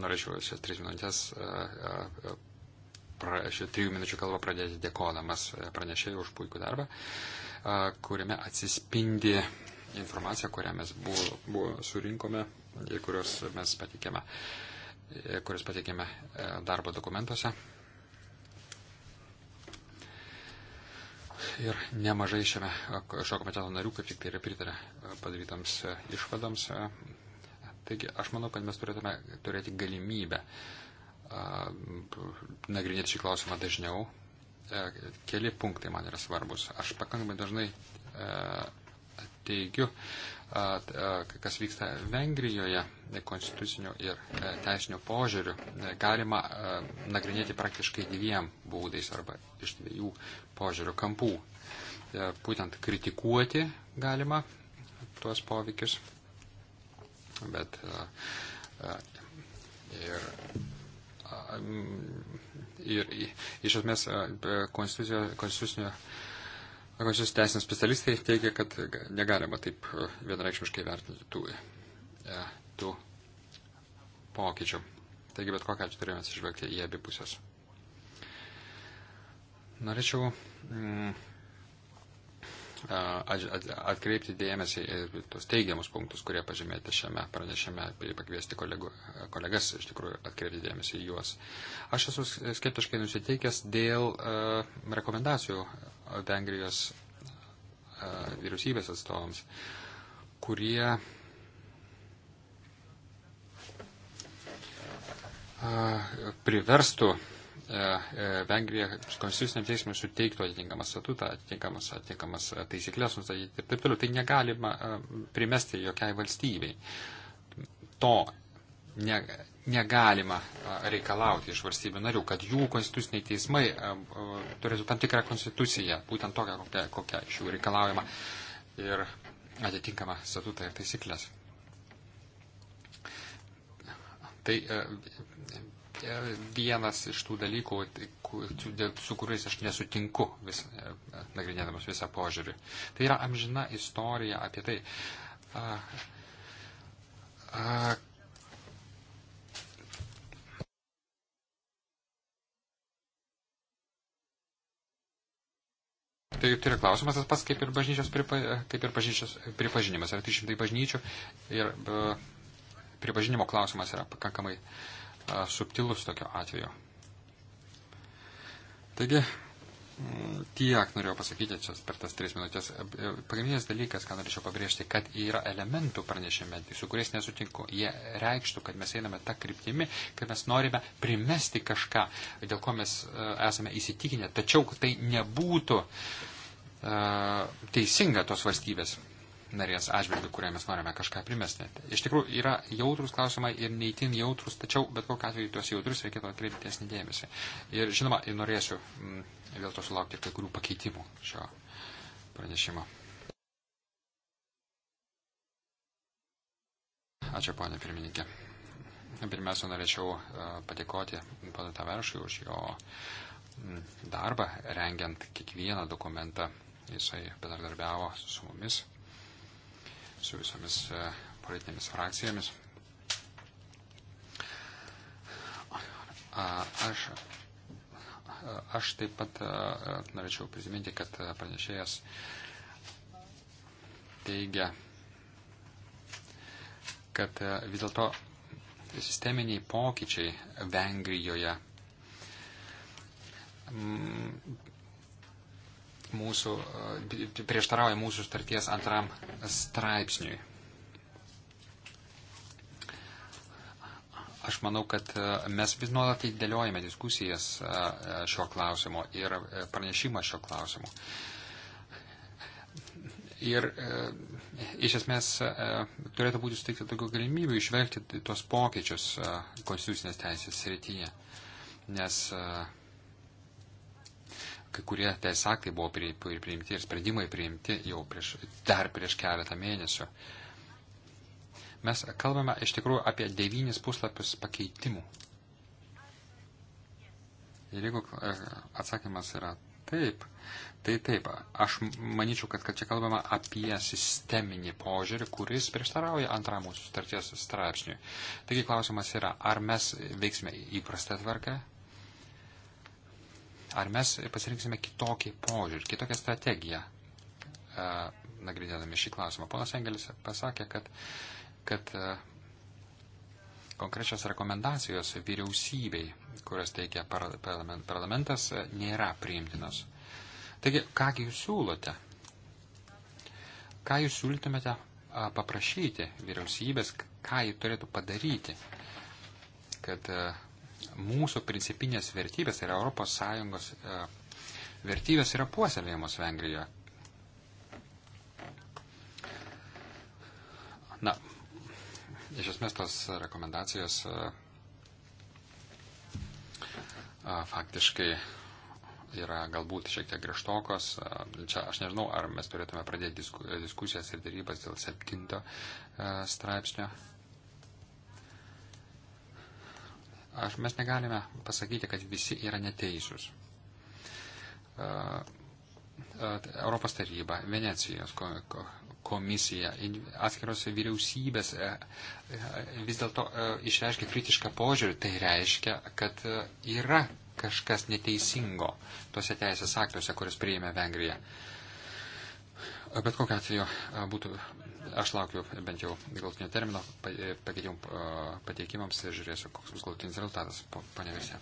B: norėčiau šias tris minutės pra, šią trijų minučių kalbą pradėti dėkodamas pranešėjai už puikų darbą, kuriame atsispindi informacija, kurią mes buvo, buvo surinkome ir kurios mes patikėme, e, kurios patikėme e, darbo dokumentuose. Ir nemažai šiame šio komiteto narių kaip tik tai ir pritarė padarytams išvadams. Taigi aš manau, kad mes turėtume turėti galimybę uh, nagrinėti šį klausimą dažniau. E, keli punktai man yra svarbus. Aš pakankamai dažnai e, teigiu, kas vyksta Vengrijoje e, konstitucinio ir teisinio požiūriu, galima nagrinėti praktiškai dviem būdais arba iš dviejų požiūrių kampų. Būtent kritikuoti galima tuos poveikius, bet ir ir iš esmės konstitucinio konstitucijos teisinės specialistai teigia, kad negalima taip vienareikšmiškai vertinti tų, e, tų pokyčių. Taigi bet kokią atveju turėjome atsižvelgti į abi pusės. Norėčiau mm, atkreipti dėmesį ir tos teigiamus punktus, kurie pažymėti šiame pranešime, pakviesti kolegu, kolegas iš tikrųjų atkreipti dėmesį į juos. Aš esu skeptiškai nusiteikęs dėl uh, rekomendacijų Vengrijos uh, vyriausybės atstovams, kurie uh, priverstų uh, E, e, Vengrija konstituciniam teismui suteiktų atitinkamą statutą, atitinkamas, atitinkamas e, taisyklės nustatyti ir taip toliau. Tai negalima primesti jokiai valstybei. To ne, negalima reikalauti iš valstybių narių, kad jų konstituciniai teismai turėtų tam tikrą konstituciją, būtent tokią, kokią, kokią iš jų reikalaujama ir atitinkamą statutą ir taisyklės. Tai vienas iš tų dalykų, su kuriais aš nesutinku, vis, e, nagrinėdamas visą požiūrį. Tai yra amžina istorija apie tai, a, a, Tai, tai yra klausimas tas pats kaip ir bažnyčios, pripa, kaip ir bažnyčios pripažinimas. Yra 300 bažnyčių ir uh, pripažinimo klausimas yra pakankamai uh, subtilus tokiu atveju. Taigi, tiek norėjau pasakyti čia per tas tris minutės. E, e, pagrindinis dalykas, ką norėčiau pabrėžti, kad yra elementų pranešime, su kuriais nesutinku. Jie reikštų, kad mes einame tą kryptimį, kad mes norime primesti kažką, dėl ko mes e, esame įsitikinę, tačiau tai nebūtų teisinga tos valstybės narės atžvilgių, kurią mes norime kažką primesti. Iš tikrųjų, yra jautrus klausimai ir neįtin jautrus, tačiau bet kokiu atveju tuos jautrus reikėtų atkreipti esnį dėmesį. Ir žinoma, norėsiu m, mm, vėl to sulaukti kai kurių pakeitimų šio pranešimo. Ačiū, ponė pirmininkė. Pirmiausia, norėčiau e, padėkoti panu Taveršui už jo mm, darbą, rengiant kiekvieną dokumentą. Jisai bendradarbiavo su mumis su visomis e, politinėmis frakcijomis. Aš, aš taip pat e, norėčiau prisiminti, kad pranešėjas teigia, kad e, vis dėlto sisteminiai pokyčiai Vengrijoje mūsų, e, prieštarauja mūsų starties antram straipsniui. Aš manau, kad e, mes vis nuolat įdėliojame diskusijas e, šio klausimo ir pranešimą šio klausimo. Ir iš esmės turėtų būti suteikti daugiau galimybių išvelgti tos pokyčius konstitucinės teisės srityje. Nes uh, kai kurie teisės aktai buvo priimti ir sprendimai priimti jau prieš, dar prieš keletą mėnesių. Mes kalbame iš tikrųjų apie devynis puslapius pakeitimų. Ir jeigu e, atsakymas yra taip, tai taip, aš manyčiau, kad, kad čia kalbama apie sisteminį požiūrį, kuris prieštarauja antram mūsų sutarties straipsniui. Taigi klausimas yra, ar mes veiksime įprastą tvarką, Ar mes pasirinksime kitokį požiūrį, kitokią strategiją, e, nagrinėdami šį klausimą. Ponas Engelis pasakė, kad, kad e, konkrečios rekomendacijos vyriausybei, kurias teikia parlamentas, e, nėra priimtinos. Taigi, kągi jūs siūlote? Ką jūs siūlytumėte paprašyti vyriausybės, ką jį turėtų padaryti, kad mūsų principinės vertybės, tai yra ES e, vertybės yra puoselėjamos Vengrijoje. Na, iš esmės tos rekomendacijos e, e, faktiškai yra galbūt šiek tiek griežtokos. Čia aš nežinau, ar mes turėtume pradėti diskusijas ir darybas dėl septinto straipsnio Aš, mes negalime pasakyti, kad visi yra neteisūs. Europos taryba, Venecijos komisija, atskiros vyriausybės e, e, vis dėlto e, išreiškia kritišką požiūrį. Tai reiškia, kad yra kažkas neteisingo tose teisės aktuose, kuris priėmė Vengrija. Bet kokiu atveju būtų Aš laukiu bent jau galutinio termino e, pakeitimų e, pateikimams ir žiūrėsiu, koks bus galutinis rezultatas, ponė Virsė.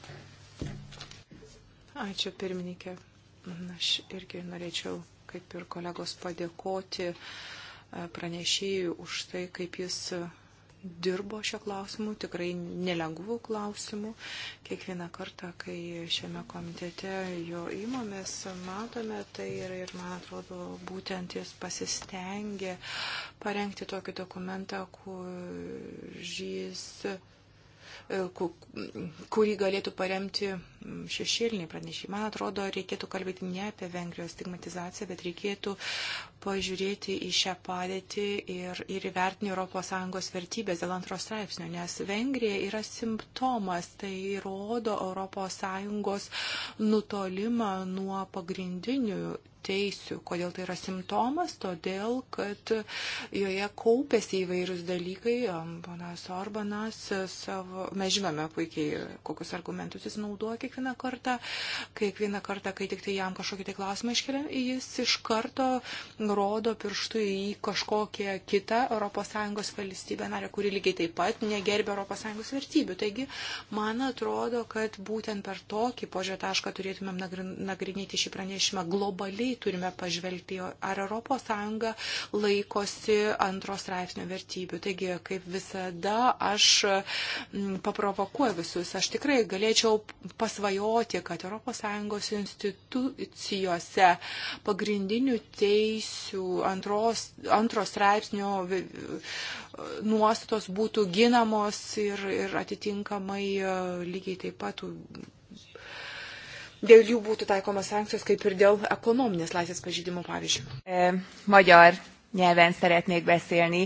D: Ačiū, pirmininkė. Aš irgi norėčiau, kaip ir kolegos, padėkoti e, pranešėjui už tai, kaip jis dirbo šio klausimu, tikrai nelengvų klausimų. Kiekvieną kartą, kai šiame komitete jo įmomės matome, tai ir, ir man atrodo, būtent jis pasistengė parengti tokį dokumentą, kuris e, kurį galėtų paremti šešėliniai pranešiai. Man atrodo, reikėtų kalbėti ne apie Vengrijos stigmatizaciją, bet reikėtų pažiūrėti į šią padėtį ir, ir įvertinti ES vertybės dėl antros straipsnio, nes Vengrija yra simptomas, tai rodo ES nutolimą nuo pagrindinių teisių. Kodėl tai yra simptomas? Todėl, kad joje kaupėsi įvairius dalykai. Um, ponas Orbanas, uh, savo, mes žinome puikiai, kokius argumentus jis naudoja kiekvieną kartą. Kiekvieną kartą, kai tik tai jam kažkokį tai klausimą iškelia, jis iš karto nurodo pirštų į kažkokią kitą ES valstybę narę, kuri lygiai taip pat negerbė ES vertybių. Taigi, man atrodo, kad būtent per tokį požiūrį tašką turėtumėm nagrinėti šį pranešimą. Globaliai turime pažvelgti, ar ES laikosi antros straipsnio vertybių. Taigi, kaip visada, aš paprovokuoju visus. Aš tikrai galėčiau pasvajoti, kad ES institucijose pagrindinių teisų teisių antros, antros straipsnio nuostatos būtų ginamos ir, ir atitinkamai e, lygiai taip pat dėl jų būtų taikomas sankcijos, kaip ir dėl ekonominės laisvės pažydimo, pavyzdžiui. E, magyar nyelven szeretnék beszélni,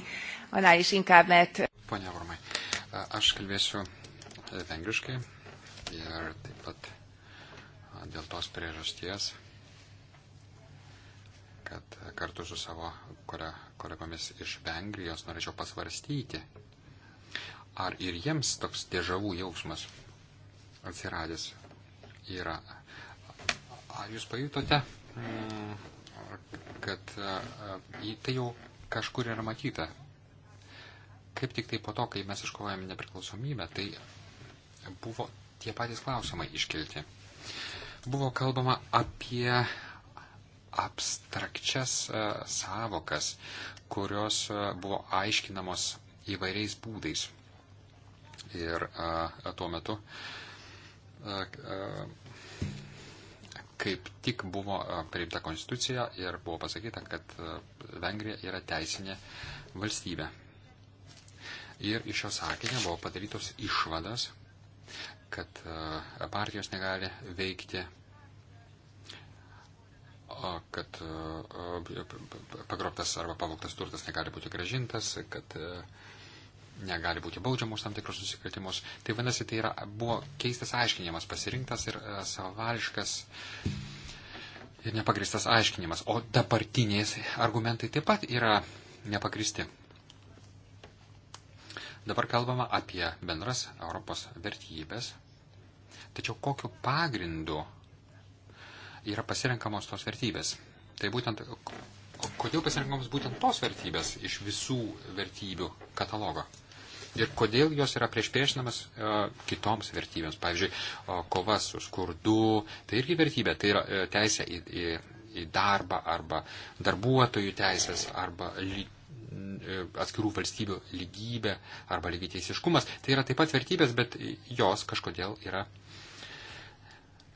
D: annál is inkább, mert...
B: Pone Ormai, e, aš kalbėsiu vengriškai ir taip pat dėl tos priežasties, kad kartu su savo kolegomis iš Vengrijos norėčiau pasvarstyti, ar ir jiems toks dėžavų jausmas atsiradęs yra. Ar jūs pajutote, mm, kad e, tai jau kažkur yra matyta? Kaip tik tai po to, kai mes iškovojame nepriklausomybę, tai buvo tie patys klausimai iškelti. Buvo kalbama apie abstrakčias e, savokas, kurios e, buvo aiškinamos įvairiais būdais. Ir e, tuo metu kaip tik buvo priimta konstitucija ir buvo pasakyta, kad Vengrija yra teisinė valstybė. Ir iš šio sakinio buvo padarytos išvadas, kad partijos negali veikti kad e, e, pagrobtas arba pavoktas turtas negali būti gražintas, kad e, negali būti baudžiamos tam tikrus nusikaltimus. Tai vadinasi, tai yra, buvo keistas aiškinimas pasirinktas ir savališkas ir nepagristas aiškinimas. O dabartiniais argumentai taip pat yra nepagristi. Dabar kalbama apie bendras Europos vertybės. Tačiau kokiu pagrindu yra pasirenkamos tos vertybės. Tai būtent, kodėl pasirenkamos būtent tos vertybės iš visų vertybių katalogo? Ir kodėl jos yra priešpriešinamas e, kitoms vertybėms? Pavyzdžiui, o, e, kova su skurdu, tai irgi vertybė, tai yra e, teisė į, į, į darbą arba darbuotojų teisės arba ly, e, atskirų valstybių lygybė arba lygiai teisiškumas. Tai yra taip pat vertybės, bet jos kažkodėl yra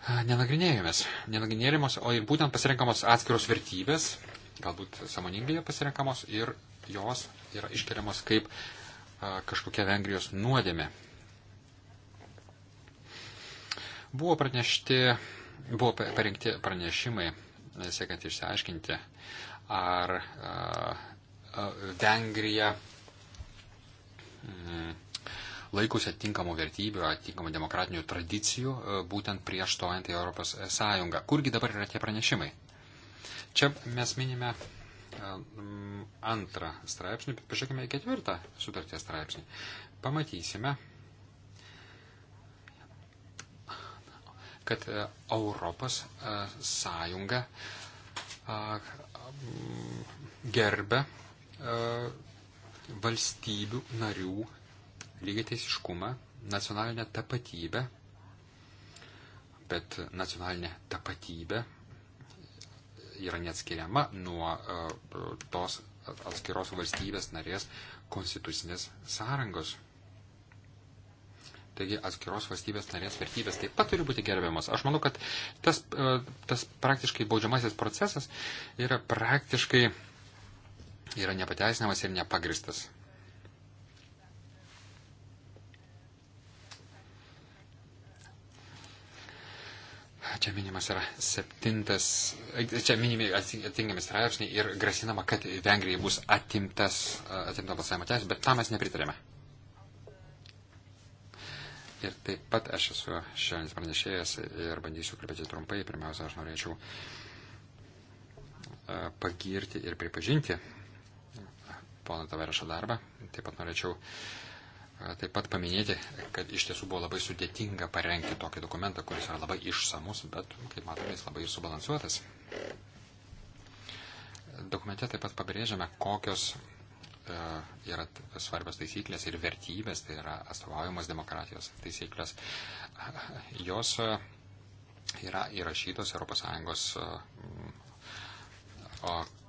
B: nenagrinėjomės, nenagrinėjamos, o ir būtent pasirenkamos atskiros vertybės, galbūt samoningai pasirenkamos ir jos yra iškeliamos kaip a, kažkokia Vengrijos nuodėme. Buvo pranešti, buvo parengti pranešimai, e, siekiant išsiaiškinti, ar a, a, Vengrija. Mm, laikosi atitinkamų vertybių, atitinkamų demokratinių tradicijų, e, būtent prieš stojant į Europos Sąjungą. Kurgi dabar yra tie pranešimai? Čia mes minime e, antrą straipsnį, pažiūrėkime į ketvirtą sutarties straipsnį. Pamatysime, kad e, Europos Sąjunga gerbė valstybių narių lygiateisiškumą, nacionalinę tapatybę, bet nacionalinė tapatybė yra neatskiriama nuo e, tos atskiros valstybės narės konstitucinės sąrangos. Taigi atskiros valstybės narės vertybės taip pat turi būti gerbiamas. Aš manau, kad tas, e, tas praktiškai baudžiamasis procesas yra praktiškai yra nepateisinamas ir nepagristas. čia minimas yra septintas, e, čia minimi atitinkami straipsniai ir grasinama, kad Vengrijai bus atimtas, atimta balsavimo teisė, bet tam mes nepritarėme. Ir taip pat aš esu šiandien pranešėjas ir bandysiu kalbėti trumpai. Pirmiausia, aš norėčiau pagirti ir pripažinti pono Tavarešo darbą. Taip pat norėčiau uh, taip pat paminėti, kad iš tiesų buvo labai sudėtinga parengti tokį dokumentą, kuris yra labai išsamus, bet, kaip matome, jis labai subalansuotas. Dokumente taip pat pabrėžiame, kokios e, yra svarbios taisyklės ir vertybės, tai yra atstovaujamos demokratijos taisyklės. Jos e, yra įrašytos ES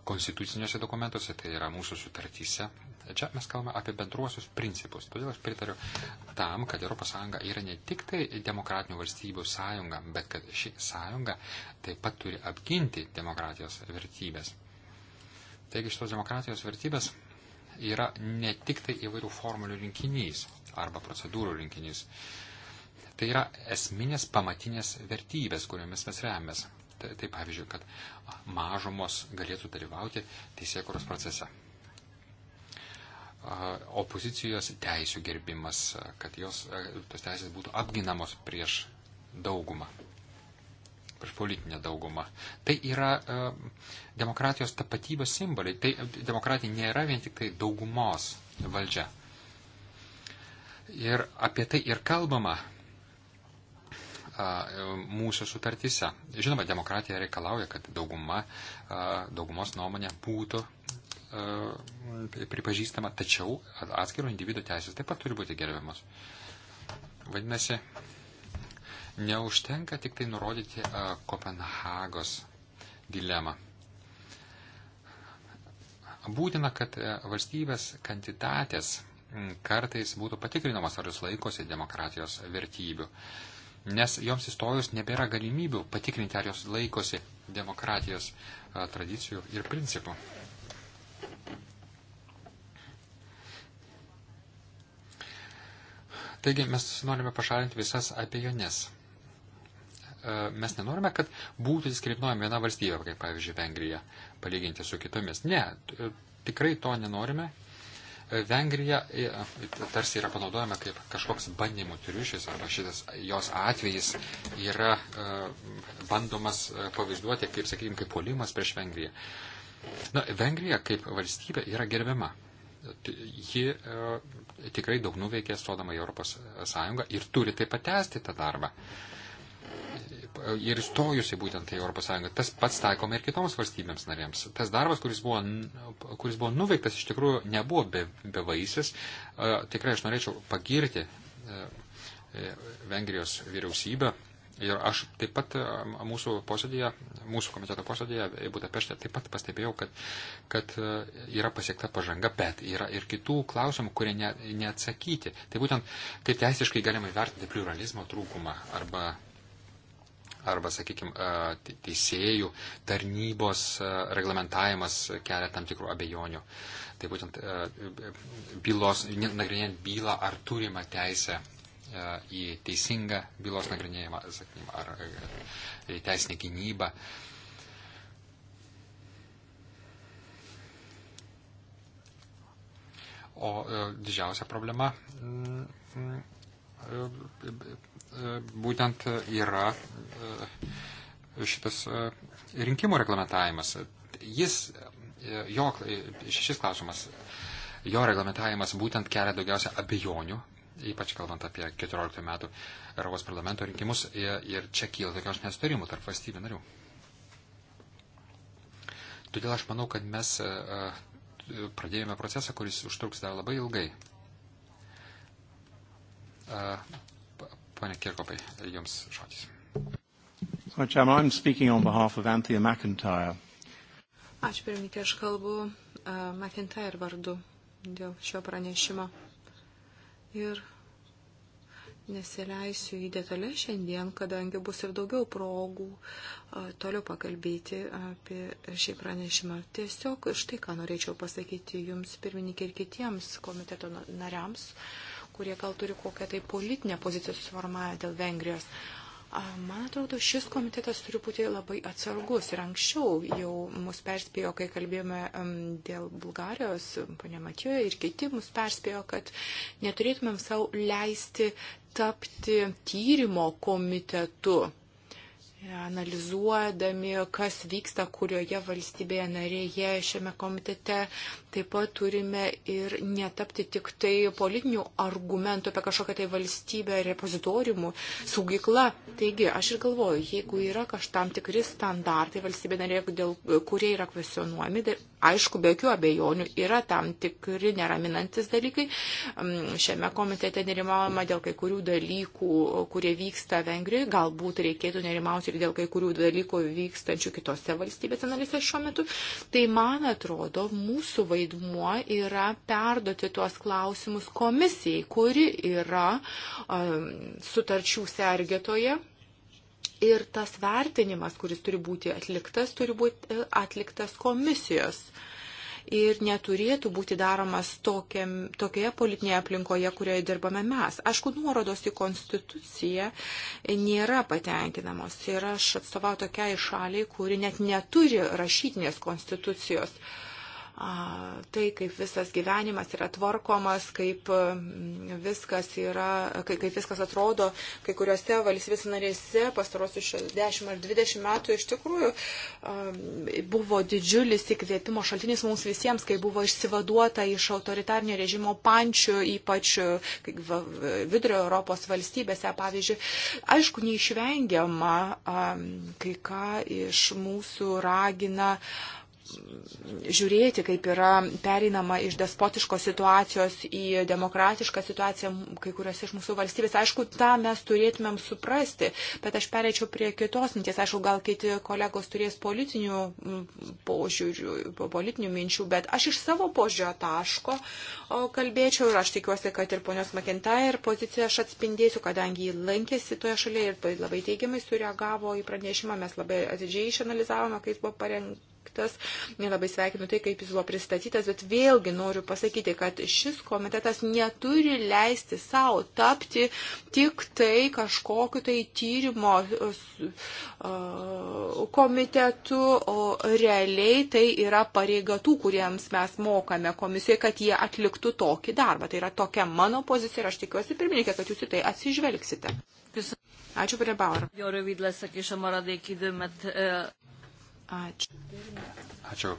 B: konstituciniuose dokumentuose, tai yra mūsų sutartyse. Čia mes kalbame apie bendruosius principus. Todėl aš pritariu tam, kad ES yra ne tik tai demokratinių valstybių sąjunga, bet kad ši sąjunga taip pat turi apginti demokratijos vertybės. Taigi šitos demokratijos vertybės yra ne tik tai įvairių formulių rinkinys arba procedūrų rinkinys. Tai yra esminės pamatinės vertybės, kuriomis mes remiamės. Tai, tai pavyzdžiui, kad mažumos galėtų dalyvauti teisėkuros procese. Opozicijos teisų gerbimas, kad jos, tos teisės būtų apginamos prieš daugumą, prieš politinę daugumą. Tai yra demokratijos tapatybės simboliai. Tai demokratija nėra vien tik tai daugumos valdžia. Ir apie tai ir kalbama E, mūsų sutartyse. Žinoma, demokratija reikalauja, kad dauguma, daugumos nuomonė būtų pripažįstama, tačiau atskiro individuo teisės taip pat turi būti gerbiamas. Vadinasi, neužtenka tik tai nurodyti Kopenhagos dilemą. Būtina, kad e, valstybės kandidatės kartais būtų patikrinamas, ar jūs laikosi demokratijos vertybių. Uh, nes joms įstojus nebėra galimybių patikrinti, ar jos laikosi demokratijos tradicijų ir principų. Taigi mes norime pašalinti visas abejonės. Mes nenorime, kad būtų diskriminuojama viena valstybė, kaip pavyzdžiui Vengrija, palyginti su kitomis. Ne, tikrai to nenorime Vengrija tarsi yra panaudojama kaip kažkoks bandymų triušis arba šitas jos atvejis yra e, bandomas e, pavaizduoti kaip, sakykime, kaip polimas prieš Vengriją. Na, Vengrija kaip valstybė yra gerbiama. Ji e, tikrai daug nuveikė stodama į Europos Sąjungą ir turi taip pat tęsti tą darbą. Uh, ir įstojusi būtent į Europos Sąjungą. Tas pats taikoma ir kitoms valstybėms narėms. Tas darbas, kuris buvo, kuris buvo nuveiktas, iš tikrųjų nebuvo be, bevaisis. Tikrai aš norėčiau pagirti e, e, Vengrijos vyriausybę. Ir aš taip pat mūsų posėdėje, mūsų komiteto posėdėje e, Budapešte taip pat pastebėjau, kad, kad yra pasiekta pažanga, bet yra ir kitų klausimų, kurie ne, neatsakyti. Tai būtent, kaip teisiškai galima įvertinti pluralizmo trūkumą arba arba, sakykime, teisėjų tarnybos reglamentavimas kelia tam tikrų abejonių. Tai būtent bylos, nagrinėjant bylą, ar turima teisę į teisingą bylos nagrinėjimą, sakykime, ar į teisinę gynybą. O e, didžiausia problema mm, mm, e, E, būtent yra e, šitas e, rinkimų reglamentavimas. Jis, jo, šis klausimas, jo reglamentavimas būtent kelia daugiausia abejonių, ypač kalbant apie 14 metų Europos parlamento rinkimus ir, ir čia kyla tokios nesutarimų tarp valstybių narių. Todėl aš manau, kad mes pradėjome procesą, kuris užtruks dar labai ilgai. Pone Kirkopai, jums žodis.
D: Ačiū pirmininkė, aš kalbu uh, McIntyre vardu dėl šio pranešimo. Ir nesileisiu į detalę šiandien, kadangi bus ir daugiau progų toliau pakalbėti apie šį pranešimą. Tiesiog štai ką norėčiau pasakyti jums, pirmininkė, ir kitiems komiteto nariams, kurie gal turi kokią tai politinę poziciją susiformavę dėl Vengrijos. Man atrodo, šis komitetas turi būti labai atsargus ir anksčiau jau mus perspėjo, kai kalbėjome dėl Bulgarijos, ponia Matijo ir kiti mus perspėjo, kad neturėtumėm savo leisti tapti tyrimo komitetu analizuodami, kas vyksta kurioje valstybėje narėje šiame komitete. Taip pat turime ir netapti tik tai politinių argumentų apie kažkokią tai valstybę, repozitoriumų, saugyklą. Taigi, aš ir galvoju, jeigu yra kažkam tikri standartai valstybė narėje, kurie yra kvesionuojami, aišku, be jokių abejonių yra tam tikri neraminantis dalykai. Mm, šiame komitete nerimaujama dėl kai kurių dalykų, kurie vyksta Vengrijoje. Galbūt reikėtų nerimauti ir dėl kai kurių dalykų vykstančių kitose valstybėse analise šiuo metu. Tai man atrodo, mūsų vaidmuo yra perduoti tuos klausimus komisijai, kuri yra um, sutarčių sergėtoje Ir tas vertinimas, kuris turi būti atliktas, turi būti e, atliktas komisijos. Ir neturėtų būti daromas tokiam, tokioje politinėje aplinkoje, kurioje dirbame mes. Aišku, nuorodos į konstituciją nėra patenkinamos. Ir aš atstovau tokiai šaliai, kuri net neturi rašytinės konstitucijos. Uh, tai, kaip visas gyvenimas yra tvarkomas, kaip mm, viskas, yra, kaip, kaip viskas atrodo, kai kuriuose valstybės narėse pastarosius 10 ar 20 metų iš tikrųjų buvo didžiulis įkvėpimo šaltinis mums visiems, kai buvo išsivaduota iš autoritarnio režimo pančių, ypač e, vidurio Europos valstybėse, pavyzdžiui. Aišku, neišvengiama kai ką iš mūsų ragina uh, žiūrėti, kaip yra pereinama iš despotiškos situacijos į demokratišką situaciją kai kuriuose iš mūsų valstybės. Aišku, tą mes turėtumėm suprasti, bet aš pereičiau prie kitos minties. Aišku, gal kiti kolegos turės politinių požiūrių, politinių minčių, bet aš iš savo požiūrio taško kalbėčiau ir aš tikiuosi, kad ir ponios Makentai ir poziciją aš atspindėsiu, kadangi jį lankėsi toje šalyje ir labai teigiamai sureagavo į pranešimą. Mes labai atidžiai išanalizavome, kai jis buvo parengtas aktas. Nelabai sveikinu tai, kaip jis buvo pristatytas, bet vėlgi noriu pasakyti, kad šis komitetas neturi leisti savo tapti tik tai kažkokiu tai tyrimo uh, komitetu, o realiai tai yra pareiga tų, kuriems mes mokame komisijoje, kad jie atliktų tokį darbą. Tai yra tokia mano pozicija ir aš tikiuosi, pirmininkė, kad jūs į tai atsižvelgsite. Ačiū, prie Bauer. Jó rövid leszek,
C: és a maradék időmet e, Ačiū.
B: Ačiū,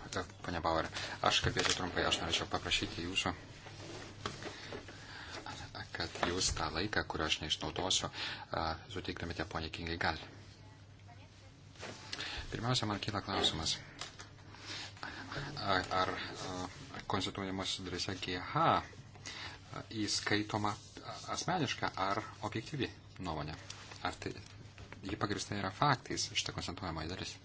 B: ponia Bauer. Aš kalbėsiu trumpai, aš norėčiau paprašyti jūsų, kad jūs tą laiką, kurio aš neišnaudosiu, suteiktumėte ponia Kingai gal. Pirmiausia, man kyla klausimas. Ar, ar konstituojamos dalyse GH įskaitoma asmeniška ar objektyvi nuomonė? Ar tai, ji pagrįsta yra faktais, šitą konstituojama dalis?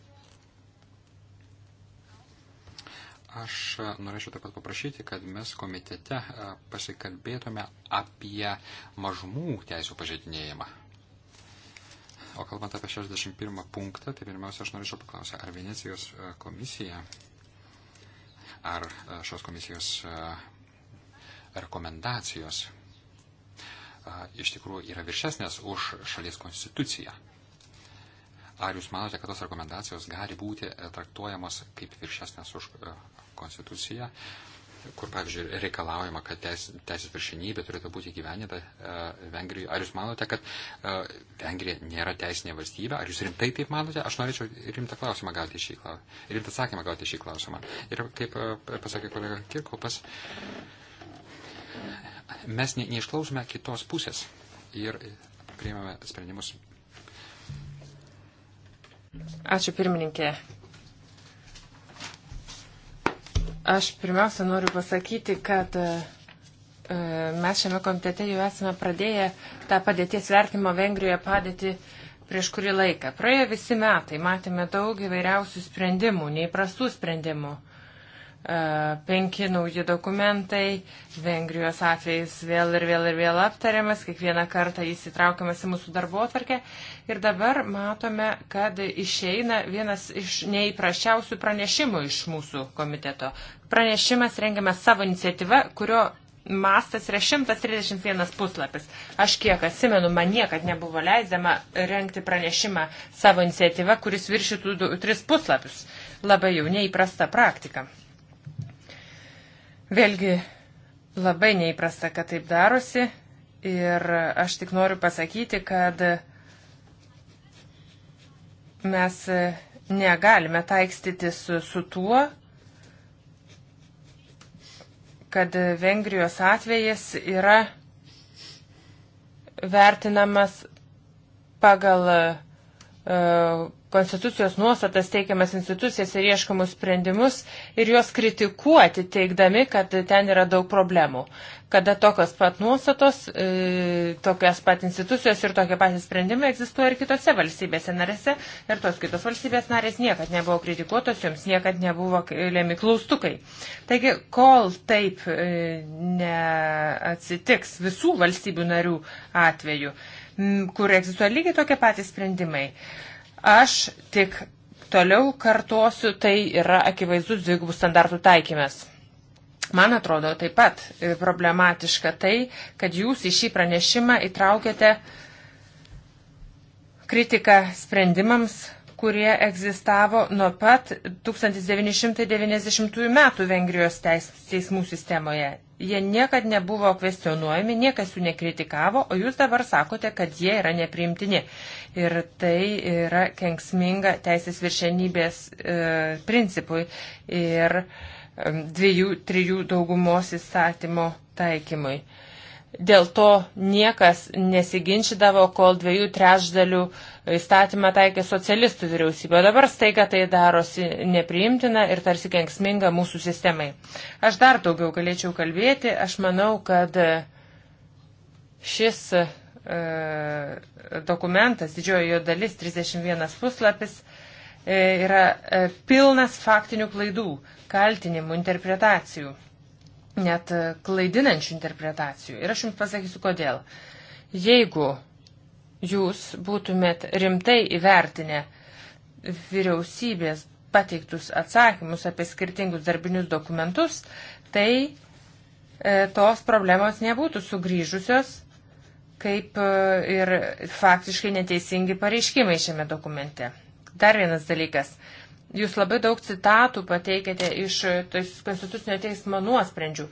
B: Aš e, norėčiau taip pat paprašyti, kad mes komitete e, pasikalbėtume apie mažumų teisų pažeidinėjimą. O kalbant apie 61 punktą, tai pirmiausia, aš norėčiau paklausyti, ar Venecijos e, komisija, ar šios komisijos rekomendacijos iš tikrųjų yra viršesnės už šalies konstituciją. Ar jūs manote, kad tos rekomendacijos gali būti e, traktuojamos kaip viršesnės už e, konstituciją, kur, pavyzdžiui, reikalaujama, kad teis, teisės viršinybė turėtų būti gyvenita e, Vengrijoje? Ar jūs manote, kad Vengrija nėra teisinė valstybė? Ar jūs rimtai taip manote? Aš norėčiau rimtą klausimą gauti šį klausimą, rimtą atsakymą gauti šį klausimą. Ir kaip pasakė kolega Kirkopas, mes neišklausome kitos pusės ir priimame sprendimus
C: Ačiū pirmininkė. Aš pirmiausia noriu pasakyti, kad e, e, mes šiame komitete jau esame pradėję tą padėties vertimo Vengrijoje padėti prieš kurį laiką. Praėjo visi metai, matėme daug įvairiausių sprendimų, neįprastų sprendimų penki nauji dokumentai, Vengrijos atvejais vėl ir vėl ir vėl aptariamas, kiekvieną kartą jis įtraukiamas į mūsų darbo atvarkę. Ir dabar matome, kad išeina vienas iš neįprasčiausių pranešimų iš mūsų komiteto. Pranešimas rengiamas savo iniciatyvą, kurio mastas yra 131 puslapis. Aš kiek atsimenu, man niekad nebuvo leidžiama renkti pranešimą savo iniciatyvą, kuris viršytų 3 puslapius. Labai jau neįprasta praktika. Vėlgi labai neįprasta, kad taip darosi ir aš tik noriu pasakyti, kad mes negalime taikstytis su, su tuo, kad Vengrijos atvejas yra vertinamas pagal uh, Konstitucijos nuostatas teikiamas institucijas ir ieškamus sprendimus ir juos kritikuoti, teikdami, kad ten yra daug problemų. Kada tokios pat nuostatos, e, tokios pat institucijos ir tokie patys sprendimai egzistuoja ir kitose valstybėse narėse ir tos kitos valstybės narės niekad nebuvo kritikuotos, joms niekad nebuvo lėmi klaustukai. Taigi, kol taip e, neatsitiks visų valstybių narių atveju, kur egzistuoja lygiai tokie patys sprendimai, Aš tik toliau kartosiu, tai yra akivaizdus dvigubų standartų taikymas. Man atrodo taip pat e, problematiška tai, kad jūs į šį pranešimą įtraukėte kritiką sprendimams, kurie egzistavo nuo pat 1990 metų Vengrijos teis, teismų sistemoje. Jie niekad nebuvo kvestionuojami, niekas jų nekritikavo, o jūs dabar sakote, kad jie yra nepriimtini. Ir tai yra kenksminga teisės viršenybės e, principui ir dviejų, trijų daugumos įstatymo taikymui. E, Dėl to niekas nesiginčydavo, kol dviejų trešdalių įstatymą taikė socialistų vyriausybė. O dabar staiga tai darosi nepriimtina ir tarsi kenksminga mūsų sistemai. Aš dar daugiau galėčiau kalbėti. Aš manau, kad šis e, dokumentas, didžioji jo dalis, 31 puslapis, e, yra e, pilnas faktinių klaidų, kaltinimų, interpretacijų net klaidinančių interpretacijų. Ir aš jums pasakysiu kodėl. Jeigu jūs būtumėt rimtai įvertinę vyriausybės pateiktus atsakymus apie skirtingus darbinius dokumentus, tai e, tos problemos nebūtų sugrįžusios kaip e, ir faktiškai neteisingi pareiškimai šiame dokumente. Dar vienas dalykas. Jūs labai daug citatų pateikėte iš Konstitucinio teismo nuosprendžių,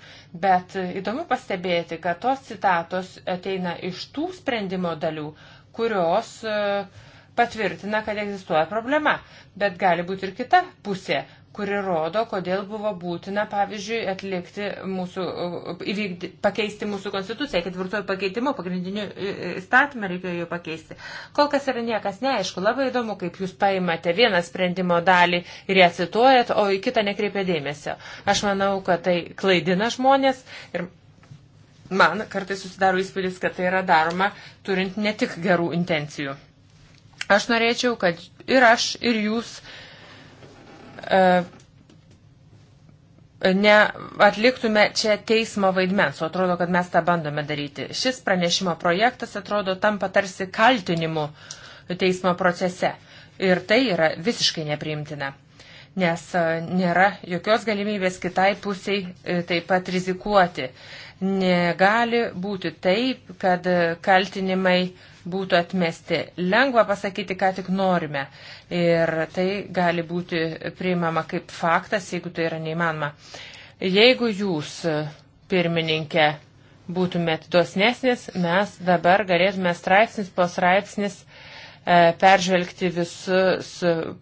C: bet įdomu pastebėti, kad tos citatos ateina iš tų sprendimo dalių, kurios e, patvirtina, kad egzistuoja problema. Bet gali būti ir kita pusė, kuri rodo, kodėl buvo būtina, pavyzdžiui, atlikti mūsų, uh, įvykti, pakeisti mūsų konstituciją, ketvirtojo pakeitimo, pagrindiniu uh, uh, įstatymą reikėjo jų pakeisti. Kol kas yra niekas neaišku, labai įdomu, kaip jūs paimate vieną sprendimo dalį ir ją cituojat, o į kitą nekreipia dėmesio. Aš manau, kad tai klaidina žmonės ir man kartais susidaro įspūdis, kad tai yra daroma turint ne tik gerų intencijų. Aš norėčiau, kad ir aš, ir jūs E, neatliktume čia teismo vaidmens, o atrodo, kad mes tą bandome daryti. Šis pranešimo projektas atrodo tampa tarsi kaltinimu teismo procese. Ir tai yra visiškai nepriimtina, nes e, nėra jokios galimybės kitai pusiai e, taip pat rizikuoti. Negali būti taip, kad kaltinimai būtų atmesti. Lengva pasakyti, ką tik norime. Ir tai gali būti priimama kaip faktas, jeigu tai yra neįmanoma. Jeigu jūs, pirmininkė, būtumėt dosnesnis, mes dabar galėtume straipsnis po straipsnis e, peržvelgti visus 131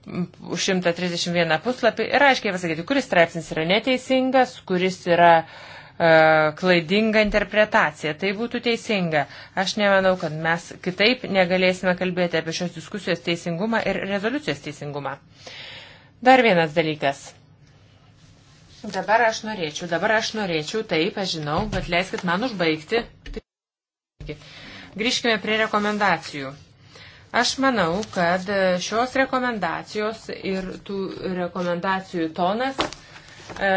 C: e, puslapį ir aiškiai pasakyti, kuris straipsnis yra neteisingas, kuris yra uh, E, klaidinga interpretacija. Tai būtų teisinga. Aš nemanau, kad mes kitaip negalėsime kalbėti apie šios diskusijos teisingumą ir rezoliucijos teisingumą. Dar vienas dalykas. Dabar aš norėčiau, dabar aš norėčiau, taip, aš žinau, bet leiskit man užbaigti. Grįžkime prie rekomendacijų. Aš manau, kad šios rekomendacijos ir tų rekomendacijų tonas e,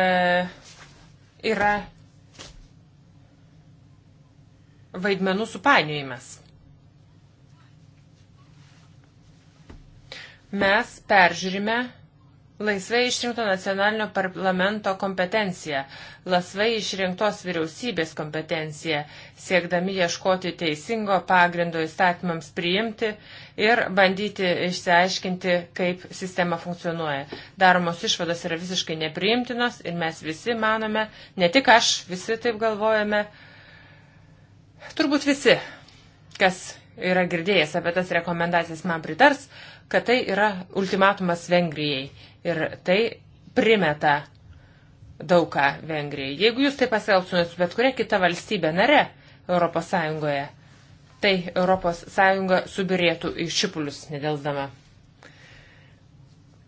C: yra vaidmenų supainiojimas. Mes peržiūrime laisvai išrinkto nacionalinio parlamento kompetenciją, laisvai išrinktos vyriausybės kompetenciją, siekdami ieškoti teisingo pagrindo įstatymams priimti ir bandyti išsiaiškinti, kaip sistema funkcionuoja. Daromos išvados yra visiškai nepriimtinos ir mes visi manome, ne tik aš, visi taip galvojame, Turbūt visi, kas yra girdėjęs apie tas rekomendacijas, man pritars, kad tai yra ultimatumas Vengrijai ir tai primeta daug ką Vengrijai. Jeigu jūs tai pasielgtumėt su bet kuria kita valstybė nare ES, tai ES subirėtų į šipulius nedelsdama.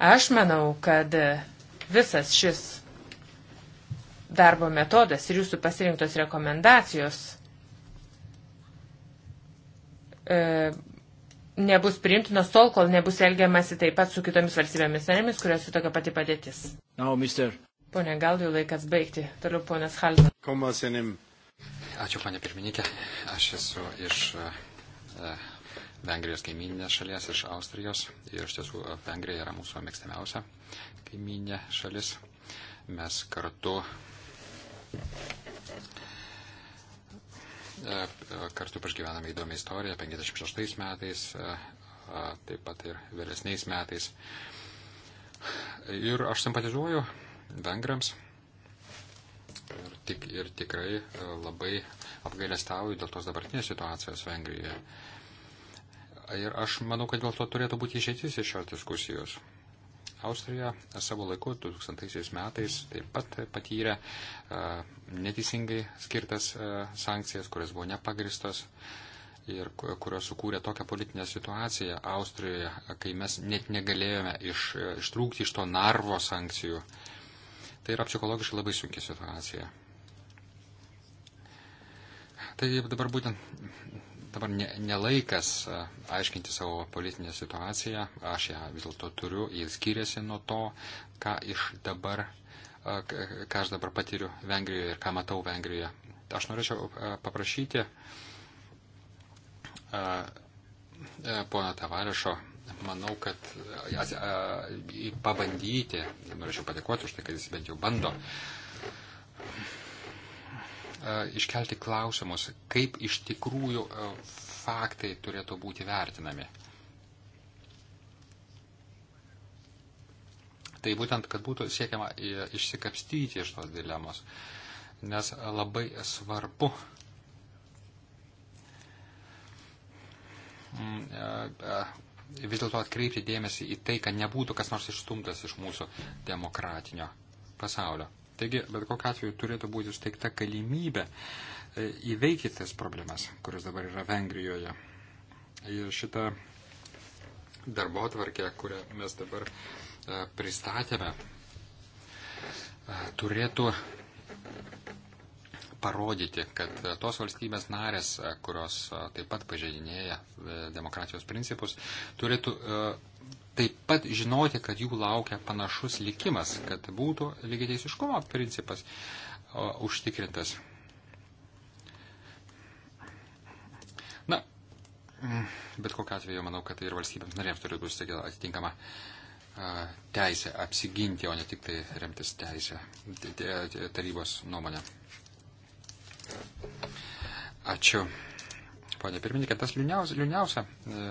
C: Aš manau, kad visas šis darbo metodas ir jūsų pasirinktos rekomendacijos E, nebus priimtinos tol, kol nebus elgiamasi taip pat su kitomis valstybėmis narėmis, kurios su tokia pati padėtis. Na, no, mister. Pone, gal jau laikas baigti. Toliau ponas Halvas.
B: Komasenim. Ačiū, ponė pirmininkė. Aš esu iš uh, Vengrijos kaimininės šalies, iš Austrijos. Ir iš tiesų e, Vengrija yra mūsų mėgstamiausia kaiminė šalis. Mes kartu E, kartu pašgyvename įdomią istoriją 56 metais, e, taip pat ir vėlesniais metais. Ir aš simpatizuoju vengrams ir, tik, ir tikrai e, labai apgailestauju dėl tos dabartinės situacijos Vengrijoje. Ir aš manau, kad dėl to turėtų būti išeitis iš šios diskusijos. Austrija savo laiku 2000 metais taip pat patyrė neteisingai skirtas sankcijas, kurios buvo nepagristos ir kurios sukūrė tokią politinę situaciją Austrijoje, kai mes net negalėjome iš, ištrūkti iš to narvo sankcijų. Tai yra psichologiškai labai sunki situacija. Tai dabar būtent dabar ne, nelaikas e, aiškinti savo politinę situaciją, aš ją vis dėlto turiu, jis skiriasi nuo to, ką, dabar, e, ką aš dabar patiriu Vengrijoje ir ką matau Vengrijoje. Aš norėčiau e, paprašyti pono Tavarešo, manau, kad pabandyti, norėčiau padėkoti už tai, kad jis bent jau bando E, iškelti klausimus, kaip iš tikrųjų e, faktai turėtų būti vertinami. Tai būtent, kad būtų siekiama e, išsikapstyti iš tos dilemos, nes labai svarbu mm, vis dėlto atkreipti dėmesį į tai, kad nebūtų kas nors išstumtas iš mūsų demokratinio pasaulio. Taigi, bet kokiu atveju turėtų būti suteikta galimybė e, įveikti tas problemas, kuris dabar yra Vengrijoje. Ir šitą darbo atvarkę, kurią mes dabar e, pristatėme, e, turėtų parodyti, kad tos valstybės narės, kurios taip pat pažeidinėja demokratijos principus, turėtų taip pat žinoti, kad jų laukia panašus likimas, kad būtų lygiateisiškumo principas o, užtikrintas. Na, mm, bet kokiu atveju manau, kad tai ir valstybėms narėms turi būti atitinkama teisė apsiginti, o ne tik tai remtis teisę tarybos nuomonę. Ačiū. Pane pirmininkė, tas liūniausia, liūniausia e,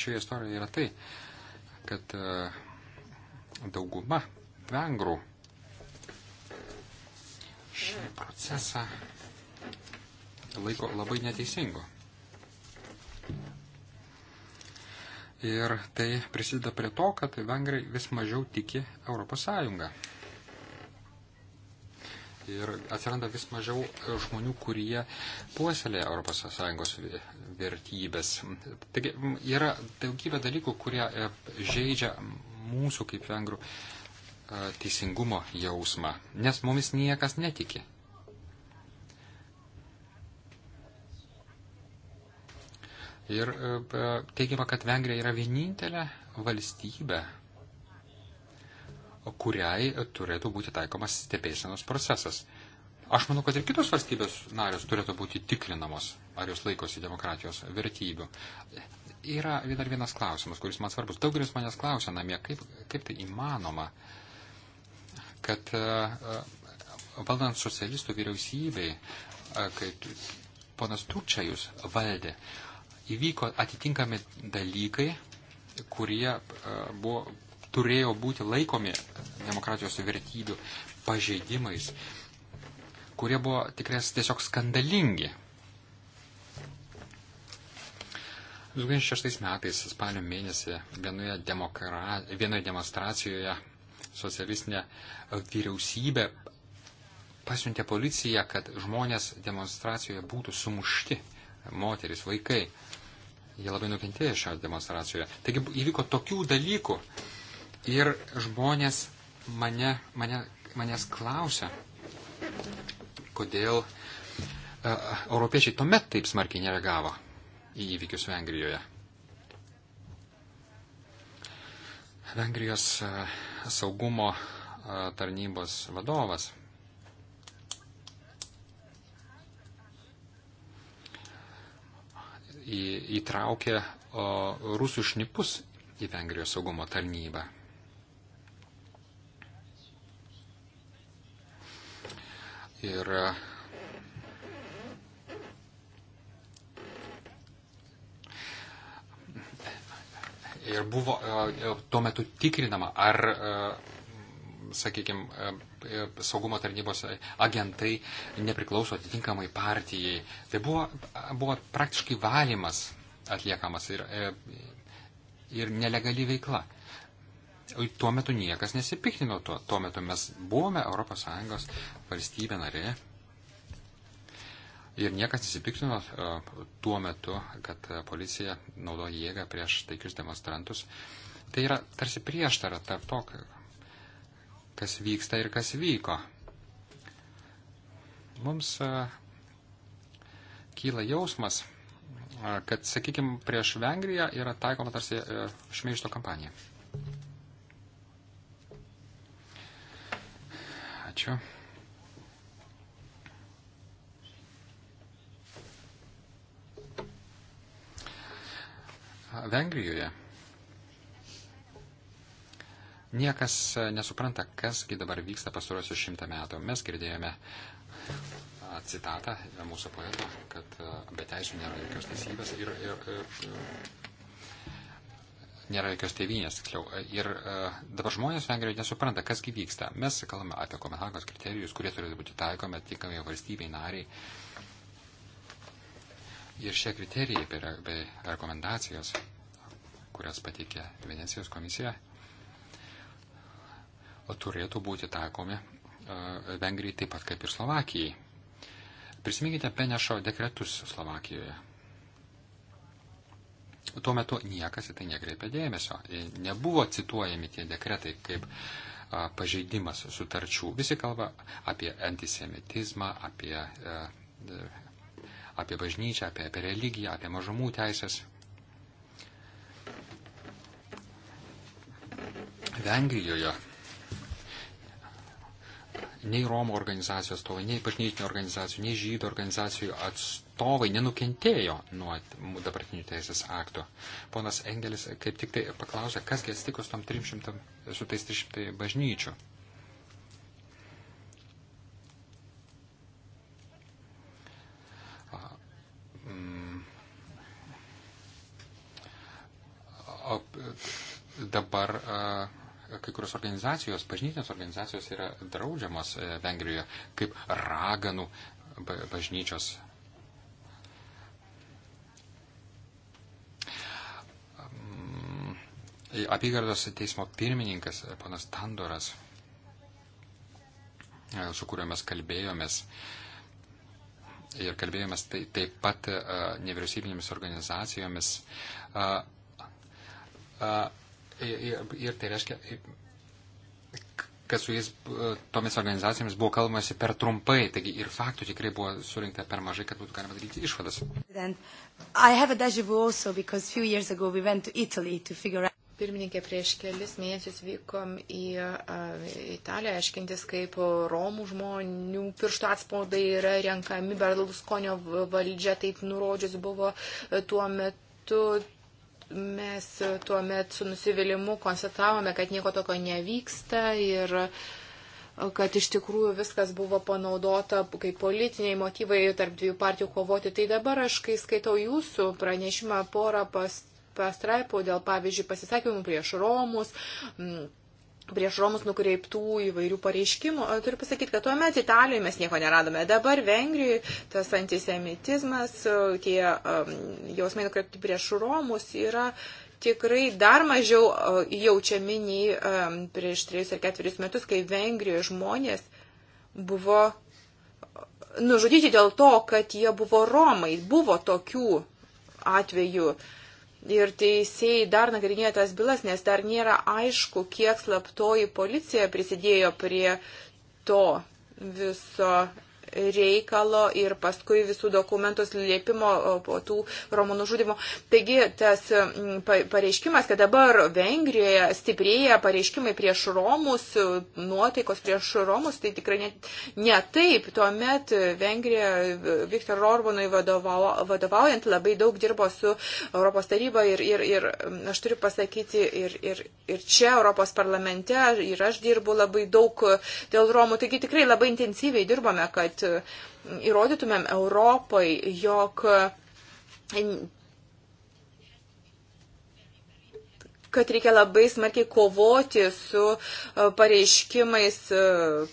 B: šioje istorijoje yra tai, kad e, dauguma vengrų šį procesą laiko labai neteisingu. Ir tai prisideda prie to, kad vengrai vis mažiau tiki Europos Sąjungą ir atsiranda vis mažiau e, žmonių, kurie puoselė ES vertybės. Taigi yra daugybė dalykų, kurie e, žaidžia mūsų kaip vengrų e, teisingumo jausmą, nes mumis niekas netiki. Ir teigiama, kad Vengrija yra vienintelė valstybė kuriai turėtų būti taikomas stebėsenos procesas. Aš manau, kad ir kitos valstybės narės turėtų būti tikrinamos, ar jos laikosi demokratijos vertybių. Yra dar vienas klausimas, kuris man svarbus. Daugelis manęs klausia namie, kaip, kaip tai įmanoma, kad e, e, valdant socialistų vyriausybei, e, kai ponas Turčiajus valdė, įvyko atitinkami dalykai, kurie buvo turėjo būti laikomi demokratijos vertybių pažeidimais, kurie buvo tikras tiesiog skandalingi. 2006 metais spalio mėnesį vienoje, demokra... vienoje demonstracijoje socialistinė vyriausybė pasiuntė policiją, kad žmonės demonstracijoje būtų sumušti, moteris, vaikai. Jie labai nukentėjo šioje demonstracijoje. Taigi įvyko tokių dalykų, Ir žmonės mane, mane, manęs klausia, kodėl e, europiečiai tuomet taip smarkiai nereagavo į įvykius Vengrijoje. Vengrijos e, saugumo e, tarnybos vadovas įtraukė rusų šnipus į Vengrijos saugumo tarnybą. Ir e, Ir buvo e, e, tuo metu tikrinama, ar, sakykime, saugumo tarnybos agentai nepriklauso atitinkamai partijai. Tai buvo, buvo praktiškai valymas atliekamas ir, ir nelegali veikla. Tuo metu niekas nesipiktino tuo. Tuo metu mes buvome ES valstybė narė. Ir niekas nesipiktino e, tuo metu, kad policija naudoja jėgą prieš taikius demonstrantus. Tai yra tarsi prieštara tarp to, kas vyksta ir kas vyko. Mums e, kyla jausmas, e, kad, sakykime, prieš Vengriją yra taikoma tarsi šmeišto kampanija. Ačiū. Vengrijoje niekas e, nesupranta, kasgi dabar vyksta pastarosius šimtą metų. Mes girdėjome e, citatą e, mūsų poeto, kad be teisų nėra jokios teisybės ir, ir, ir nėra jokios tėvynės, tiksliau. Ir uh, dabar žmonės Vengrijoje nesupranta, kas vyksta. Mes kalbame apie Kopenhagos kriterijus, kurie turėtų būti taikomi atitinkamai valstybei nariai. Ir šie kriterijai bei, bei rekomendacijos, kurias pateikė Venecijos komisija, turėtų būti taikomi uh, Vengrijai taip pat kaip ir Slovakijai. Prisiminkite Penešo dekretus Slovakijoje tuo metu niekas į tai nekreipė dėmesio. E, nebuvo cituojami tie dekretai kaip pažeidimas sutarčių. Visi kalba apie antisemitizmą, apie, e, e, apie bažnyčią, apie, apie religiją, apie mažumų teisės. Vengrijoje nei Romo organizacijų atstovai, nei bažnytinių organizacijų, nei žydų organizacijų atstovai nenukentėjo nuo dabartinių teisės aktų. Ponas Engelis kaip tik tai paklausė, kasgi atsitiko su, 300, su tais 300 bažnyčių. Mm, dabar a, kai kurios organizacijos, bažnytinės organizacijos yra draudžiamos e, Vengrijoje kaip raganų bažnyčios. Apygardos teismo pirmininkas, e, panas Tandoras, e, su kuriuo mes kalbėjomės, ir kalbėjomės tai, taip pat nevyriausybinėmis organizacijomis, a, a, ir, ir tai reiškia, kad su jais, tomis organizacijomis buvo kalbamasi per trumpai, taigi ir faktų tikrai buvo surinkta per mažai, kad būtų galima daryti išvadas.
D: Pirmininkė, prieš kelis mėnesius vykom į Italiją aiškintis, kaip Romų žmonių pirštų atspaudai yra renkami, Berluskonio valdžia taip nurodžius buvo e, tuo metu metu Mes tuo metu su nusivylimu konstatavome, kad nieko tokio nevyksta ir e, kad iš tikrųjų viskas buvo panaudota kaip politiniai motyvai tarp dviejų partijų kovoti. Tai dabar aš, kai skaitau jūsų pranešimą porą pas, pastraipų dėl, pavyzdžiui, pasisakymų prieš Romus. M, prieš Romus nukreiptų įvairių pareiškimų. Turiu pasakyti, kad tuo metu Italijoje mes nieko neradome. Dabar Vengrijoje tas antisemitizmas, tie um, jausmai nukreipti prieš Romus yra tikrai dar mažiau jaučiami nei um, prieš trejus ar ketverius metus, kai Vengrijoje žmonės buvo nužudyti dėl to, kad jie buvo Romai. Buvo tokių atvejų. Uh, ir teisėjai dar nagrinėja tas bylas, nes dar nėra aišku, kiek slaptoji policija prisidėjo prie to viso reikalo ir paskui visų dokumentus liepimo po tų romanų žudimo. Taigi tas mm, pareiškimas, kad dabar Vengrijoje stiprėja pareiškimai prieš Romus, nuotaikos prieš Romus, tai tikrai net, ne taip. Tuomet Vengrija Viktor Orbanui vadovaujant labai daug dirbo su Europos taryba ir, ir, ir mm, aš turiu pasakyti, ir, ir, ir čia Europos parlamente, ir aš dirbu labai daug dėl Romų. Taigi tikrai labai intensyviai dirbome, kad kad mm, įrodytumėm Europai, jog kad reikia labai smarkiai kovoti su e, pareiškimais e,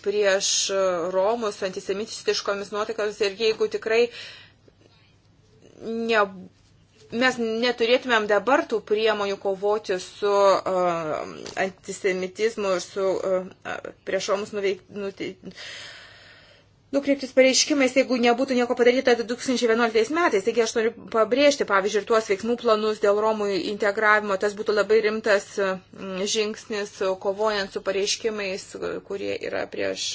D: prieš e, Romus, antisemitistiškomis nuotaikomis ir jeigu tikrai ne, mes neturėtumėm dabar tų priemonių kovoti su uh, antisemitizmu ir su uh, prieš Romus nuveik, nu, nukreiptis pareiškimais, jeigu nebūtų nieko padaryta 2011 metais. Taigi aš noriu pabrėžti, pavyzdžiui, ir tuos veiksmų planus dėl Romų integravimo. Tas būtų labai rimtas mm, žingsnis, kovojant su pareiškimais, kurie yra prieš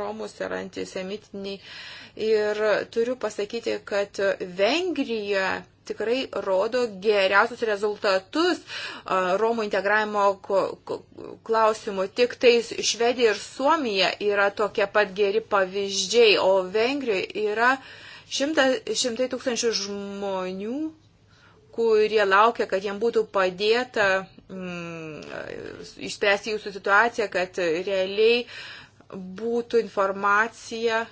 D: Romus ir antisemitiniai. Ir turiu pasakyti, kad Vengrija tikrai rodo geriausius rezultatus Romų integravimo klausimų. Tik tai Švedija ir Suomija yra tokie pat geri pavyzdžiai, o Vengrijoje yra šimta, šimtai tūkstančių žmonių kurie laukia, kad jiem būtų padėta mm, išspręsti jūsų situaciją, kad realiai būtų informacija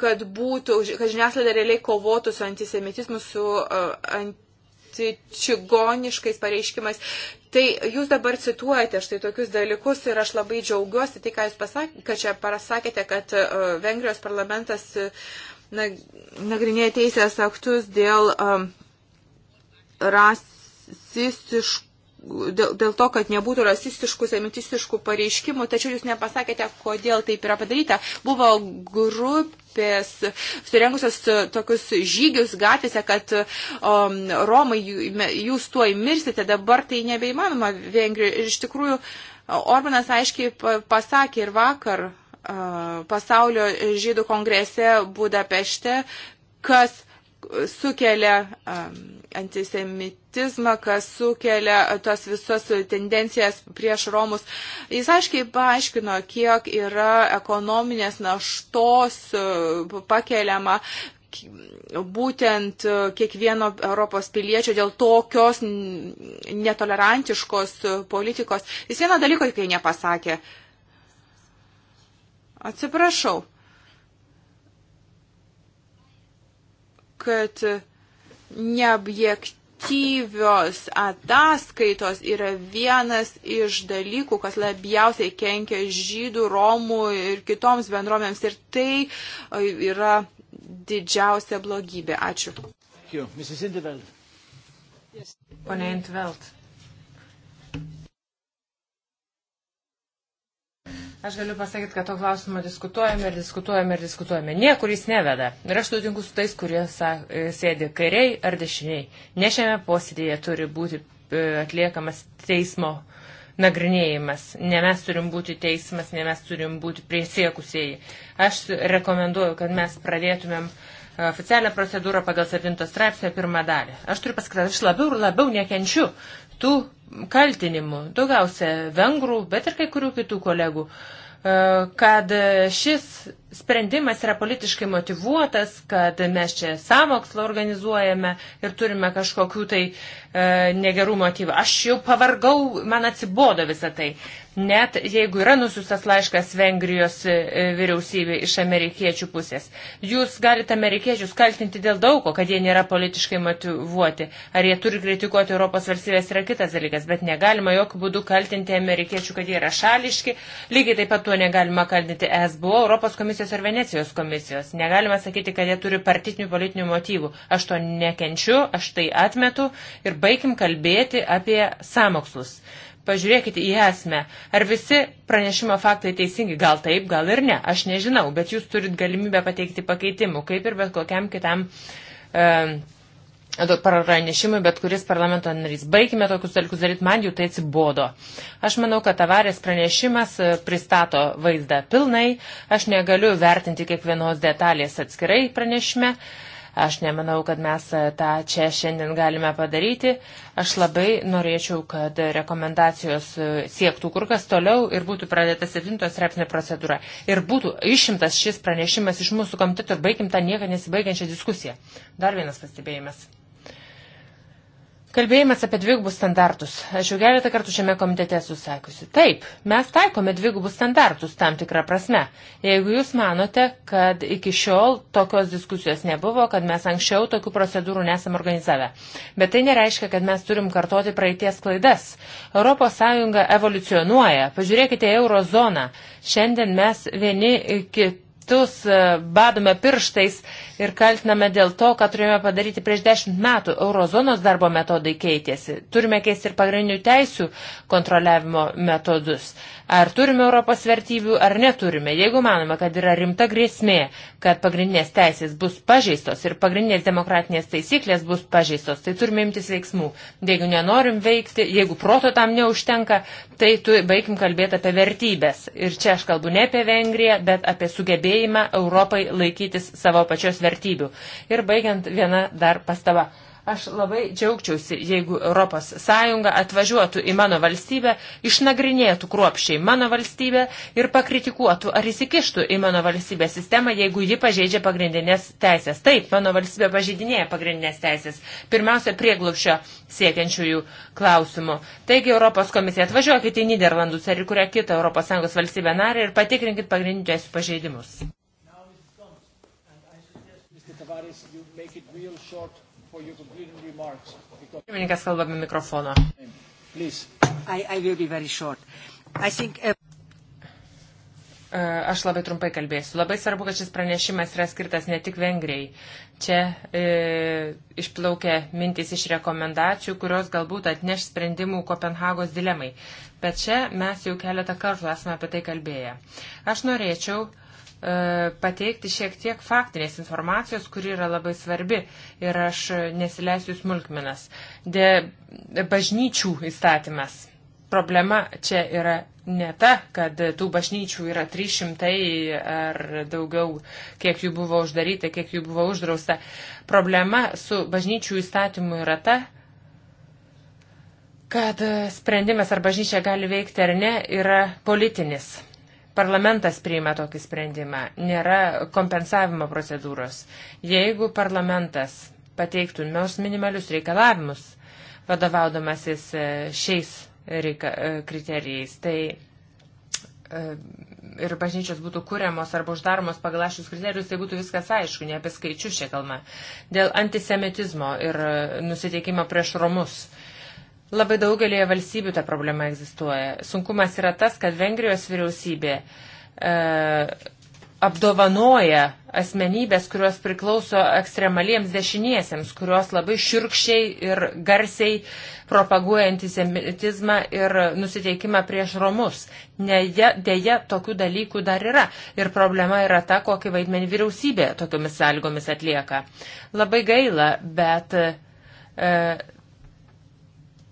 D: kad, būtų, kad žiniasklaida realiai kovotų su antisemitizmu, su uh, antičigoniškais pareiškimais. Tai jūs dabar cituojate štai tokius dalykus ir aš labai džiaugiuosi tai, ką jūs pasakėte, kad čia pasakėte, kad uh, Vengrijos parlamentas uh, nagrinėja teisės aktus dėl um, rasistiškų dėl, dėl to, kad nebūtų rasistiškų, semitistiškų pareiškimų, tačiau jūs nepasakėte, kodėl taip yra padaryta. Buvo grupė grupės, surengusios e, tokius žygius gatvėse, kad um, Romai, jūs tuoj mirsite, dabar tai nebeįmanoma Vengrijoje. Ir iš tikrųjų, Orbanas aiškiai pasakė ir vakar uh, pasaulio žydų kongrese Budapešte, kas sukelia antisemitizmą, kas sukelia tos visas tendencijas prieš Romus. Jis aiškiai paaiškino, kiek yra ekonominės naštos e, pakeliama būtent e, kiekvieno Europos piliečio dėl tokios netolerantiškos politikos. Jis vieną dalyką tikrai nepasakė. Atsiprašau. kad neobjektyvios ataskaitos yra vienas iš dalykų, kas labiausiai kenkia žydų, romų ir kitoms bendruomėms. Ir tai e, yra didžiausia blogybė. Ačiū. Pone Intveld.
C: Aš galiu pasakyti, kad to klausimo diskutuojame ir diskutuojame ir diskutuojame. Niekur jis neveda. Ir aš sutinku su tais, kurie sa, e, sėdi kairiai ar dešiniai. Ne šiame posėdėje turi būti e, atliekamas teismo nagrinėjimas. Ne mes turim būti teismas, ne mes turim būti priesiekusieji. Aš rekomenduoju, kad mes pradėtumėm e, oficialią procedūrą pagal 7 straipsnio pirmą dalį. Aš turiu pasakyti, aš labiau ir labiau nekenčiu tų kaltinimų, daugiausia vengrų, bet ir kai kurių kitų kolegų, e, kad šis sprendimas yra politiškai motivuotas, kad mes čia samokslą organizuojame ir turime kažkokių tai e, negerų motyvų. Aš jau pavargau, man atsibodo visą tai net jeigu yra nusiustas laiškas Vengrijos e, vyriausybė iš amerikiečių pusės. Jūs galite amerikiečius kaltinti dėl daugo, kad jie nėra politiškai motivuoti. Ar jie turi kritikuoti Europos valstybės yra kitas dalykas, bet negalima jokių būdų kaltinti amerikiečių, kad jie yra šališki. Lygiai taip pat tuo negalima kaltinti SBO, Europos komisijos ir Venecijos komisijos. Negalima sakyti, kad jie turi partitinių politinių motyvų. Aš to nekenčiu, aš tai atmetu ir baigim kalbėti apie samokslus. Pažiūrėkite į esmę. Ar visi pranešimo faktai teisingi? Gal taip, gal ir ne. Aš nežinau, bet jūs turit galimybę pateikti pakeitimų, kaip ir bet kokiam kitam um, pranešimui, bet kuris parlamento narys. Baikime tokius dalykus daryti, man jau tai atsibodo. Aš manau, kad avarės pranešimas e, pristato vaizdą pilnai. Aš negaliu vertinti kiekvienos detalės atskirai pranešime. Uh, Aš nemanau, kad mes e, tą čia šiandien galime padaryti. Aš labai norėčiau, kad rekomendacijos e, siektų kur kas toliau ir būtų pradėta 7 straipsnė procedūra. Ir būtų išimtas šis pranešimas iš mūsų komiteto ir baigim tą nieką nesibaigiančią diskusiją. Dar vienas pastebėjimas. Kalbėjimas apie dvigubus standartus. Aš jau keletą kartų šiame komitete esu sakiusi. Taip, mes taikome dvigubus standartus tam tikrą prasme. Jeigu jūs manote, kad iki šiol tokios diskusijos nebuvo, kad mes anksčiau tokių procedūrų nesam organizavę. Bet tai nereiškia, kad mes turim kartoti praeities klaidas. ES evoliucionuoja. Pažiūrėkite eurozoną. Šiandien mes vieni kitų kitus e, badome pirštais ir kaltiname dėl to, ką turėjome padaryti prieš dešimt metų. Eurozonos darbo metodai keitėsi. Turime keisti ir pagrindinių teisių kontroliavimo metodus. Uh, ar turime Europos vertybių, ar neturime. Jeigu manome, kad yra rimta grėsmė, kad pagrindinės teisės bus pažeistos ir pagrindinės demokratinės taisyklės bus pažeistos, tai turime imtis veiksmų. Jeigu nenorim veikti, jeigu proto tam neužtenka, tai tu, baigim kalbėti apie vertybės. Ir čia aš kalbu ne apie Vengriją, bet apie sugebėjimą Europai laikytis savo pačios vertybių. Ir baigiant vieną dar pastabą. Aš labai džiaugčiausi, jeigu ES atvažiuotų į mano valstybę, išnagrinėtų kruopščiai mano valstybę ir pakritikuotų ar įsikištų į mano valstybės sistemą, jeigu ji pažeidžia pagrindinės teisės. Taip, mano valstybė pažeidinėja pagrindinės teisės. Pirmiausia, prieglupščio siekiančiųjų klausimų. Taigi, Europos komisija, atvažiuokite į Niderlandus ar į kurią kitą ES valstybę narį ir patikrinkit pagrindinių teisų pažeidimus. Now it's gone.
A: And I suggest, Mr. Tavares, you make it real short for you to Pirmininkas
C: kalba be mikrofono. I, I think, uh... E, aš labai trumpai kalbėsiu. Labai svarbu, kad šis pranešimas yra skirtas ne tik Vengrijai. Čia e, išplaukia mintys iš rekomendacijų, kurios galbūt atneš sprendimų Kopenhagos dilemai. Bet čia mes jau keletą kartų esame apie tai kalbėję. Aš norėčiau E, pateikti šiek tiek faktinės informacijos, kuri yra labai svarbi ir aš nesileisiu smulkmenas. De bažnyčių įstatymas. Problema čia yra ne ta, kad tų bažnyčių yra 300 ar daugiau, kiek jų buvo uždaryta, kiek jų buvo uždrausta. Problema su bažnyčių įstatymu yra ta, kad sprendimas ar bažnyčia gali veikti ar ne yra politinis Parlamentas priima tokį sprendimą, nėra kompensavimo procedūros. Jeigu parlamentas pateiktų nors minimalius reikalavimus, vadovaudamasis e, šiais reika, e, kriterijais, tai e, ir bažnyčios būtų kuriamos arba uždaromos pagal ašius kriterijus, tai būtų viskas aišku, ne apie skaičius čia kalba. Dėl antisemitizmo ir nusiteikimo prieš romus. Uh, Labai daugelėje valstybių ta problema egzistuoja. Sunkumas yra tas, kad Vengrijos vyriausybė e, apdovanoja asmenybės, kurios priklauso ekstremaliems dešiniesiems, kurios labai širkščiai ir garsiai propaguoja antisemitizmą ir nusiteikimą prieš romus. Neja, dėja, tokių dalykų dar yra. Ir problema yra ta, kokį vaidmenį vyriausybė tokiomis sąlygomis atlieka. Labai gaila, bet. E,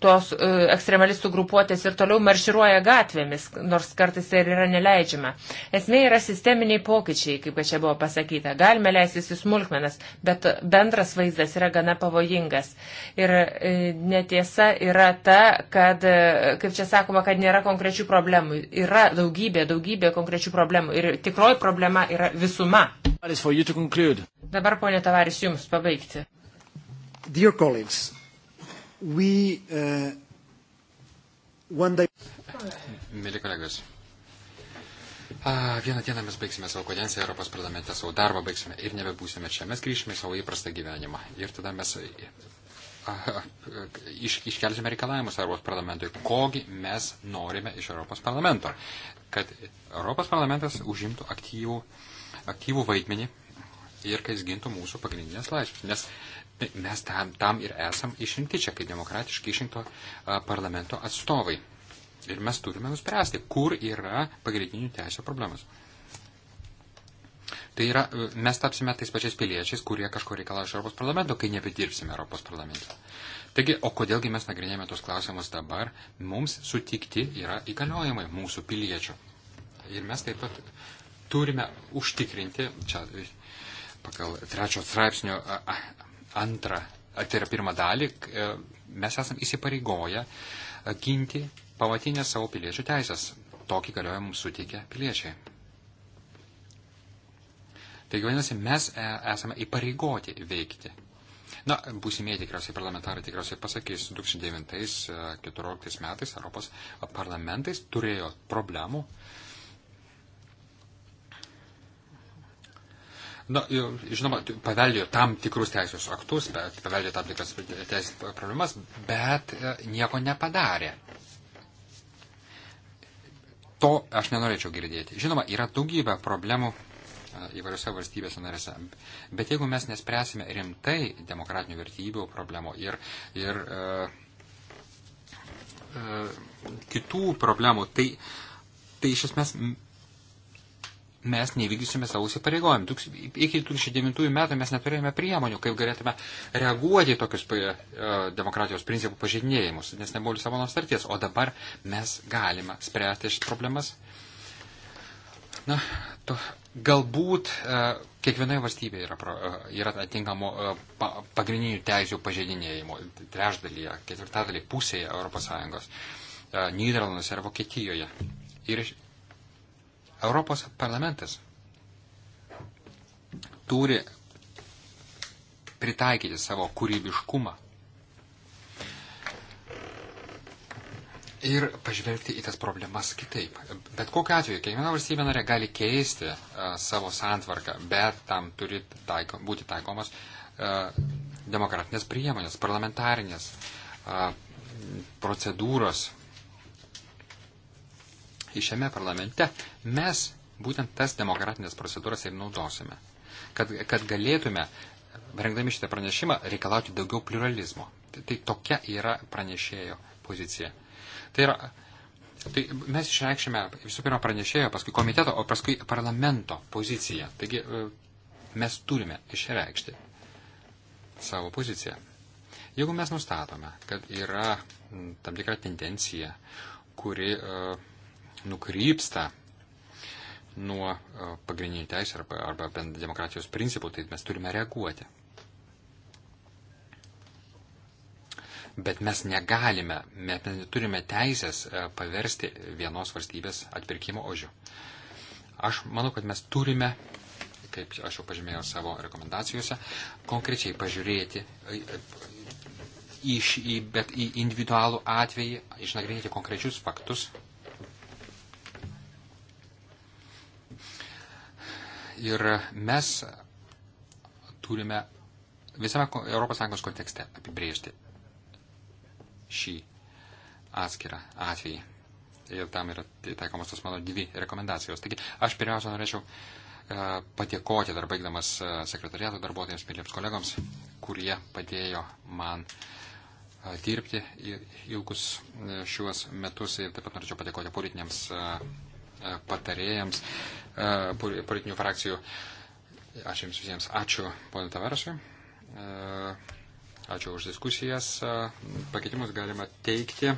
C: tos e, ekstremalistų grupuotės ir toliau marširuoja gatvėmis, nors kartais tai yra neleidžiama. Esmė yra sisteminiai pokyčiai, kaip čia buvo pasakyta. Galime leistis į smulkmenas, bet bendras vaizdas yra gana pavojingas. Ir e, netiesa yra ta, kad, e, kaip čia sakoma, kad nėra konkrečių problemų. Yra daugybė, daugybė konkrečių problemų. Ir tikroji problema yra visuma. Dabar, ponė Tavaris, jums pabaigti.
B: Dear colleagues,
C: we, uh, one day...
B: Mėly kolegos, a, vieną dieną mes baigsime savo kadenciją Europos parlamente, savo darbą baigsime ir nebebūsime čia. Mes grįšime į savo įprastą gyvenimą. Ir tada mes iš, iškelsime reikalavimus Europos parlamentui, kogi mes norime iš Europos parlamento. Kad Europos parlamentas užimtų aktyvų, aktyvų vaidmenį ir kad jis gintų mūsų pagrindinės laisvės. Nes Tai mes tam, tam ir esam išrinkti čia, kaip demokratiškai išrinkto parlamento atstovai. Ir mes turime nuspręsti, kur yra pagrindinių teisų problemas. Tai yra, e, mes tapsime tais pačiais piliečiais, kurie kažko reikalauja iš Europos parlamento, kai nebedirbsime Europos parlamento. Taigi, o kodėlgi mes nagrinėjame tos klausimus dabar, mums sutikti yra įgaliojimai mūsų piliečių. Ir mes taip pat turime užtikrinti, čia pagal trečio straipsnio antrą, tai yra pirmą dalį, e, mes esam įsipareigoję e, ginti pamatinę savo piliečių teisės. Tokį galiojimą mums suteikia piliečiai. Taigi, vadinasi, mes e, esame įpareigoti veikti. Na, būsimieji tikriausiai parlamentarai tikriausiai pasakys, 2009-2014 metais Europos parlamentais turėjo problemų uh, Na, žinoma, paveldėjo tam tikrus teisės aktus, paveldėjo tam tikras teisės problemas, bet e, nieko nepadarė. To aš nenorėčiau girdėti. Žinoma, yra daugybė problemų e, įvairiose valstybėse narėse. Bet jeigu mes nespręsime rimtai demokratinių vertybių problemų ir, ir e, e, kitų problemų, tai, tai iš esmės mes nevykdysime savo įsipareigojimų. Iki 2009 metų mes neturėjome priemonių, kaip galėtume reaguoti į tokius e, demokratijos principų pažydinėjimus, nes nebuvo Lisabono starties, o dabar mes galime spręsti šis problemas. Na, to, galbūt uh, kiekvienoje valstybėje yra, uh, yra atitinkamų uh, pa, pagrindinių teisių pažeidinėjimų trešdalyje, ketvirtadalyje, pusėje ES, uh, Niderlanduose ar Vokietijoje. Ir Europos parlamentas turi pritaikyti savo kūrybiškumą ir pažvelgti į tas problemas kitaip. Bet kokiu atveju, kiekviena valstybė narė gali keisti a, e, savo santvarką, bet tam turi taiko, būti taikomas a, e, demokratinės priemonės, parlamentarinės a, e, procedūros šiame parlamente, mes būtent tas demokratinės procedūras ir naudosime. Kad, kad galėtume, rengdami šitą pranešimą, reikalauti daugiau pluralizmo. Tai, tai tokia yra pranešėjo pozicija. Tai yra, tai mes išreikšime visų pirma pranešėjo, paskui komiteto, o paskui parlamento poziciją. Taigi e, mes turime išreikšti savo poziciją. Jeigu mes nustatome, kad yra tam tikra tendencija, kuri uh, nukrypsta nuo e, pagrindinių teisų arba, arba bent demokratijos principų, tai mes turime reaguoti. Bet mes negalime, mes neturime teisės e, paversti vienos valstybės atpirkimo ožių. Aš manau, kad mes turime, kaip aš jau pažymėjau savo rekomendacijose, konkrečiai pažiūrėti e, iš, bet į individualų atvejį, išnagrinėti konkrečius faktus, ir mes turime visame ES kontekste apibrėžti šį atskirą atvejį. Ir tam yra tai taikomos tos mano dvi rekomendacijos. Taigi aš pirmiausia norėčiau e, patiekoti dar baigdamas e, sekretariato darbuotojams, mėlyms kolegoms, kurie padėjo man e, dirbti ilgus šiuos metus ir taip pat norėčiau patiekoti politiniams E, patarėjams e, politinių frakcijų. Aš jums visiems ačiū, ponai Tavarasui. E, ačiū už diskusijas. Pakeitimus galima teikti.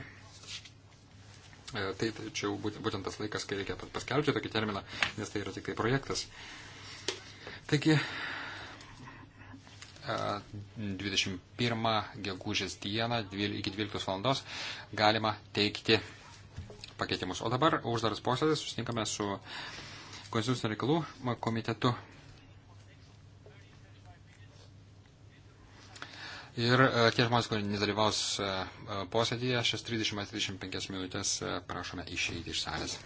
B: Tai tačiau būtent tas laikas, kai reikia paskelbti tokį terminą, nes tai yra tik tai projektas. Taigi, 21 gegužės dieną iki 12 valandos galima teikti pakeitimus. O dabar uždaras posėdis, susitinkame su Konstitucinio reikalų komitetu. Ir e, tie žmonės, kurie nedalyvaus e, e, posėdėje, šias 30-35 minutės prašome išeiti iš salės.